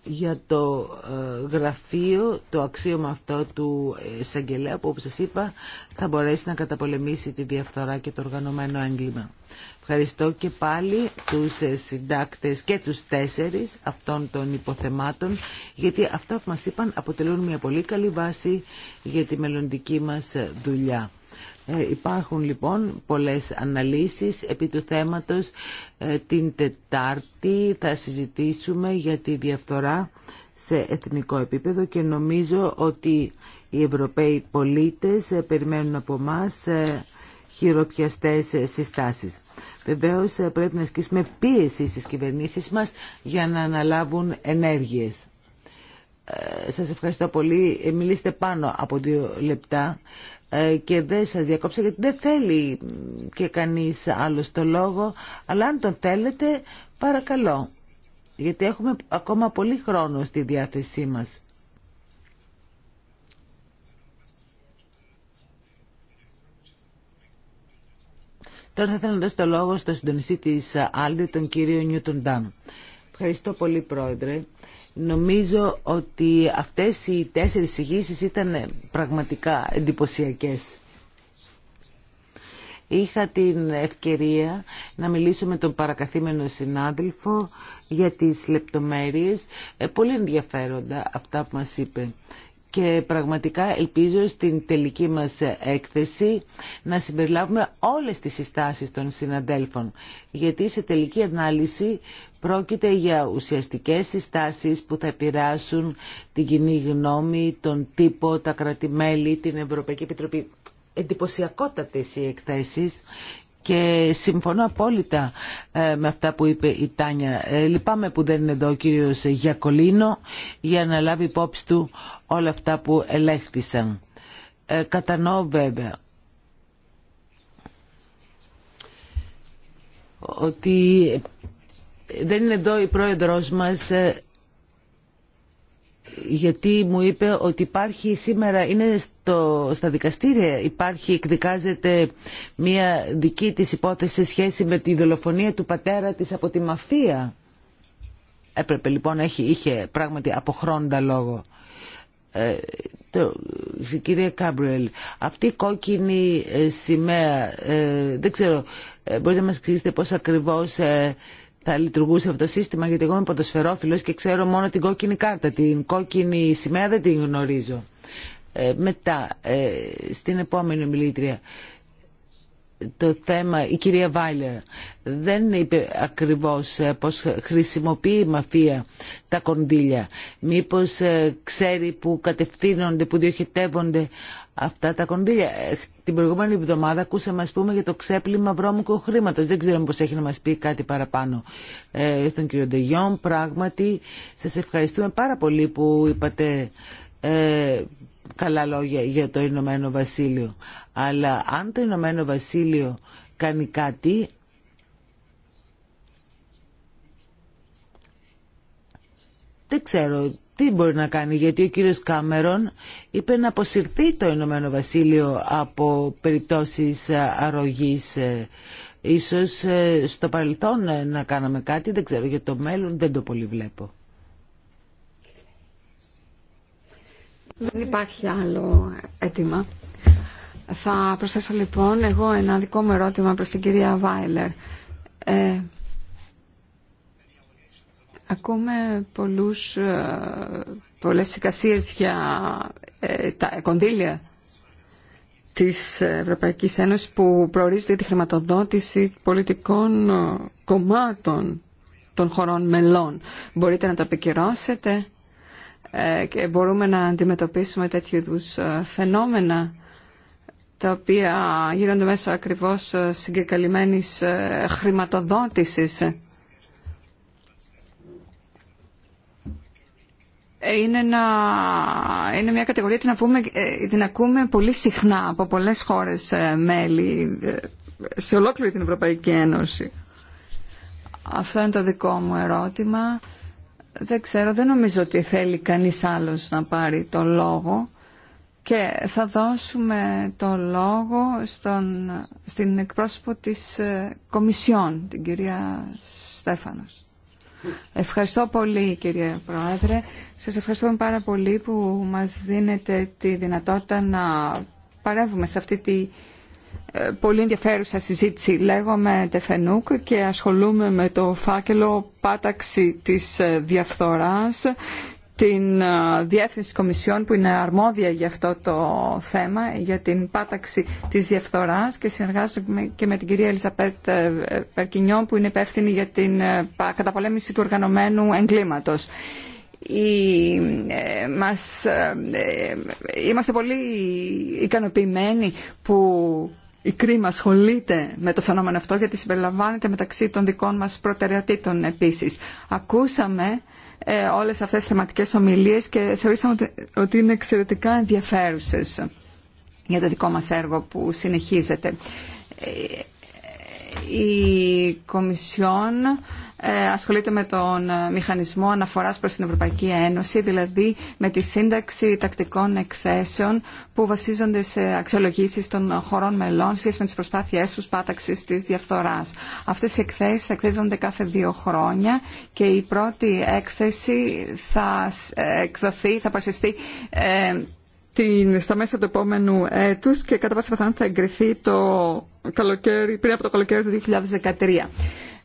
[SPEAKER 1] για το ε, γραφείο, το αξίωμα αυτό του εισαγγελέα που όπως σας είπα θα μπορέσει να καταπολεμήσει τη διαφθορά και το οργανωμένο έγκλημα. Ευχαριστώ και πάλι τους ε, συντάκτες και τους τέσσερις αυτών των υποθεμάτων γιατί αυτά που μας είπαν αποτελούν μια πολύ καλή βάση για τη μελλοντική μας δουλειά. Ε, υπάρχουν λοιπόν πολλές αναλύσεις επί του θέματος. Ε, την Τετάρτη θα συζητήσουμε για τη διαφθορά σε εθνικό επίπεδο και νομίζω ότι οι Ευρωπαίοι πολίτες ε, περιμένουν από εμά χειροπιαστές συστάσεις. Βεβαίως ε, πρέπει να ασκήσουμε πίεση στις κυβερνήσεις μας για να αναλάβουν ενέργειες. Ε, σας ευχαριστώ πολύ. Ε, μιλήστε πάνω από δύο λεπτά και δεν σας διακόψω γιατί δεν θέλει και κανείς άλλος το λόγο αλλά αν τον θέλετε παρακαλώ γιατί έχουμε ακόμα πολύ χρόνο στη διάθεσή μας. Τώρα θα ήθελα να δώσω το λόγο στον συντονιστή της Άλντε, τον κύριο Νιούτον Ντάν. Ευχαριστώ πολύ, Πρόεδρε. Νομίζω ότι αυτές οι τέσσερις συγχύσεις ήταν πραγματικά εντυπωσιακέ. Είχα την ευκαιρία να μιλήσω με τον παρακαθήμενο συνάδελφο για τις λεπτομέρειες. Ε, πολύ ενδιαφέροντα αυτά που μας είπε και πραγματικά ελπίζω στην τελική μας έκθεση να συμπεριλάβουμε όλες τις συστάσεις των συναντέλφων γιατί σε τελική ανάλυση πρόκειται για ουσιαστικές συστάσεις που θα επηρεάσουν την κοινή γνώμη, τον τύπο, τα κρατημέλη, την Ευρωπαϊκή Επιτροπή. Εντυπωσιακότατες οι εκθέσεις και συμφωνώ απόλυτα ε, με αυτά που είπε η Τάνια. Ε, λυπάμαι που δεν είναι εδώ ο κύριος Γιακολίνο για να λάβει υπόψη του όλα αυτά που ελέγχθησαν. Ε, κατανοώ βέβαια ότι δεν είναι εδώ η πρόεδρός μας γιατί μου είπε ότι υπάρχει σήμερα, είναι στο, στα δικαστήρια, υπάρχει, εκδικάζεται μια δική της υπόθεση σε σχέση με τη δολοφονία του πατέρα της από τη μαφία. Έπρεπε λοιπόν, έχει, είχε πράγματι αποχρόντα λόγο. Ε, το, κυρία Κάμπρελ, αυτή η κόκκινη ε, σημαία, ε, δεν ξέρω, ε, μπορείτε να μας εξηγήσετε πώς ακριβώς θα λειτουργούσε αυτό το σύστημα, γιατί εγώ είμαι ποδοσφαιρόφιλο και ξέρω μόνο την κόκκινη κάρτα. Την κόκκινη σημαία δεν την γνωρίζω. Ε, μετά, ε, στην επόμενη μιλήτρια, το θέμα, η κυρία Βάιλερ δεν είπε ακριβώς ε, πώς χρησιμοποιεί η μαφία τα κονδύλια. Μήπως ξέρει που κατευθύνονται, που διοχετεύονται αυτά τα κονδύλια. Ε, την προηγούμενη εβδομάδα ακούσαμε ας πούμε για το ξέπλυμα βρώμικου χρήματος. Δεν ξέρω πως έχει να μας πει κάτι παραπάνω. Ε, στον κύριο Ντεγιόν, πράγματι σας ευχαριστούμε πάρα πολύ που είπατε ε, καλά λόγια για το Ηνωμένο Βασίλειο. Αλλά αν το Ηνωμένο Βασίλειο κάνει κάτι, Δεν ξέρω τι μπορεί να κάνει, γιατί ο κύριος Κάμερον είπε να αποσυρθεί το Ηνωμένο Βασίλειο από περιπτώσεις ε, αρρωγής. Ε. Ίσως ε, στο παρελθόν να κάναμε κάτι, δεν ξέρω, για το μέλλον δεν το πολύ βλέπω.
[SPEAKER 3] Δεν υπάρχει άλλο αίτημα. Θα προσθέσω λοιπόν εγώ ένα δικό μου ερώτημα προς την κυρία Βάιλερ. Ακούμε πολλούς, ε, πολλές για ε, τα κονδύλια της Ευρωπαϊκής Ένωσης που προορίζεται τη χρηματοδότηση πολιτικών ε, κομμάτων των χωρών μελών. Μπορείτε να τα επικυρώσετε και μπορούμε να αντιμετωπίσουμε τέτοιου είδου φαινόμενα τα οποία γίνονται μέσω ακριβώς συγκεκαλυμμένης χρηματοδότησης είναι, ένα, είναι μια κατηγορία την ακούμε, ε, την ακούμε πολύ συχνά από πολλές χώρες ε, μέλη ε, σε ολόκληρη την Ευρωπαϊκή Ένωση. Αυτό είναι το δικό μου ερώτημα. Δεν ξέρω, δεν νομίζω ότι θέλει κανείς άλλος να πάρει το λόγο και θα δώσουμε το λόγο στον, στην εκπρόσωπο της Κομισιόν, την κυρία Στέφανος. Ευχαριστώ πολύ κύριε Πρόεδρε. Σας ευχαριστούμε πάρα πολύ που μας δίνετε τη δυνατότητα να παρεύουμε σε αυτή τη ε, πολύ ενδιαφέρουσα συζήτηση. Λέγομαι Τεφενούκ και ασχολούμαι με το φάκελο πάταξη της ε, διαφθοράς την ε, διεύθυνση κομισιών που είναι αρμόδια για αυτό το θέμα, για την πάταξη της διαφθοράς και συνεργάζομαι και με την κυρία Ελισαπέτ Περκινιόν ε, που είναι υπεύθυνη για την ε, καταπολέμηση του οργανωμένου εγκλήματος. μας, είμαστε πολύ ικανοποιημένοι που η κρίμα ασχολείται με το φαινόμενο αυτό γιατί συμπεριλαμβάνεται μεταξύ των δικών μας προτεραιοτήτων επίσης. Ακούσαμε ε, όλες αυτές τις θεματικές ομιλίες και θεωρήσαμε ότι είναι εξαιρετικά ενδιαφέρουσες για το δικό μας έργο που συνεχίζεται. Ε, η Κομισιόν ε, ασχολείται με τον μηχανισμό αναφοράς προς την Ευρωπαϊκή Ένωση, δηλαδή με τη σύνταξη τακτικών εκθέσεων που βασίζονται σε αξιολογήσεις των χωρών μελών σχέση με τις προσπάθειές τους πάταξης της διαφθοράς. Αυτές οι εκθέσεις θα εκδίδονται κάθε δύο χρόνια και η πρώτη έκθεση θα ε, εκδοθεί, θα παρουσιαστεί ε, στα μέσα του επόμενου έτους και κατά πάσα πιθανότητα θα εγκριθεί το καλοκαίρι, πριν από το καλοκαίρι του 2013.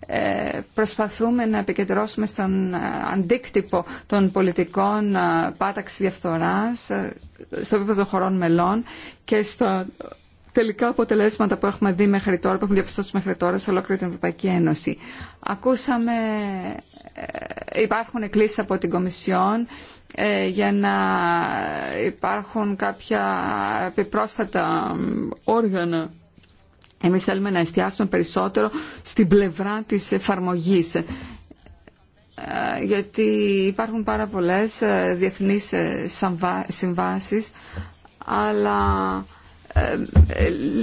[SPEAKER 3] Ε, προσπαθούμε να επικεντρώσουμε στον ε, αντίκτυπο των πολιτικών ε, πάταξη διαφθοράς ε, στο επίπεδο χωρών μελών και στα τελικά αποτελέσματα που έχουμε δει μέχρι τώρα, που έχουμε διαπιστώσει μέχρι τώρα σε ολόκληρη την Ευρωπαϊκή Ένωση. Ακούσαμε, υπάρχουν εκκλήσεις από την Κομισιόν ε, για να υπάρχουν κάποια επιπρόσθετα όργανα. Εμείς θέλουμε να εστιάσουμε περισσότερο στην πλευρά της εφαρμογής ε, γιατί υπάρχουν πάρα πολλές ε, διεθνείς συμβάσεις αλλά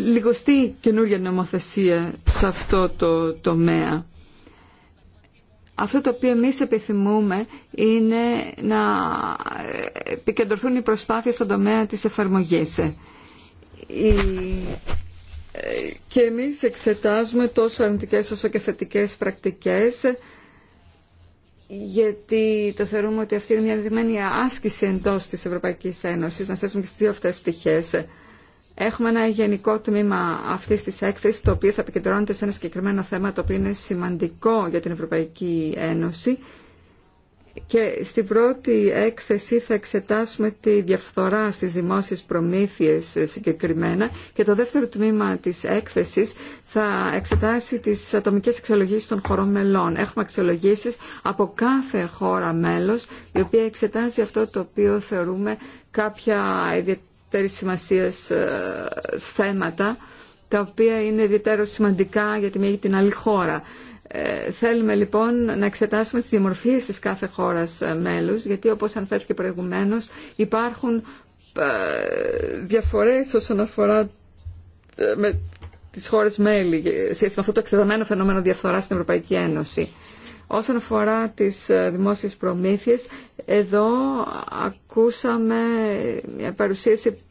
[SPEAKER 3] λιγοστεί καινούργια νομοθεσία σε αυτό το τομέα. Αυτό το οποίο εμείς επιθυμούμε είναι να επικεντρωθούν οι προσπάθειες στον τομέα της εφαρμογής. Και εμείς εξετάζουμε τόσο αρνητικές όσο και θετικές πρακτικές γιατί το θεωρούμε ότι αυτή είναι μια δεδομένη άσκηση εντός της Ευρωπαϊκής Ένωσης να θέσουμε και στις δύο αυτές πτυχές Έχουμε ένα γενικό τμήμα αυτής της έκθεσης, το οποίο θα επικεντρώνεται σε ένα συγκεκριμένο θέμα, το οποίο είναι σημαντικό για την Ευρωπαϊκή Ένωση. Και στην πρώτη έκθεση θα εξετάσουμε τη διαφθορά στις δημόσιες προμήθειες συγκεκριμένα και το δεύτερο τμήμα της έκθεσης θα εξετάσει τις ατομικές αξιολογήσεις των χωρών μελών. Έχουμε αξιολογήσει από κάθε χώρα μέλος η οποία εξετάζει αυτό το οποίο θεωρούμε κάποια ιδιαίτερης σημασία ε, θέματα τα οποία είναι ιδιαίτερα σημαντικά για τη μία την άλλη χώρα. Ε, θέλουμε λοιπόν να εξετάσουμε τις διαμορφίες της κάθε χώρας ε, μέλους, γιατί όπως αναφέρθηκε προηγουμένως υπάρχουν ε, διαφορές όσον αφορά ε, με τις χώρες μέλη, ε, σχέση με αυτό το εκτεταμένο φαινόμενο διαφθορά στην Ευρωπαϊκή Ένωση. Όσον αφορά τις δημόσιες προμήθειες, εδώ ακούσαμε μια παρουσίαση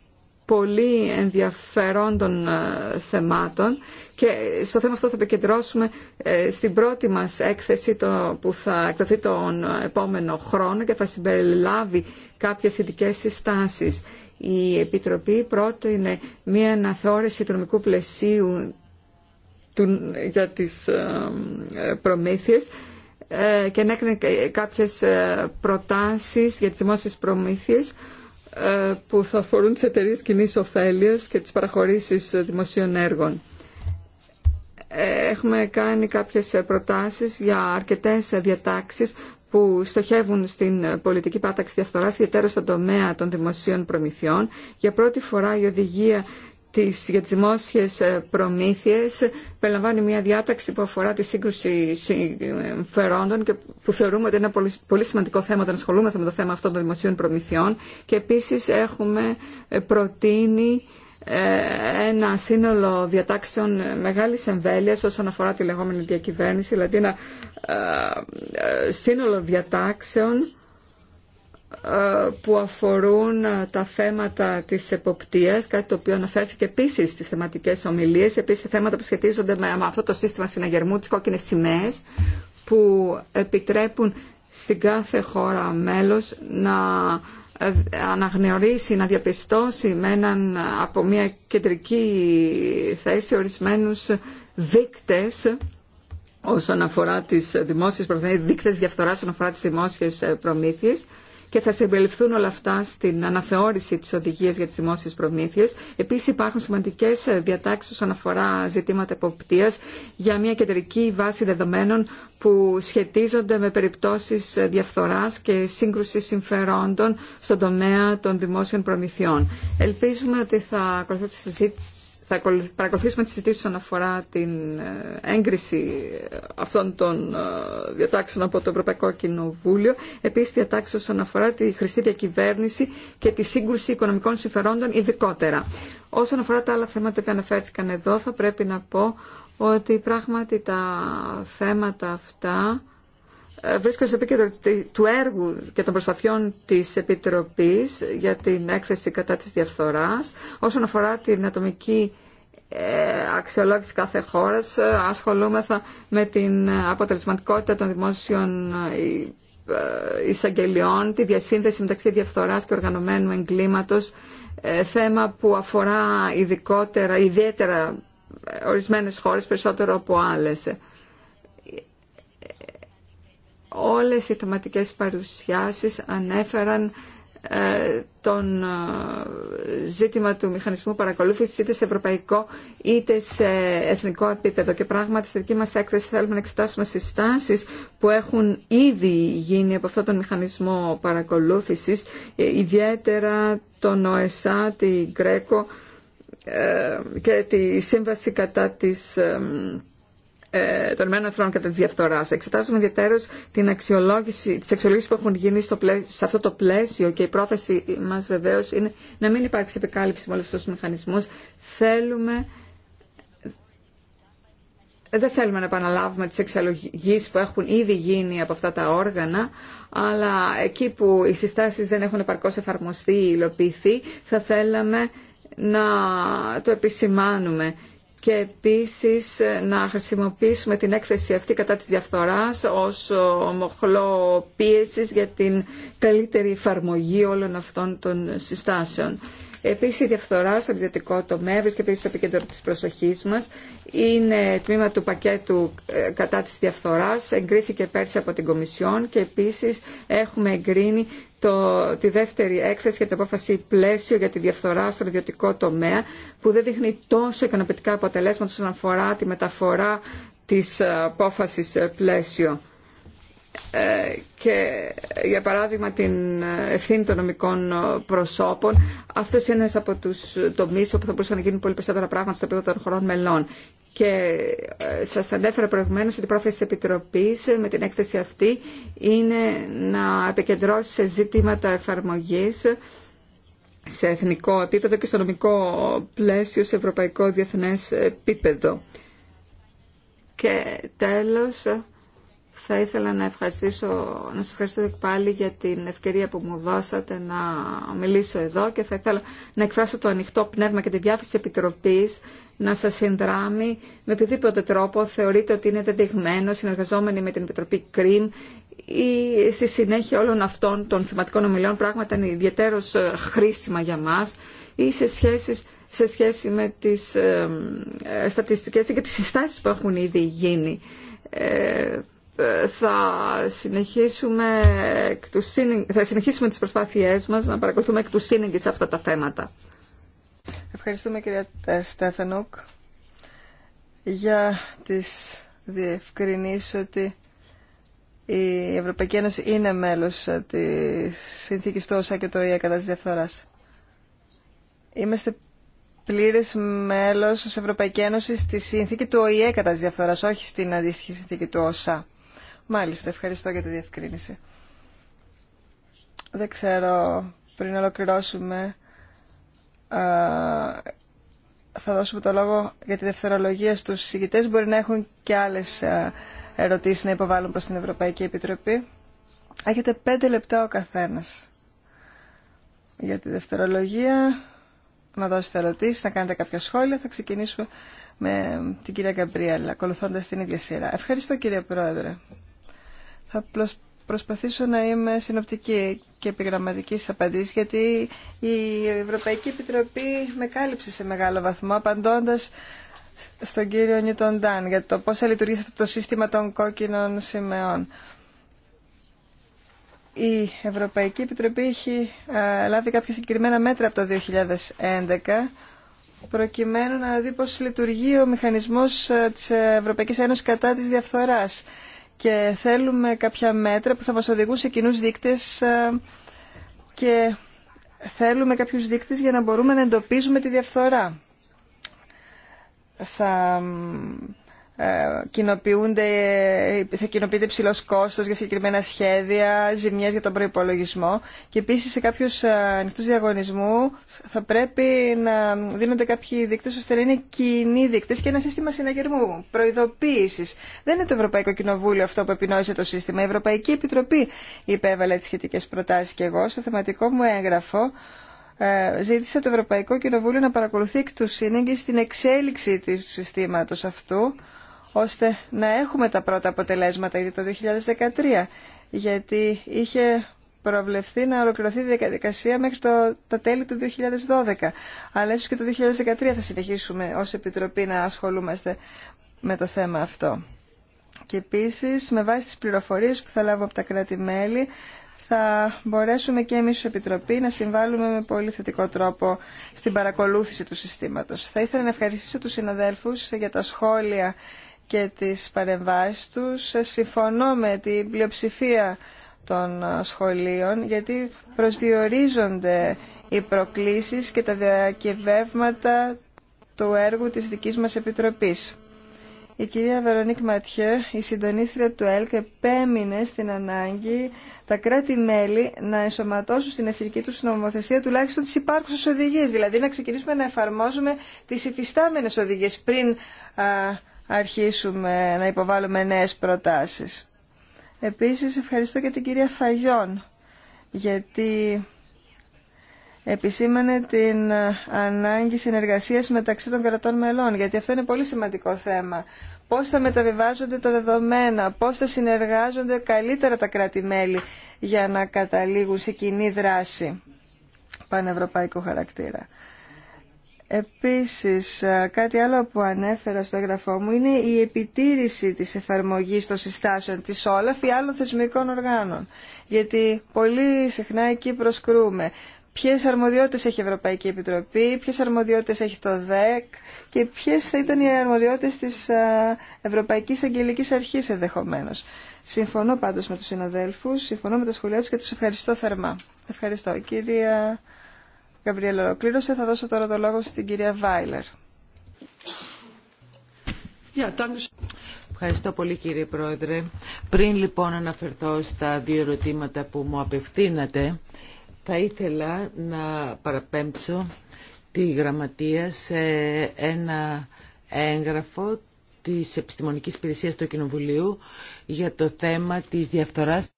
[SPEAKER 3] πολύ ενδιαφερόντων ε, θεμάτων και στο θέμα αυτό θα επικεντρώσουμε ε, στην πρώτη μας έκθεση που θα εκδοθεί τον επόμενο χρόνο και θα συμπεριλάβει κάποιες ειδικέ συστάσεις. Η Επιτροπή πρότεινε μία αναθεώρηση του νομικού πλαισίου για τις ε, προμήθειες και να έκανε κάποιες προτάσεις για τις δημόσιες προμήθειες ε, που θα αφορούν τις εταιρείε κοινή ωφέλεια και τις παραχωρήσεις δημοσίων έργων. Ε, έχουμε κάνει κάποιες προτάσεις για αρκετές διατάξεις που στοχεύουν στην πολιτική πάταξη διαφθοράς ιδιαίτερα στον τομέα των δημοσίων προμηθειών. Για πρώτη φορά η οδηγία τις, για τις δημόσιες ε, προμήθειες περιλαμβάνει μια διάταξη που αφορά τη σύγκρουση συμφερόντων και που θεωρούμε ότι είναι ένα πολύ, σημαντικό θέμα όταν ασχολούμαστε με το θέμα αυτών των δημοσίων προμηθειών και επίσης έχουμε ε, προτείνει ε, ένα σύνολο διατάξεων μεγάλης εμβέλειας όσον αφορά τη λεγόμενη διακυβέρνηση, δηλαδή ένα σύνολο διατάξεων που αφορούν ε, τα θέματα της εποπτείας, κάτι το οποίο αναφέρθηκε επίσης στις θεματικές ομιλίες, επίσης θέματα που σχετίζονται με αυτό το σύστημα συναγερμού, τις κόκκινες σημαίες, που επιτρέπουν στην κάθε χώρα μέλος να ε, αναγνωρίσει, να διαπιστώσει με έναν, από μια κεντρική θέση ορισμένους δείκτες όσον αφορά τις δημόσιες προμήθειες, δείκτες διαφθοράς όσον αφορά τις δημόσιες ε, προμήθειες και θα συμπεριληφθούν όλα αυτά στην αναθεώρηση τη οδηγία για τι δημόσιε προμήθειε. Επίσης υπάρχουν σημαντικές διατάξεις όσον αφορά ζητήματα εποπτείας για μια κεντρική βάση δεδομένων που σχετίζονται με περιπτώσεις διαφθοράς και σύγκρουση συμφερόντων στον τομέα των δημόσιων προμηθειών. Ελπίζουμε ότι θα ακολουθήσει τη συζήτηση θα παρακολουθήσουμε τη συζήτηση όσον αφορά την ε, έγκριση αυτών των ε, διατάξεων από το Ευρωπαϊκό Κοινοβούλιο. Επίσης, διατάξει όσον αφορά τη χρηστή διακυβέρνηση και τη σύγκρουση οικονομικών συμφερόντων ειδικότερα. Όσον αφορά τα άλλα θέματα που αναφέρθηκαν εδώ, θα πρέπει να πω ότι πράγματι τα θέματα αυτά ε, βρίσκονται στο επίκεντρο του έργου και των προσπαθειών της Επιτροπής για την έκθεση κατά της διαφθοράς όσον αφορά την ατομική ε, αξιολόγηση κάθε χώρας, ε, ασχολούμεθα με την αποτελεσματικότητα των δημόσιων ε, εισαγγελιών, τη διασύνδεση μεταξύ διαφθοράς και οργανωμένου εγκλήματος, θέμα που αφορά ειδικότερα, ιδιαίτερα ορισμένες χώρες περισσότερο από άλλες. Όλες οι θεματικές παρουσιάσεις ανέφεραν ε, τον ε, ζήτημα του μηχανισμού παρακολούθησης είτε σε ευρωπαϊκό είτε σε εθνικό επίπεδο. Και πράγματι στη δική μας έκθεση θέλουμε να εξετάσουμε συστάσεις που έχουν ήδη γίνει από αυτόν τον μηχανισμό παρακολούθησης, ε, ιδιαίτερα τον ΟΕΣΑ, την γρέκο και τη σύμβαση κατά της ε, των εθνών κατά τη διαφθορά. Εξετάζουμε ιδιαίτερω την αξιολόγηση, τις αξιολόγησεις που έχουν γίνει στο σε αυτό το πλαίσιο και η πρόθεση μα βεβαίω είναι να μην υπάρξει επικάλυψη με στους του μηχανισμούς. Θέλουμε δεν θέλουμε να επαναλάβουμε τις εξαλλογήσεις που έχουν ήδη γίνει από αυτά τα όργανα, αλλά εκεί που οι συστάσεις δεν έχουν επαρκώς εφαρμοστεί ή υλοποιηθεί, θα θέλαμε να το επισημάνουμε και επίσης να χρησιμοποιήσουμε την έκθεση αυτή κατά της διαφθοράς ως μοχλό πίεσης για την καλύτερη εφαρμογή όλων αυτών των συστάσεων. Επίσης η διαφθορά στο ιδιωτικό τομέα βρίσκεται στο επίκεντρο της προσοχής μας. Είναι τμήμα του πακέτου ε, κατά της διαφθοράς, εγκρίθηκε πέρσι από την Κομισιόν και επίσης έχουμε εγκρίνει το, τη δεύτερη έκθεση για την απόφαση πλαίσιο για τη διαφθορά στον ιδιωτικό τομέα που δεν δείχνει τόσο ικανοποιητικά αποτελέσματα όσον αφορά τη μεταφορά της ε, απόφασης ε, πλαίσιο. Ε, και για παράδειγμα την ε, ευθύνη των νομικών ε, προσώπων. Αυτό είναι ένας από τους τομείς όπου θα μπορούσαν να γίνουν πολύ περισσότερα πράγματα στο επίπεδο των χωρών μελών. Και σα ανέφερα προηγουμένω ότι η πρόθεση τη επιτροπή με την έκθεση αυτή είναι να επικεντρώσει σε ζητήματα εφαρμογή σε εθνικό επίπεδο και στο νομικό πλαίσιο σε ευρωπαϊκό διεθνές επίπεδο. Και τέλος, θα ήθελα να, ευχαριστήσω, να σας ευχαριστήσω πάλι για την ευκαιρία που μου δώσατε να μιλήσω εδώ και θα ήθελα να εκφράσω το ανοιχτό πνεύμα και τη διάθεση της Επιτροπής να σας συνδράμει με οποιοδήποτε τρόπο θεωρείτε ότι είναι δεδειγμένο συνεργαζόμενοι με την Επιτροπή ΚΡΙΜ ή στη συνέχεια όλων αυτών των θεματικών ομιλών πράγματα είναι ιδιαίτερως ε, χρήσιμα για μας ή σε σχέσεις σε σχέση με τις ε, ε, στατιστικές και τις συστάσεις που έχουν ήδη γίνει. Ε, θα συνεχίσουμε, εκ του θα συνεχίσουμε τις προσπάθειές μας να παρακολουθούμε εκ του σύνεγγι σε αυτά τα θέματα.
[SPEAKER 2] Ευχαριστούμε κυρία Στέφενοκ για τις διευκρινήσεις ότι η Ευρωπαϊκή Ένωση είναι μέλος ε, της συνθήκης του ΩΣΑ και το ΙΕ κατά της διαφθοράς. Είμαστε πλήρες μέλος της Ευρωπαϊκή Ένωση στη συνθήκη του ΟΗΕ κατά της διαφθοράς, όχι στην αντίστοιχη συνθήκη του ΩΣΑ. Μάλιστα, ευχαριστώ για τη διευκρίνηση. Δεν ξέρω, πριν ολοκληρώσουμε, θα δώσουμε το λόγο για τη δευτερολογία στους συγκητές. Μπορεί να έχουν και άλλες ερωτήσεις να υποβάλουν προς την Ευρωπαϊκή Επιτροπή. Έχετε πέντε λεπτά ο καθένας για τη δευτερολογία. Να δώσετε ερωτήσεις, να κάνετε κάποια σχόλια. Θα ξεκινήσουμε με την κυρία Γκαμπρίελ, ακολουθώντας την ίδια σειρά. Ευχαριστώ κύριε Πρόεδρε. Θα προσπαθήσω να είμαι συνοπτική και επιγραμματική στις γιατί η Ευρωπαϊκή Επιτροπή με κάλυψε σε μεγάλο βαθμό, απαντώντας στον κύριο Νιούτον Ντάν για το πώς θα λειτουργήσει αυτό το σύστημα των κόκκινων σημαίων. Η Ευρωπαϊκή Επιτροπή έχει λάβει κάποια συγκεκριμένα μέτρα από το 2011 προκειμένου να δει πώς λειτουργεί ο μηχανισμός της Ευρωπαϊκής Ένωσης κατά της διαφθοράς και θέλουμε κάποια μέτρα που θα μας οδηγούν σε κοινούς δείκτες ε, και θέλουμε κάποιους δείκτες για να μπορούμε να εντοπίζουμε τη διαφθορά. Θα ε, θα κοινοποιείται ψηλό κόστο για συγκεκριμένα σχέδια, ζημιέ για τον προπολογισμό. Και επίση σε κάποιου ε, ανοιχτού διαγωνισμού θα πρέπει να δίνονται κάποιοι δείκτε ώστε να είναι κοινοί δείκτε και ένα σύστημα συναγερμού, προειδοποίηση. Δεν είναι το Ευρωπαϊκό Κοινοβούλιο αυτό που επινόησε το σύστημα. Η Ευρωπαϊκή Επιτροπή υπέβαλε τι σχετικέ προτάσει και εγώ στο θεματικό μου έγγραφο ε, ζήτησε το Ευρωπαϊκό Κοινοβούλιο να παρακολουθεί εκ του σύνεγγυ στην εξέλιξη του συστήματος αυτού ώστε να έχουμε τα πρώτα αποτελέσματα για το 2013, γιατί είχε προβλεφθεί να ολοκληρωθεί η διαδικασία μέχρι το, τα τέλη του 2012. Αλλά ίσως και το 2013 θα συνεχίσουμε ως Επιτροπή να ασχολούμαστε με το θέμα αυτό. Και επίσης, με βάση τις πληροφορίες που θα λάβουμε από τα κράτη-μέλη, θα μπορέσουμε και εμείς ως Επιτροπή να συμβάλλουμε με πολύ θετικό τρόπο στην παρακολούθηση του συστήματος. Θα ήθελα να ευχαριστήσω τους συναδέλφους για τα σχόλια και τις παρεμβάσεις τους. Συμφωνώ με την πλειοψηφία των ε, σχολείων γιατί προσδιορίζονται οι προκλήσεις και τα διακυβεύματα του έργου της δικής μας Επιτροπής. Η κυρία Βερονίκ Ματιέ, η συντονίστρια του ΕΛΚ, επέμεινε στην ανάγκη τα κράτη-μέλη να ενσωματώσουν στην εθνική του νομοθεσία τουλάχιστον τι υπάρχουσε οδηγίε. Δηλαδή να ξεκινήσουμε να εφαρμόζουμε τι υφιστάμενε οδηγίε πριν αρχίσουμε να υποβάλλουμε νέες προτάσεις. Επίσης ευχαριστώ και την κυρία Φαγιόν γιατί επισήμανε την ανάγκη συνεργασίας μεταξύ των κρατών μελών, γιατί αυτό είναι πολύ σημαντικό θέμα. Πώς θα μεταβιβάζονται τα δεδομένα, πώς θα συνεργάζονται καλύτερα τα κράτη-μέλη για να καταλήγουν σε κοινή δράση πανευρωπαϊκού χαρακτήρα. Επίσης, κάτι άλλο που ανέφερα στο εγγραφό μου είναι η επιτήρηση της εφαρμογής των συστάσεων της Όλαφ ή άλλων θεσμικών οργάνων. Γιατί πολύ συχνά εκεί προσκρούμε. Ποιες αρμοδιότητες έχει η Ευρωπαϊκή Επιτροπή, ποιες αρμοδιότητες έχει το ΔΕΚ και ποιες θα ήταν οι αρμοδιότητες της Ευρωπαϊκής Αγγελικής Αρχής ενδεχομένω. Συμφωνώ πάντως με τους συναδέλφους, συμφωνώ με τα σχολεία τους και τους ευχαριστώ θερμά. Ευχαριστώ. Κυρία... Γαμπριέλ ολοκλήρωσε. Θα δώσω τώρα το λόγο στην κυρία Βάιλερ.
[SPEAKER 1] Ευχαριστώ πολύ κύριε Πρόεδρε. Πριν λοιπόν αναφερθώ στα δύο ερωτήματα που μου απευθύνατε, θα ήθελα να παραπέμψω τη γραμματεία σε ένα έγγραφο της Επιστημονικής Υπηρεσίας του Κοινοβουλίου για το θέμα της διαφθοράς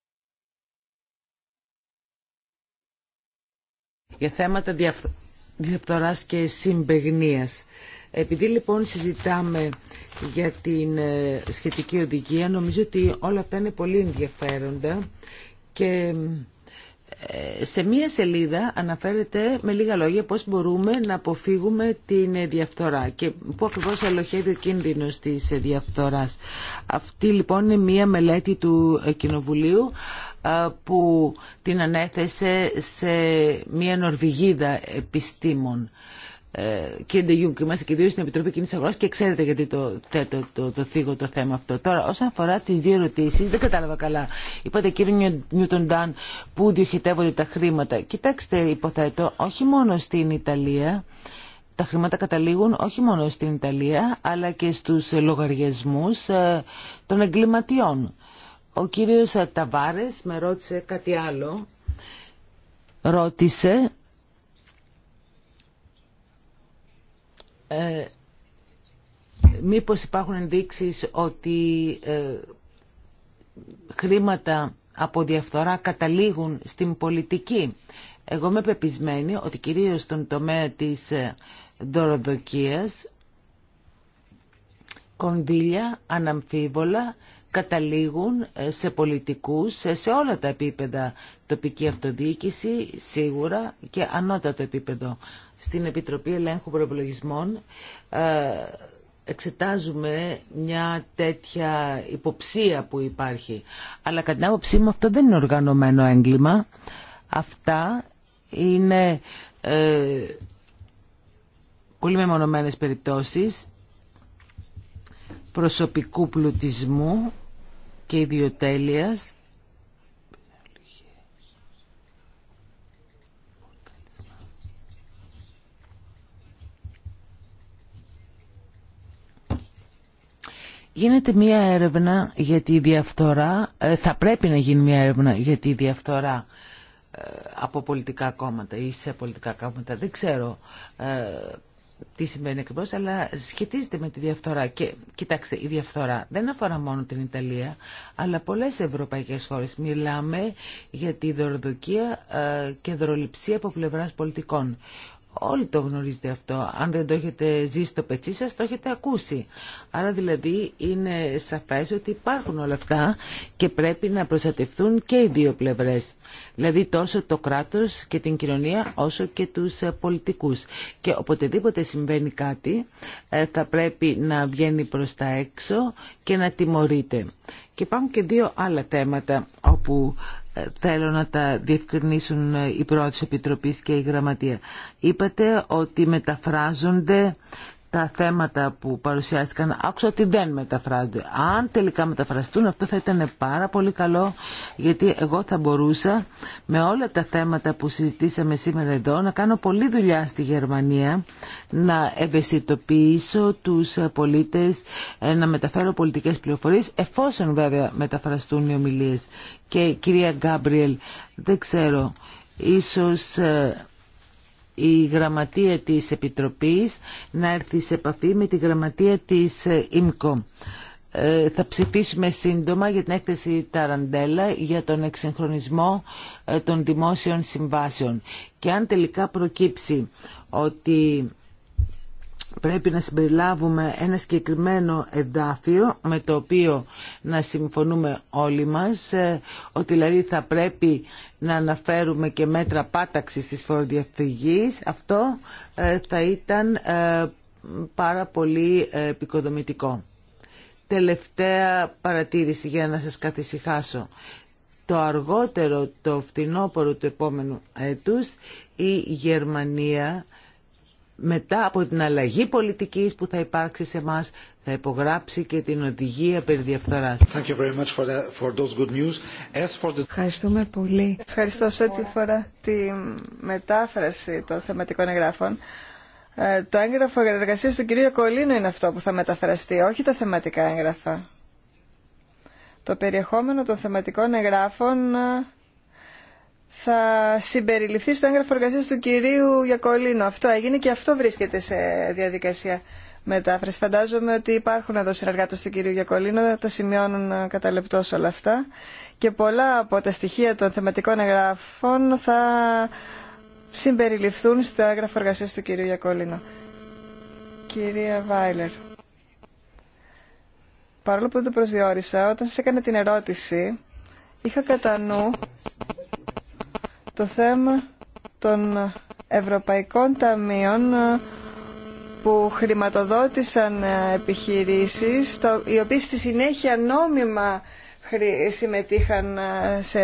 [SPEAKER 1] για θέματα διαφθοράς και συμπεγνίας. Επειδή λοιπόν συζητάμε για την ε, σχετική οδηγία, νομίζω ότι όλα αυτά είναι πολύ ενδιαφέροντα και ε, σε μία σελίδα αναφέρεται με λίγα λόγια πώς μπορούμε να αποφύγουμε την ε, διαφθορά και πού ακριβώς ελοχεύει ο κίνδυνος της διαφθοράς. Αυτή λοιπόν είναι μία μελέτη του Κοινοβουλίου ε, που την ανέθεσε σε μια Νορβηγίδα επιστήμων ε, και είμαστε και δύο στην Επιτροπή Κοινή Αγορά και ξέρετε γιατί το, θέτω, το, το θίγω το θέμα αυτό. Τώρα, όσον αφορά τι δύο ερωτήσει, δεν κατάλαβα καλά. Είπατε, κύριε Νιούτον Ντάν, πού διοχετεύονται τα χρήματα. Κοιτάξτε, υποθέτω, όχι μόνο στην Ιταλία. Τα χρήματα καταλήγουν όχι μόνο στην Ιταλία, αλλά και στους λογαριασμούς ε, των εγκληματιών. Ο κύριος Ταβάρες με ρώτησε κάτι άλλο. Ρώτησε ε, μήπως υπάρχουν ενδείξεις ότι ε, χρήματα από διαφθορά καταλήγουν στην πολιτική. Εγώ είμαι πεπισμένη ότι κυρίως στον τομέα της ε, δωροδοκίας κονδύλια αναμφίβολα καταλήγουν ε, σε πολιτικούς ε, σε όλα τα επίπεδα τοπική αυτοδιοίκηση σίγουρα και ανώτατο επίπεδο. Στην Επιτροπή Ελέγχου Προπολογισμών ε, εξετάζουμε μια τέτοια υποψία που υπάρχει. Αλλά κατά την άποψή μου αυτό δεν είναι οργανωμένο έγκλημα. Αυτά είναι ε, πολύ μεμονωμένες περιπτώσεις προσωπικού πλουτισμού και ιδιοτέλειας Γίνεται μία έρευνα για τη διαφθορά, ε, θα πρέπει να γίνει μία έρευνα για τη διαφθορά ε, από πολιτικά κόμματα ή σε πολιτικά κόμματα. Δεν ξέρω ε, τι συμβαίνει ακριβώ, αλλά σχετίζεται με τη διαφθορά. Και κοιτάξτε, η διαφθορά δεν αφορά μόνο την Ιταλία, αλλά πολλέ ευρωπαϊκέ χώρε. Μιλάμε για τη δωροδοκία ε, και δωροληψία από πλευρά πολιτικών. Όλοι το γνωρίζετε αυτό. Αν δεν το έχετε ζήσει στο πετσί σας, το έχετε ακούσει. Άρα δηλαδή είναι σαφές ότι υπάρχουν όλα αυτά και πρέπει να προστατευτούν και οι δύο πλευρές. Δηλαδή τόσο το κράτος και την κοινωνία όσο και τους ε, πολιτικούς. Και οποτεδήποτε συμβαίνει κάτι ε, θα πρέπει να βγαίνει προς τα έξω και να τιμωρείται. Και υπάρχουν και δύο άλλα θέματα όπου ε, θέλω να τα διευκρινίσουν ε, οι πρώτη Επιτροπής και η Γραμματεία. Είπατε ότι μεταφράζονται τα θέματα που παρουσιάστηκαν άκουσα ότι δεν μεταφράζονται. Αν τελικά μεταφραστούν αυτό θα ήταν πάρα πολύ καλό γιατί εγώ θα μπορούσα με όλα τα θέματα που συζητήσαμε σήμερα εδώ να κάνω πολλή δουλειά στη Γερμανία να ευαισθητοποιήσω τους πολίτες ε, να μεταφέρω πολιτικές πληροφορίες εφόσον βέβαια μεταφραστούν οι ομιλίες. Και κυρία Γκάμπριελ δεν ξέρω ίσως ε, η γραμματεία της Επιτροπής να έρθει σε επαφή με τη γραμματεία της ε, ΙΜΚΟ. Ε, θα ψηφίσουμε σύντομα για την έκθεση Ταραντέλα για τον εξυγχρονισμό ε, των δημόσιων συμβάσεων. Και αν τελικά προκύψει ότι πρέπει να συμπεριλάβουμε ένα συγκεκριμένο εντάφιο με το οποίο να συμφωνούμε όλοι μας ε, ότι δηλαδή θα πρέπει να αναφέρουμε και μέτρα πάταξης της φοροδιαφυγής αυτό ε, θα ήταν ε, πάρα πολύ επικοδομητικό. Τελευταία παρατήρηση για να σας καθησυχάσω. Το αργότερο, το φθινόπωρο του επόμενου έτους, η Γερμανία μετά από την αλλαγή πολιτικής που θα υπάρξει σε εμά θα υπογράψει και την οδηγία περί διαφθοράς.
[SPEAKER 3] Ευχαριστούμε πολύ. Ευχαριστώ σε ό,τι φορά τη
[SPEAKER 2] μετάφραση των θεματικών εγγράφων. Ε, το έγγραφο εργασία του κυρίου Κολίνου είναι αυτό που θα μεταφραστεί, όχι τα θεματικά έγγραφα. Το περιεχόμενο των θεματικών εγγράφων ε, θα συμπεριληφθεί στο έγγραφο εργασία του κυρίου Γιακολίνου. Αυτό έγινε και αυτό βρίσκεται σε διαδικασία μετάφραση. Φαντάζομαι ότι υπάρχουν εδώ συνεργάτε του κυρίου Γιακολίνου, τα σημειώνουν κατά λεπτό όλα αυτά. Και πολλά από τα στοιχεία των θεματικών εγγράφων θα συμπεριληφθούν στο έγγραφο εργασία του κυρίου Γιακολίνου. Κυρία Βάιλερ. Παρόλο που δεν το προσδιορίσα, όταν σα έκανα την ερώτηση, είχα κατά νου το θέμα των ευρωπαϊκών ταμείων που χρηματοδότησαν επιχειρήσεις, το, οι οποίες στη συνέχεια νόμιμα συμμετείχαν ε, σε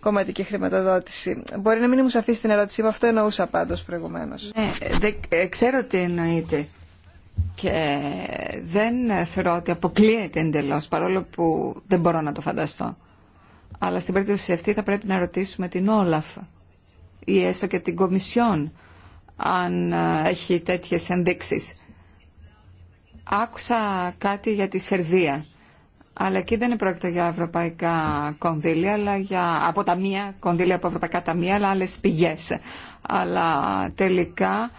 [SPEAKER 2] κομματική χρηματοδότηση. Μπορεί να μην μου σαφή την ερώτησή με αυτό εννοούσα πάντως προηγουμένως. Ναι,
[SPEAKER 3] ε, ξέρω τι εννοείται και δεν θεωρώ ότι αποκλείεται εντελώς, παρόλο που δεν μπορώ να το φανταστώ. Αλλά στην περίπτωση αυτή θα πρέπει να ρωτήσουμε την Όλαφ ή έστω και την Κομισιόν αν ε, έχει τέτοιες ενδείξεις. Άκουσα κάτι για τη Σερβία, αλλά εκεί δεν πρόκειτο για ευρωπαϊκά κονδύλια, αλλά για μία κονδύλια από ευρωπαϊκά ταμεία, αλλά άλλες πηγές. Αλλά τελικά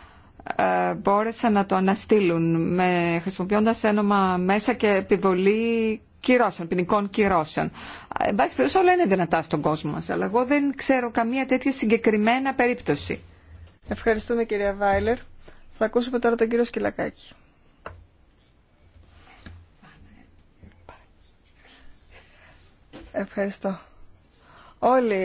[SPEAKER 3] ε, μπόρεσαν να το αναστείλουν με, χρησιμοποιώντας ένομα μέσα και επιβολή κυρώσεων, ποινικών κυρώσεων. Ε, εν πάση περιπτώσει όλα είναι δυνατά στον κόσμο μα, αλλά εγώ δεν ξέρω καμία τέτοια συγκεκριμένα περίπτωση. Ευχαριστούμε κυρία Βάιλερ. Θα ακούσουμε τώρα τον κύριο Σκυλακάκη.
[SPEAKER 2] Ευχαριστώ. Όλοι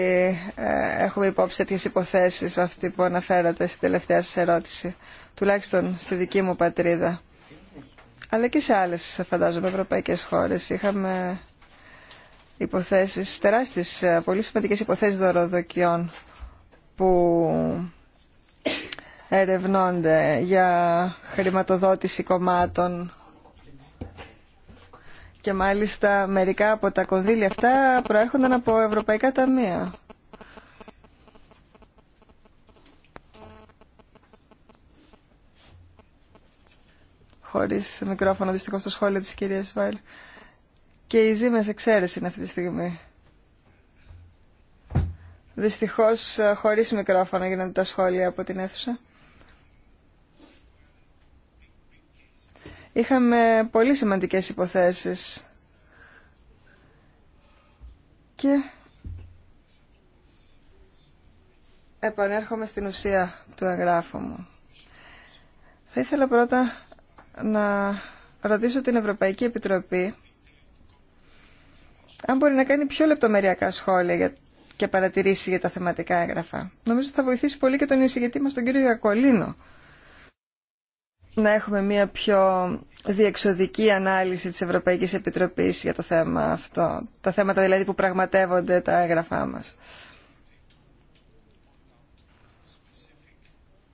[SPEAKER 2] ε, έχουμε υπόψη τέτοιε υποθέσει αυτή που αναφέρατε στην τελευταία σα ερώτηση, τουλάχιστον στη δική μου πατρίδα αλλά και σε άλλες φαντάζομαι ευρωπαϊκές χώρες. Είχαμε υποθέσεις, τεράστιες, ε, πολύ σημαντικές υποθέσεις δωροδοκιών που ερευνώνται για χρηματοδότηση κομμάτων και μάλιστα μερικά από τα κονδύλια αυτά προέρχονταν από ευρωπαϊκά ταμεία. χωρίς μικρόφωνο δυστυχώς το σχόλιο της κυρίας Βάιλ. Και η ζήμες εξαίρεση είναι αυτή τη στιγμή. Δυστυχώς ε, χωρίς μικρόφωνο γίνονται τα σχόλια από την αίθουσα. Είχαμε πολύ σημαντικές υποθέσεις και επανέρχομαι στην ουσία του εγγράφου μου. Θα ήθελα πρώτα να ρωτήσω την Ευρωπαϊκή Επιτροπή αν μπορεί να κάνει πιο λεπτομεριακά σχόλια και παρατηρήσει για τα θεματικά έγγραφα. Νομίζω ότι θα βοηθήσει πολύ και τον εισηγητή μας, τον κύριο Γιακολίνο, να έχουμε μια πιο διεξοδική ανάλυση της Ευρωπαϊκής Επιτροπής για το θέμα αυτό. Τα θέματα δηλαδή που πραγματεύονται τα έγγραφά μας.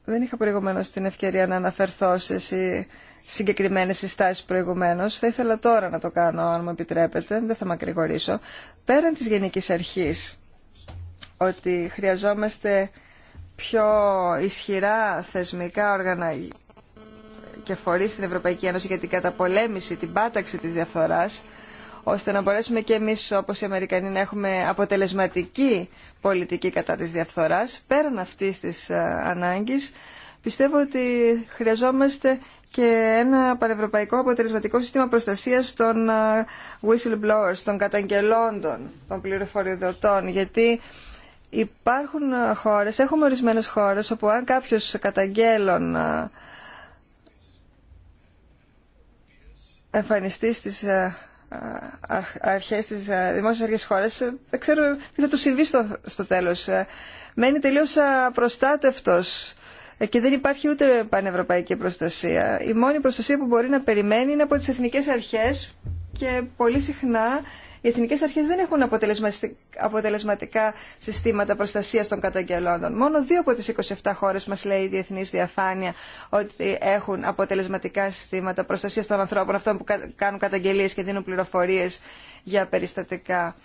[SPEAKER 2] Δεν είχα προηγουμένως την ευκαιρία να αναφερθώ σε Συγκεκριμένε συστάσει προηγουμένω. Θα ήθελα τώρα να το κάνω, αν μου επιτρέπετε, δεν θα με ακρηγορήσω Πέραν τη γενική αρχή ότι χρειαζόμαστε πιο ισχυρά θεσμικά όργανα και φορεί στην Ευρωπαϊκή Ένωση για την καταπολέμηση, την πάταξη της διαφθοράς, ώστε να μπορέσουμε και εμείς όπως οι Αμερικανοί να έχουμε αποτελεσματική πολιτική κατά της διαφθοράς, πέραν αυτής της ε, ανάγκης, πιστεύω ότι χρειαζόμαστε και ένα πανευρωπαϊκό αποτελεσματικό σύστημα προστασίας των ε, whistleblowers, των καταγγελόντων, των πληροφοριοδοτών, γιατί υπάρχουν ε, χώρες, έχουμε ορισμένε χώρες όπου αν κάποιος καταγγέλων ε, εμφανιστεί στις αρχές της δημόσιας αρχής δεν ξέρω τι θα του συμβεί στο, στο τέλος. Μένει τελείως απροστάτευτος και δεν υπάρχει ούτε πανευρωπαϊκή προστασία. Η μόνη προστασία που μπορεί να περιμένει είναι από τις εθνικές αρχές και πολύ συχνά οι εθνικές αρχές δεν έχουν αποτελεσματικά συστήματα προστασίας των καταγγελόντων. Μόνο δύο από τις 27 χώρες μας λέει η διεθνή Διαφάνεια ότι έχουν αποτελεσματικά συστήματα προστασίας των ανθρώπων, αυτών που κάνουν καταγγελίες και δίνουν πληροφορίες για περιστατικά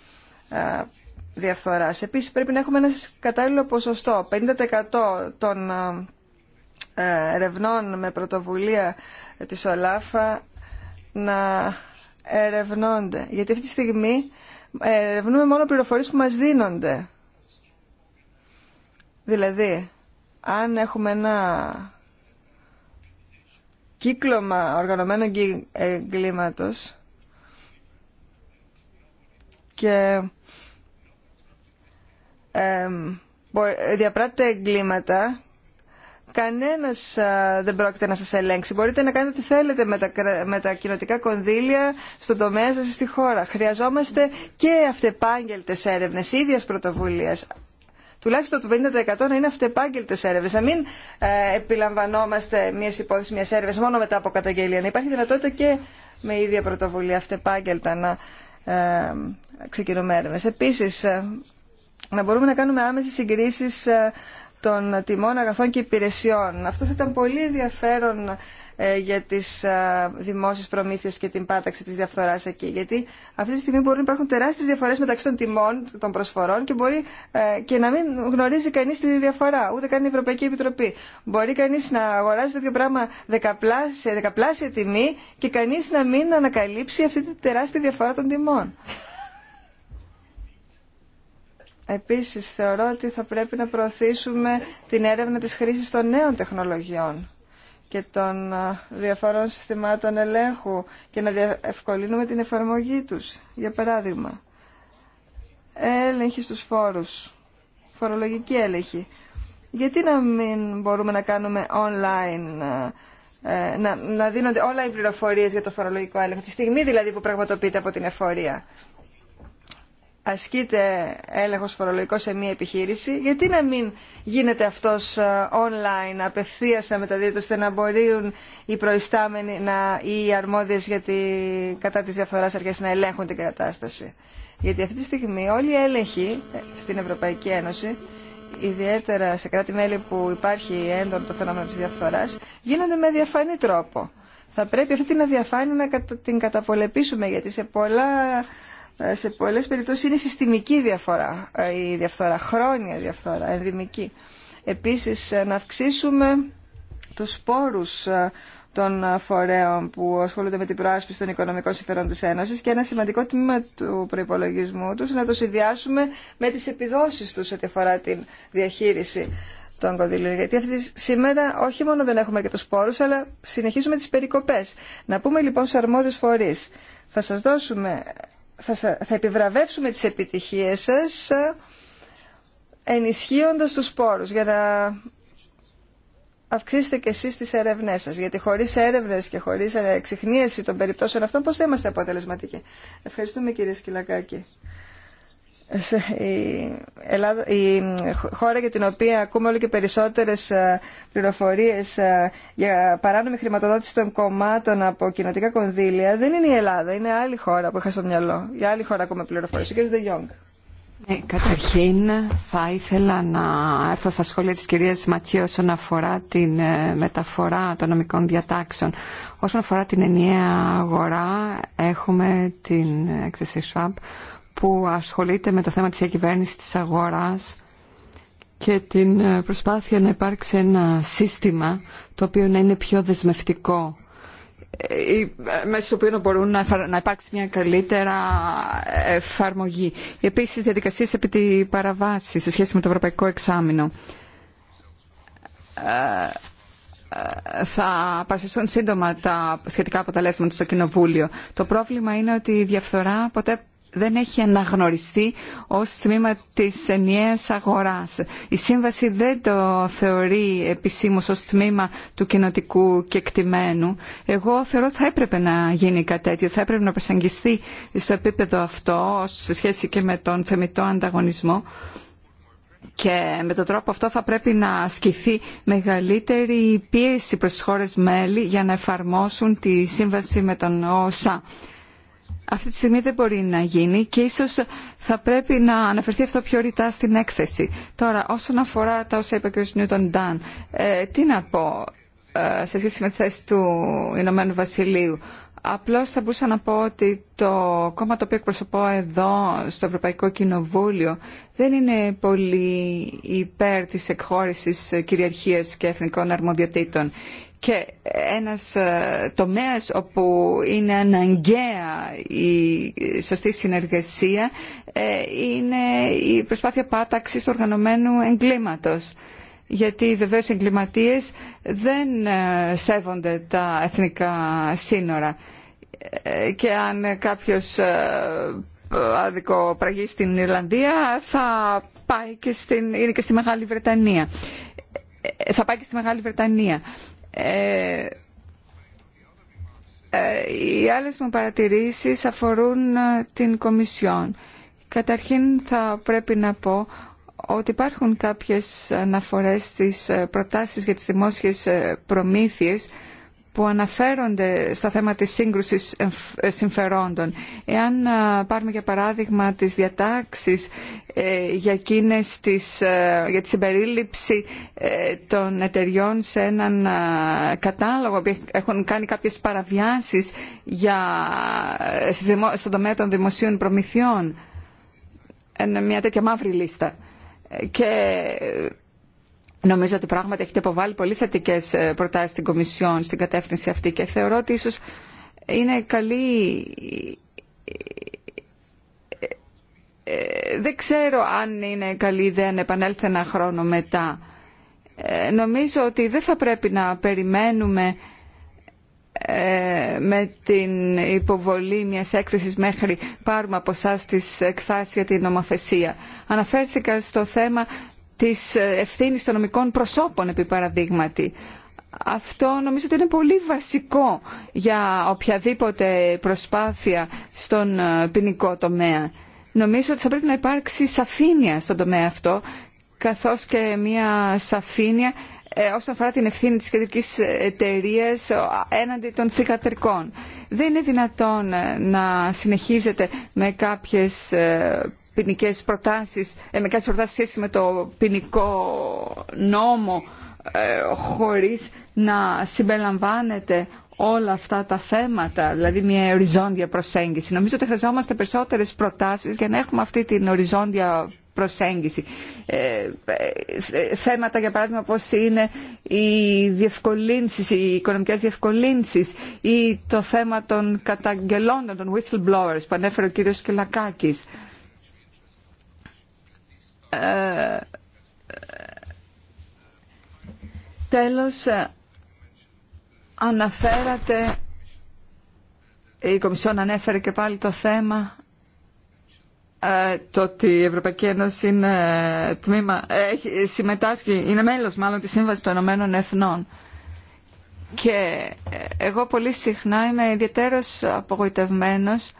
[SPEAKER 2] διαφθοράς. Επίσης πρέπει να έχουμε ένα κατάλληλο ποσοστό, 50% των ε, ερευνών με πρωτοβουλία της ΟΛΑΦΑ να ερευνώνται. Γιατί αυτή τη στιγμή ε, ερευνούμε μόνο πληροφορίες που μας δίνονται. Δηλαδή, αν έχουμε ένα κύκλωμα οργανωμένου εγκλήματος και ε, διαπράττεται εγκλήματα κανένας δεν πρόκειται να σας ελέγξει. Μπορείτε να κάνετε ό,τι θέλετε με τα, με τα κοινοτικά κονδύλια στον τομέα σας στη χώρα. Χρειαζόμαστε και αυτεπάγγελτες έρευνες ίδιας πρωτοβουλίας. Τουλάχιστον το 50% να είναι αυτεπάγγελτες έρευνε. Να μην ε, επιλαμβανόμαστε μια υπόθεση, μια έρευνα μόνο μετά από καταγγελία. Να υπάρχει δυνατότητα και με ίδια πρωτοβουλία αυτεπάγγελτα να ε, ξεκινούμε Επίση, Επίσης, ε, να μπορούμε να κάνουμε άμεση συγκρίσεις ε, των τιμών αγαθών και υπηρεσιών. Αυτό θα ήταν πολύ ενδιαφέρον ε, για τις ε, δημόσιες προμήθειες και την πάταξη της διαφθοράς εκεί. Γιατί αυτή τη στιγμή μπορεί να υπάρχουν τεράστιες διαφορές μεταξύ των τιμών των προσφορών και μπορεί ε, και να μην γνωρίζει κανείς τη διαφορά, ούτε καν η Ευρωπαϊκή Επιτροπή. Μπορεί κανείς να αγοράζει το ίδιο πράγμα δεκαπλάσια, δεκαπλάσια τιμή και κανείς να μην ανακαλύψει αυτή τη τεράστια διαφορά των τιμών. Επίσης, θεωρώ ότι θα πρέπει να προωθήσουμε την έρευνα της χρήσης των νέων τεχνολογιών και των διαφορών συστημάτων ελέγχου και να διευκολύνουμε την εφαρμογή τους. Για παράδειγμα, έλεγχη στους φόρους, φορολογική έλεγχη. Γιατί να μην μπορούμε να κάνουμε online, ε, να, να δίνονται online πληροφορίες για το φορολογικό έλεγχο, τη στιγμή δηλαδή που πραγματοποιείται από την εφορία ασκείται έλεγχος φορολογικός σε μία επιχείρηση, γιατί να μην γίνεται αυτός ε, online, απευθείας να μεταδίδεται, ώστε να μπορούν οι προϊστάμενοι να, ή οι αρμόδιες για τη, κατά της διαφθοράς αρχές να ελέγχουν την κατάσταση. Γιατί αυτή τη στιγμή όλοι οι έλεγχοι ε, στην Ευρωπαϊκή Ένωση, ιδιαίτερα σε κράτη-μέλη που υπάρχει έντονο το φαινόμενο της διαφθοράς, γίνονται με διαφανή τρόπο. Θα πρέπει αυτή την αδιαφάνεια να την καταπολεπίσουμε, γιατί σε πολλά ε, σε πολλές περιπτώσεις είναι συστημική διαφορά, ε, η διαφθορά, χρόνια διαφθορά, ενδημική. Επίσης, ε, να αυξήσουμε του σπόρους των φορέων που ασχολούνται με την προάσπιση των οικονομικών συμφερόντων της Ένωσης και ένα σημαντικό τμήμα του προϋπολογισμού τους να το συνδυάσουμε με τις επιδόσεις τους ό,τι αφορά την διαχείριση των κονδυλίων. Γιατί αυτή, σήμερα όχι μόνο δεν έχουμε αρκετούς σπόρους, αλλά συνεχίζουμε τις περικοπές. Να πούμε λοιπόν στους αρμόδιους φορείς. Θα σας δώσουμε θα, επιβραβεύσουμε τις επιτυχίες σας ε, ενισχύοντας τους πόρους για να αυξήσετε και εσείς τις ερευνές σας. Γιατί χωρίς έρευνες και χωρίς εξυχνίαση των περιπτώσεων αυτών πώς θα είμαστε αποτελεσματικοί. Ευχαριστούμε κύριε Σκυλακάκη η, χώρα για την οποία ακούμε όλο και περισσότερες ε, πληροφορίες ε, για παράνομη χρηματοδότηση των κομμάτων από κοινοτικά κονδύλια δεν είναι η Ελλάδα, είναι άλλη χώρα που είχα στο μυαλό. Για άλλη χώρα ακούμε πληροφορίες, ο κ. Δε
[SPEAKER 3] Ε, καταρχήν θα ήθελα να έρθω στα σχόλια της κυρίας Ματιώ όσον αφορά την ε, μεταφορά των νομικών διατάξεων. Όσον αφορά την ενιαία αγορά έχουμε την έκθεση ΣΟΑΠ που ασχολείται με το θέμα της διακυβέρνησης της αγοράς και την ε, προσπάθεια να υπάρξει ένα σύστημα το οποίο να είναι πιο δεσμευτικό ε, ε, μέσα στο οποίο να μπορούν να υπάρξει μια καλύτερα εφαρμογή. Επίσης, διαδικασίες επί τη παραβάση σε σχέση με το Ευρωπαϊκό Εξάμεινο θα παρουσιαστούν σύντομα τα σχετικά αποτελέσματα στο Κοινοβούλιο. Το πρόβλημα είναι ότι η διαφθορά ποτέ δεν έχει αναγνωριστεί ως τμήμα της ενιαίας αγοράς. Η Σύμβαση δεν το θεωρεί επισήμως ως τμήμα του κοινοτικού κεκτημένου. Εγώ θεωρώ ότι θα έπρεπε να γίνει κάτι τέτοιο, θα έπρεπε να προσαγγιστεί στο επίπεδο αυτό σε σχέση και με τον θεμητό ανταγωνισμό και με τον τρόπο αυτό θα πρέπει να ασκηθεί μεγαλύτερη πίεση προς τις χώρες μέλη για να εφαρμόσουν τη σύμβαση με τον ΩΣΑ αυτή τη στιγμή δεν μπορεί να γίνει και ίσως θα πρέπει να αναφερθεί αυτό πιο ρητά στην έκθεση. Τώρα, όσον αφορά τα όσα είπε ο κ. Νιούτον Ντάν, ε, τι να πω ε, σε σχέση με τη θέση του Ηνωμένου Βασιλείου. Απλώς θα μπορούσα να πω ότι το κόμμα το οποίο εκπροσωπώ εδώ στο Ευρωπαϊκό Κοινοβούλιο δεν είναι πολύ υπέρ της εκχώρησης ε, κυριαρχίας και εθνικών αρμοδιοτήτων και ένας ε, τομέας όπου είναι αναγκαία η σωστή συνεργασία ε, είναι η προσπάθεια πάταξης του οργανωμένου εγκλήματος γιατί βεβαίως οι εγκληματίες δεν ε, σέβονται τα εθνικά σύνορα και αν κάποιος άδικο πραγεί στην Ιρλανδία θα πάει και στην, και στη Μεγάλη Βρετανία θα πάει και στη Μεγάλη Βρετανία. Ε, ε, οι άλλες μου παρατηρήσεις αφορούν ε, την Κομισιόν. Καταρχήν θα πρέπει να πω ότι υπάρχουν κάποιες αναφορές στις προτάσεις για τις δημόσιες προμήθειες που αναφέρονται στο θέμα της σύγκρουσης ε, συμφερόντων. Εάν πάρουμε για παράδειγμα τις διατάξεις ε, για, την ε, για τη συμπερίληψη των εταιριών σε έναν κατάλογο που έχουν κάνει κάποιες παραβιάσεις για, στον τομέα των δημοσίων προμηθειών, μια τέτοια μαύρη λίστα. Νομίζω ότι πράγματι έχετε αποβάλει πολύ θετικέ ε, προτάσει στην Κομισιόν στην κατεύθυνση αυτή και θεωρώ ότι ίσω είναι καλή. Ε, ε, δεν ξέρω αν είναι καλή ιδέα να επανέλθει ένα χρόνο μετά. Νομίζω ότι δεν θα πρέπει να περιμένουμε με την υποβολή μιας έκθεσης μέχρι πάρουμε από εσά τις εκθάσεις για την νομοθεσία. Αναφέρθηκα στο θέμα της ευθύνης των νομικών προσώπων επί παραδείγματι. Αυτό νομίζω ότι είναι πολύ βασικό για οποιαδήποτε προσπάθεια στον ε, ποινικό τομέα. Νομίζω ότι θα πρέπει να υπάρξει σαφήνεια στον τομέα αυτό, καθώς και μια σαφήνεια ε, όσον αφορά την ευθύνη της κεντρικής εταιρεία ε, έναντι των θηγατρικών. Δεν είναι δυνατόν να συνεχίζεται με κάποιες ποινικέ προτάσεις, ε, με κάποιε προτάσει σχέση με το ποινικό νόμο ε, χωρί να συμπεριλαμβάνεται όλα αυτά τα θέματα, δηλαδή μια οριζόντια προσέγγιση. Νομίζω ότι χρειαζόμαστε περισσότερε προτάσει για να έχουμε αυτή την οριζόντια προσέγγιση. Ε, θέματα για παράδειγμα πως είναι οι διευκολύνσεις, οι οικονομικές διευκολύνσεις ή το θέμα των καταγγελώντων, των whistleblowers που ανέφερε ο κύριος Σκυλακάκης. Τέλος, αναφέρατε, η Κομισιόν ανέφερε και πάλι το θέμα ε, το ότι η Ευρωπαϊκή Ένωση είναι τμήμα, ε, έχει, συμμετάσχει, είναι μέλος μάλλον της Σύμβασης των Ηνωμένων Εθνών. Και εγώ πολύ συχνά είμαι ιδιαίτερος απογοητευμένος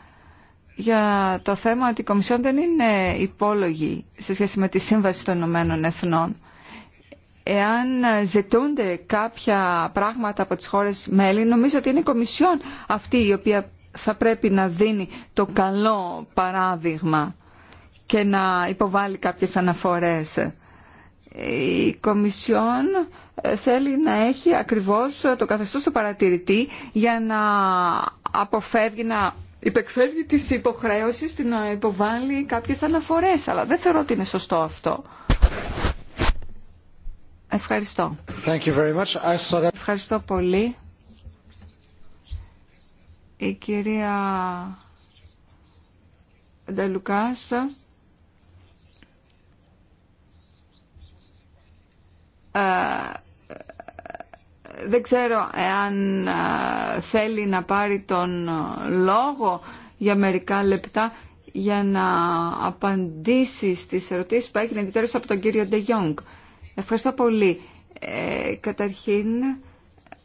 [SPEAKER 3] για το θέμα ότι η Κομισιόν δεν είναι υπόλογη σε σχέση με τη Σύμβαση των Ηνωμένων Εθνών. Εάν ζητούνται κάποια πράγματα από τις χώρες μέλη, νομίζω ότι είναι η Κομισιόν αυτή η οποία θα πρέπει να δίνει το καλό παράδειγμα και να υποβάλει κάποιες αναφορές. Η Κομισιόν θέλει να έχει ακριβώς το καθεστώς του παρατηρητή για να αποφεύγει να υπεκφεύγει τις υποχρέωσεις του να ε, υποβάλει κάποιες αναφορές, αλλά δεν θεωρώ ότι είναι σωστό αυτό. Ευχαριστώ.
[SPEAKER 1] Ευχαριστώ πολύ.
[SPEAKER 3] Η κυρία Νταλουκάς ε, δεν ξέρω εάν θέλει να πάρει τον λόγο για μερικά λεπτά για να απαντήσει στις ερωτήσεις που έγινε επιτέλους από τον κύριο Ντε Γιόγκ. Ευχαριστώ πολύ. Ε, καταρχήν,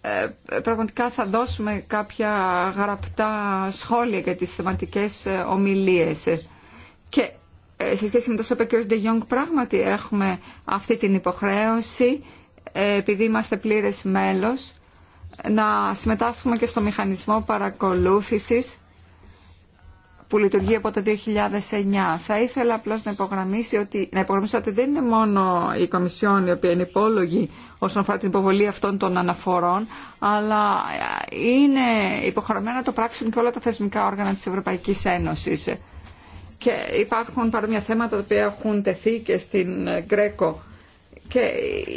[SPEAKER 3] ε, πραγματικά θα δώσουμε κάποια γραπτά σχόλια για τις θεματικές ε, ομιλίες. Και σε σχέση με το είπε πράγματι έχουμε αυτή την υποχρέωση ε, επειδή είμαστε πλήρες μέλος, να συμμετάσχουμε και στο μηχανισμό παρακολούθησης που λειτουργεί από το 2009. Θα ήθελα απλώ να υπογραμμίσω ότι, να υπογραμμίσω δεν είναι μόνο η Κομισιόν η οποία είναι υπόλογη όσον αφορά την υποβολή αυτών των αναφορών, αλλά ε, είναι υποχρεωμένα να το πράξουν και όλα τα θεσμικά όργανα της Ευρωπαϊκής Ένωσης. Και υπάρχουν παρόμοια θέματα τα οποία έχουν τεθεί και στην Γκρέκο ε, και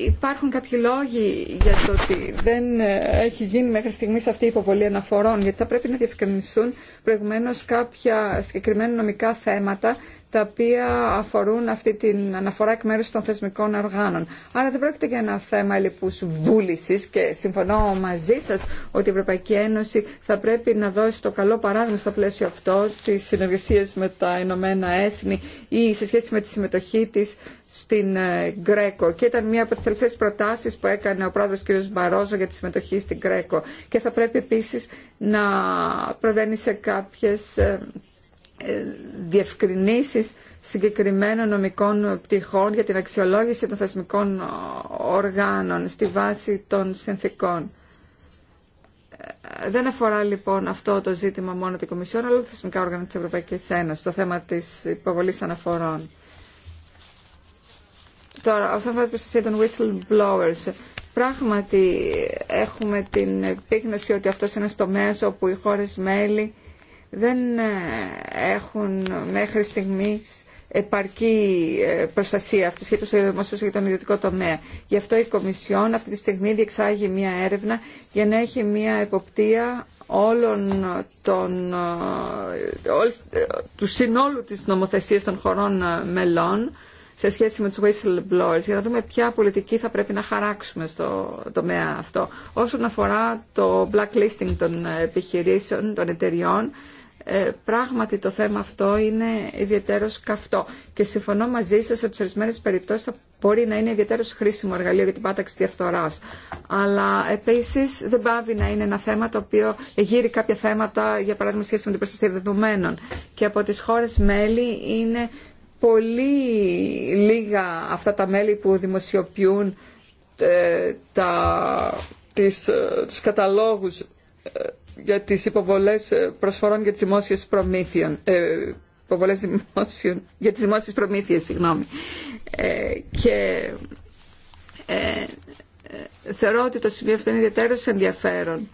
[SPEAKER 3] υπάρχουν κάποιοι λόγοι για το ότι δεν ε, έχει γίνει μέχρι στιγμής αυτή η υποβολή αναφορών, γιατί θα πρέπει να διευκρινιστούν προηγουμένως κάποια συγκεκριμένα νομικά θέματα τα οποία αφορούν αυτή την αναφορά εκ μέρους των θεσμικών οργάνων. Άρα δεν πρόκειται για ένα θέμα λοιπούς βούλησης και συμφωνώ μαζί σας ότι η Ευρωπαϊκή Ένωση θα πρέπει να δώσει το καλό παράδειγμα στο πλαίσιο αυτό της συνεργασίας με τα Ηνωμένα Έθνη ή σε σχέση με τη συμμετοχή της στην ε, Γκρέκο και ήταν μία από τις τελευταίες προτάσεις που έκανε ο πρόεδρος κ. Μπαρόζο για τη συμμετοχή στην Γκρέκο και θα πρέπει επίσης να προβαίνει σε κάποιες ε, ε, διευκρινήσεις συγκεκριμένων νομικών πτυχών για την αξιολόγηση των θεσμικών οργάνων στη βάση των συνθήκων. Ε, δεν αφορά λοιπόν αυτό το ζήτημα μόνο την Κομισιόν, αλλά τα θεσμικά όργανα της Ευρωπαϊκής Ένωσης, το θέμα της υποβολής αναφορών. Τώρα, όσον αφορά την προστασία των whistleblowers, πράγματι έχουμε την επίγνωση ότι αυτό είναι ένας μέσο όπου οι χώρες μέλη δεν ε, έχουν μέχρι στιγμής επαρκή ε, προστασία αυτού και του δημόσιο για τον ιδιωτικό τομέα. Γι' αυτό η Κομισιόν αυτή τη στιγμή διεξάγει μια έρευνα για να έχει μια εποπτεία όλων των, ε, του συνόλου της νομοθεσίας των χωρών μελών σε σχέση με τους whistleblowers για να δούμε ποια πολιτική θα πρέπει να χαράξουμε στο τομέα αυτό. Όσον αφορά το blacklisting των επιχειρήσεων, των εταιριών, ε, πράγματι το θέμα αυτό είναι ιδιαίτερο καυτό και συμφωνώ μαζί σα ότι σε ορισμένε περιπτώσει θα μπορεί να είναι ιδιαίτερο χρήσιμο εργαλείο για την πάταξη διαφθορά. Αλλά επίσης δεν πάβει να είναι ένα θέμα το οποίο γύρει κάποια θέματα, για παράδειγμα σχέση με την προστασία δεδομένων. Και από τις χώρε μέλη είναι πολύ λίγα αυτά τα μέλη που δημοσιοποιούν ε, τα, τις, ε, τους καταλόγους ε, για τις υποβολές ε, προσφορών για τις δημόσιες προμήθειων. Ε, δημόσιων, για προμήθειες, συγγνώμη. Ε, και ε, ε, θεωρώ ότι το σημείο αυτό είναι ιδιαίτερο ενδιαφέρον.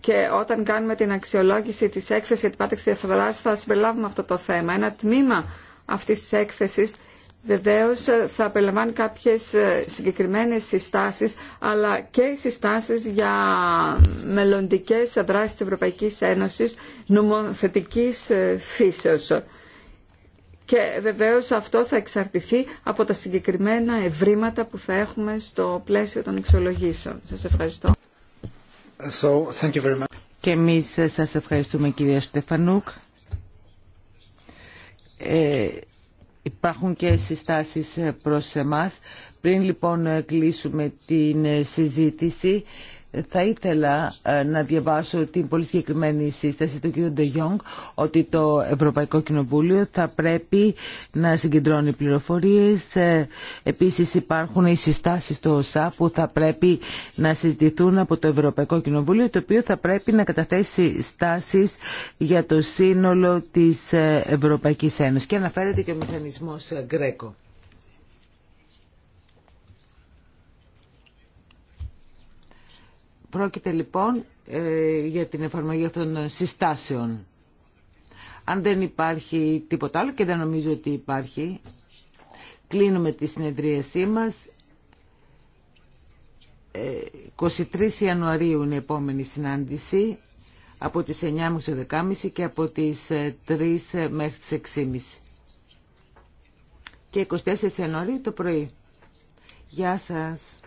[SPEAKER 3] Και όταν κάνουμε την αξιολόγηση της έκθεσης για την πάταξη διαφοράς θα συμπεριλάβουμε αυτό το θέμα. Ένα τμήμα αυτής της έκθεσης Βεβαίω ε, θα περιλαμβάνει κάποιες ε, συγκεκριμένες συστάσεις, αλλά και συστάσεις για μελλοντικέ δράσει τη Ευρωπαϊκής Ένωσης νομοθετική ε, φύσεως. Και βεβαίω αυτό θα εξαρτηθεί από τα συγκεκριμένα ευρήματα που θα έχουμε στο πλαίσιο των εξολογήσεων. Σας ευχαριστώ.
[SPEAKER 1] So, thank Και εμείς σας ευχαριστούμε κυρία Στεφανούκ. Υπάρχουν και συστάσεις ε, προς εμάς. Πριν λοιπόν ε, κλείσουμε την ε, συζήτηση, θα ήθελα ε, να διαβάσω την πολύ συγκεκριμένη σύσταση του κ. Ντεγιόγκ ότι το Ευρωπαϊκό Κοινοβούλιο θα πρέπει να συγκεντρώνει πληροφορίες. Ε, επίσης υπάρχουν οι συστάσεις στο οσα που θα πρέπει να συζητηθούν από το Ευρωπαϊκό Κοινοβούλιο το οποίο θα πρέπει να καταθέσει στάσεις για το σύνολο της ε, Ευρωπαϊκής Ένωσης. Και αναφέρεται και ο μηχανισμός Γκρέκο. Πρόκειται λοιπόν ε, για την εφαρμογή αυτών των συστάσεων. Αν δεν υπάρχει τίποτα άλλο και δεν νομίζω ότι υπάρχει, κλείνουμε τη συνεδρίασή μας. 23 ε, Ιανουαρίου είναι η επόμενη συνάντηση από τις 9.30 και από τις 3 ε, μέχρι τις 6.30 και 24 Ιανουαρίου το πρωί. Γεια σας.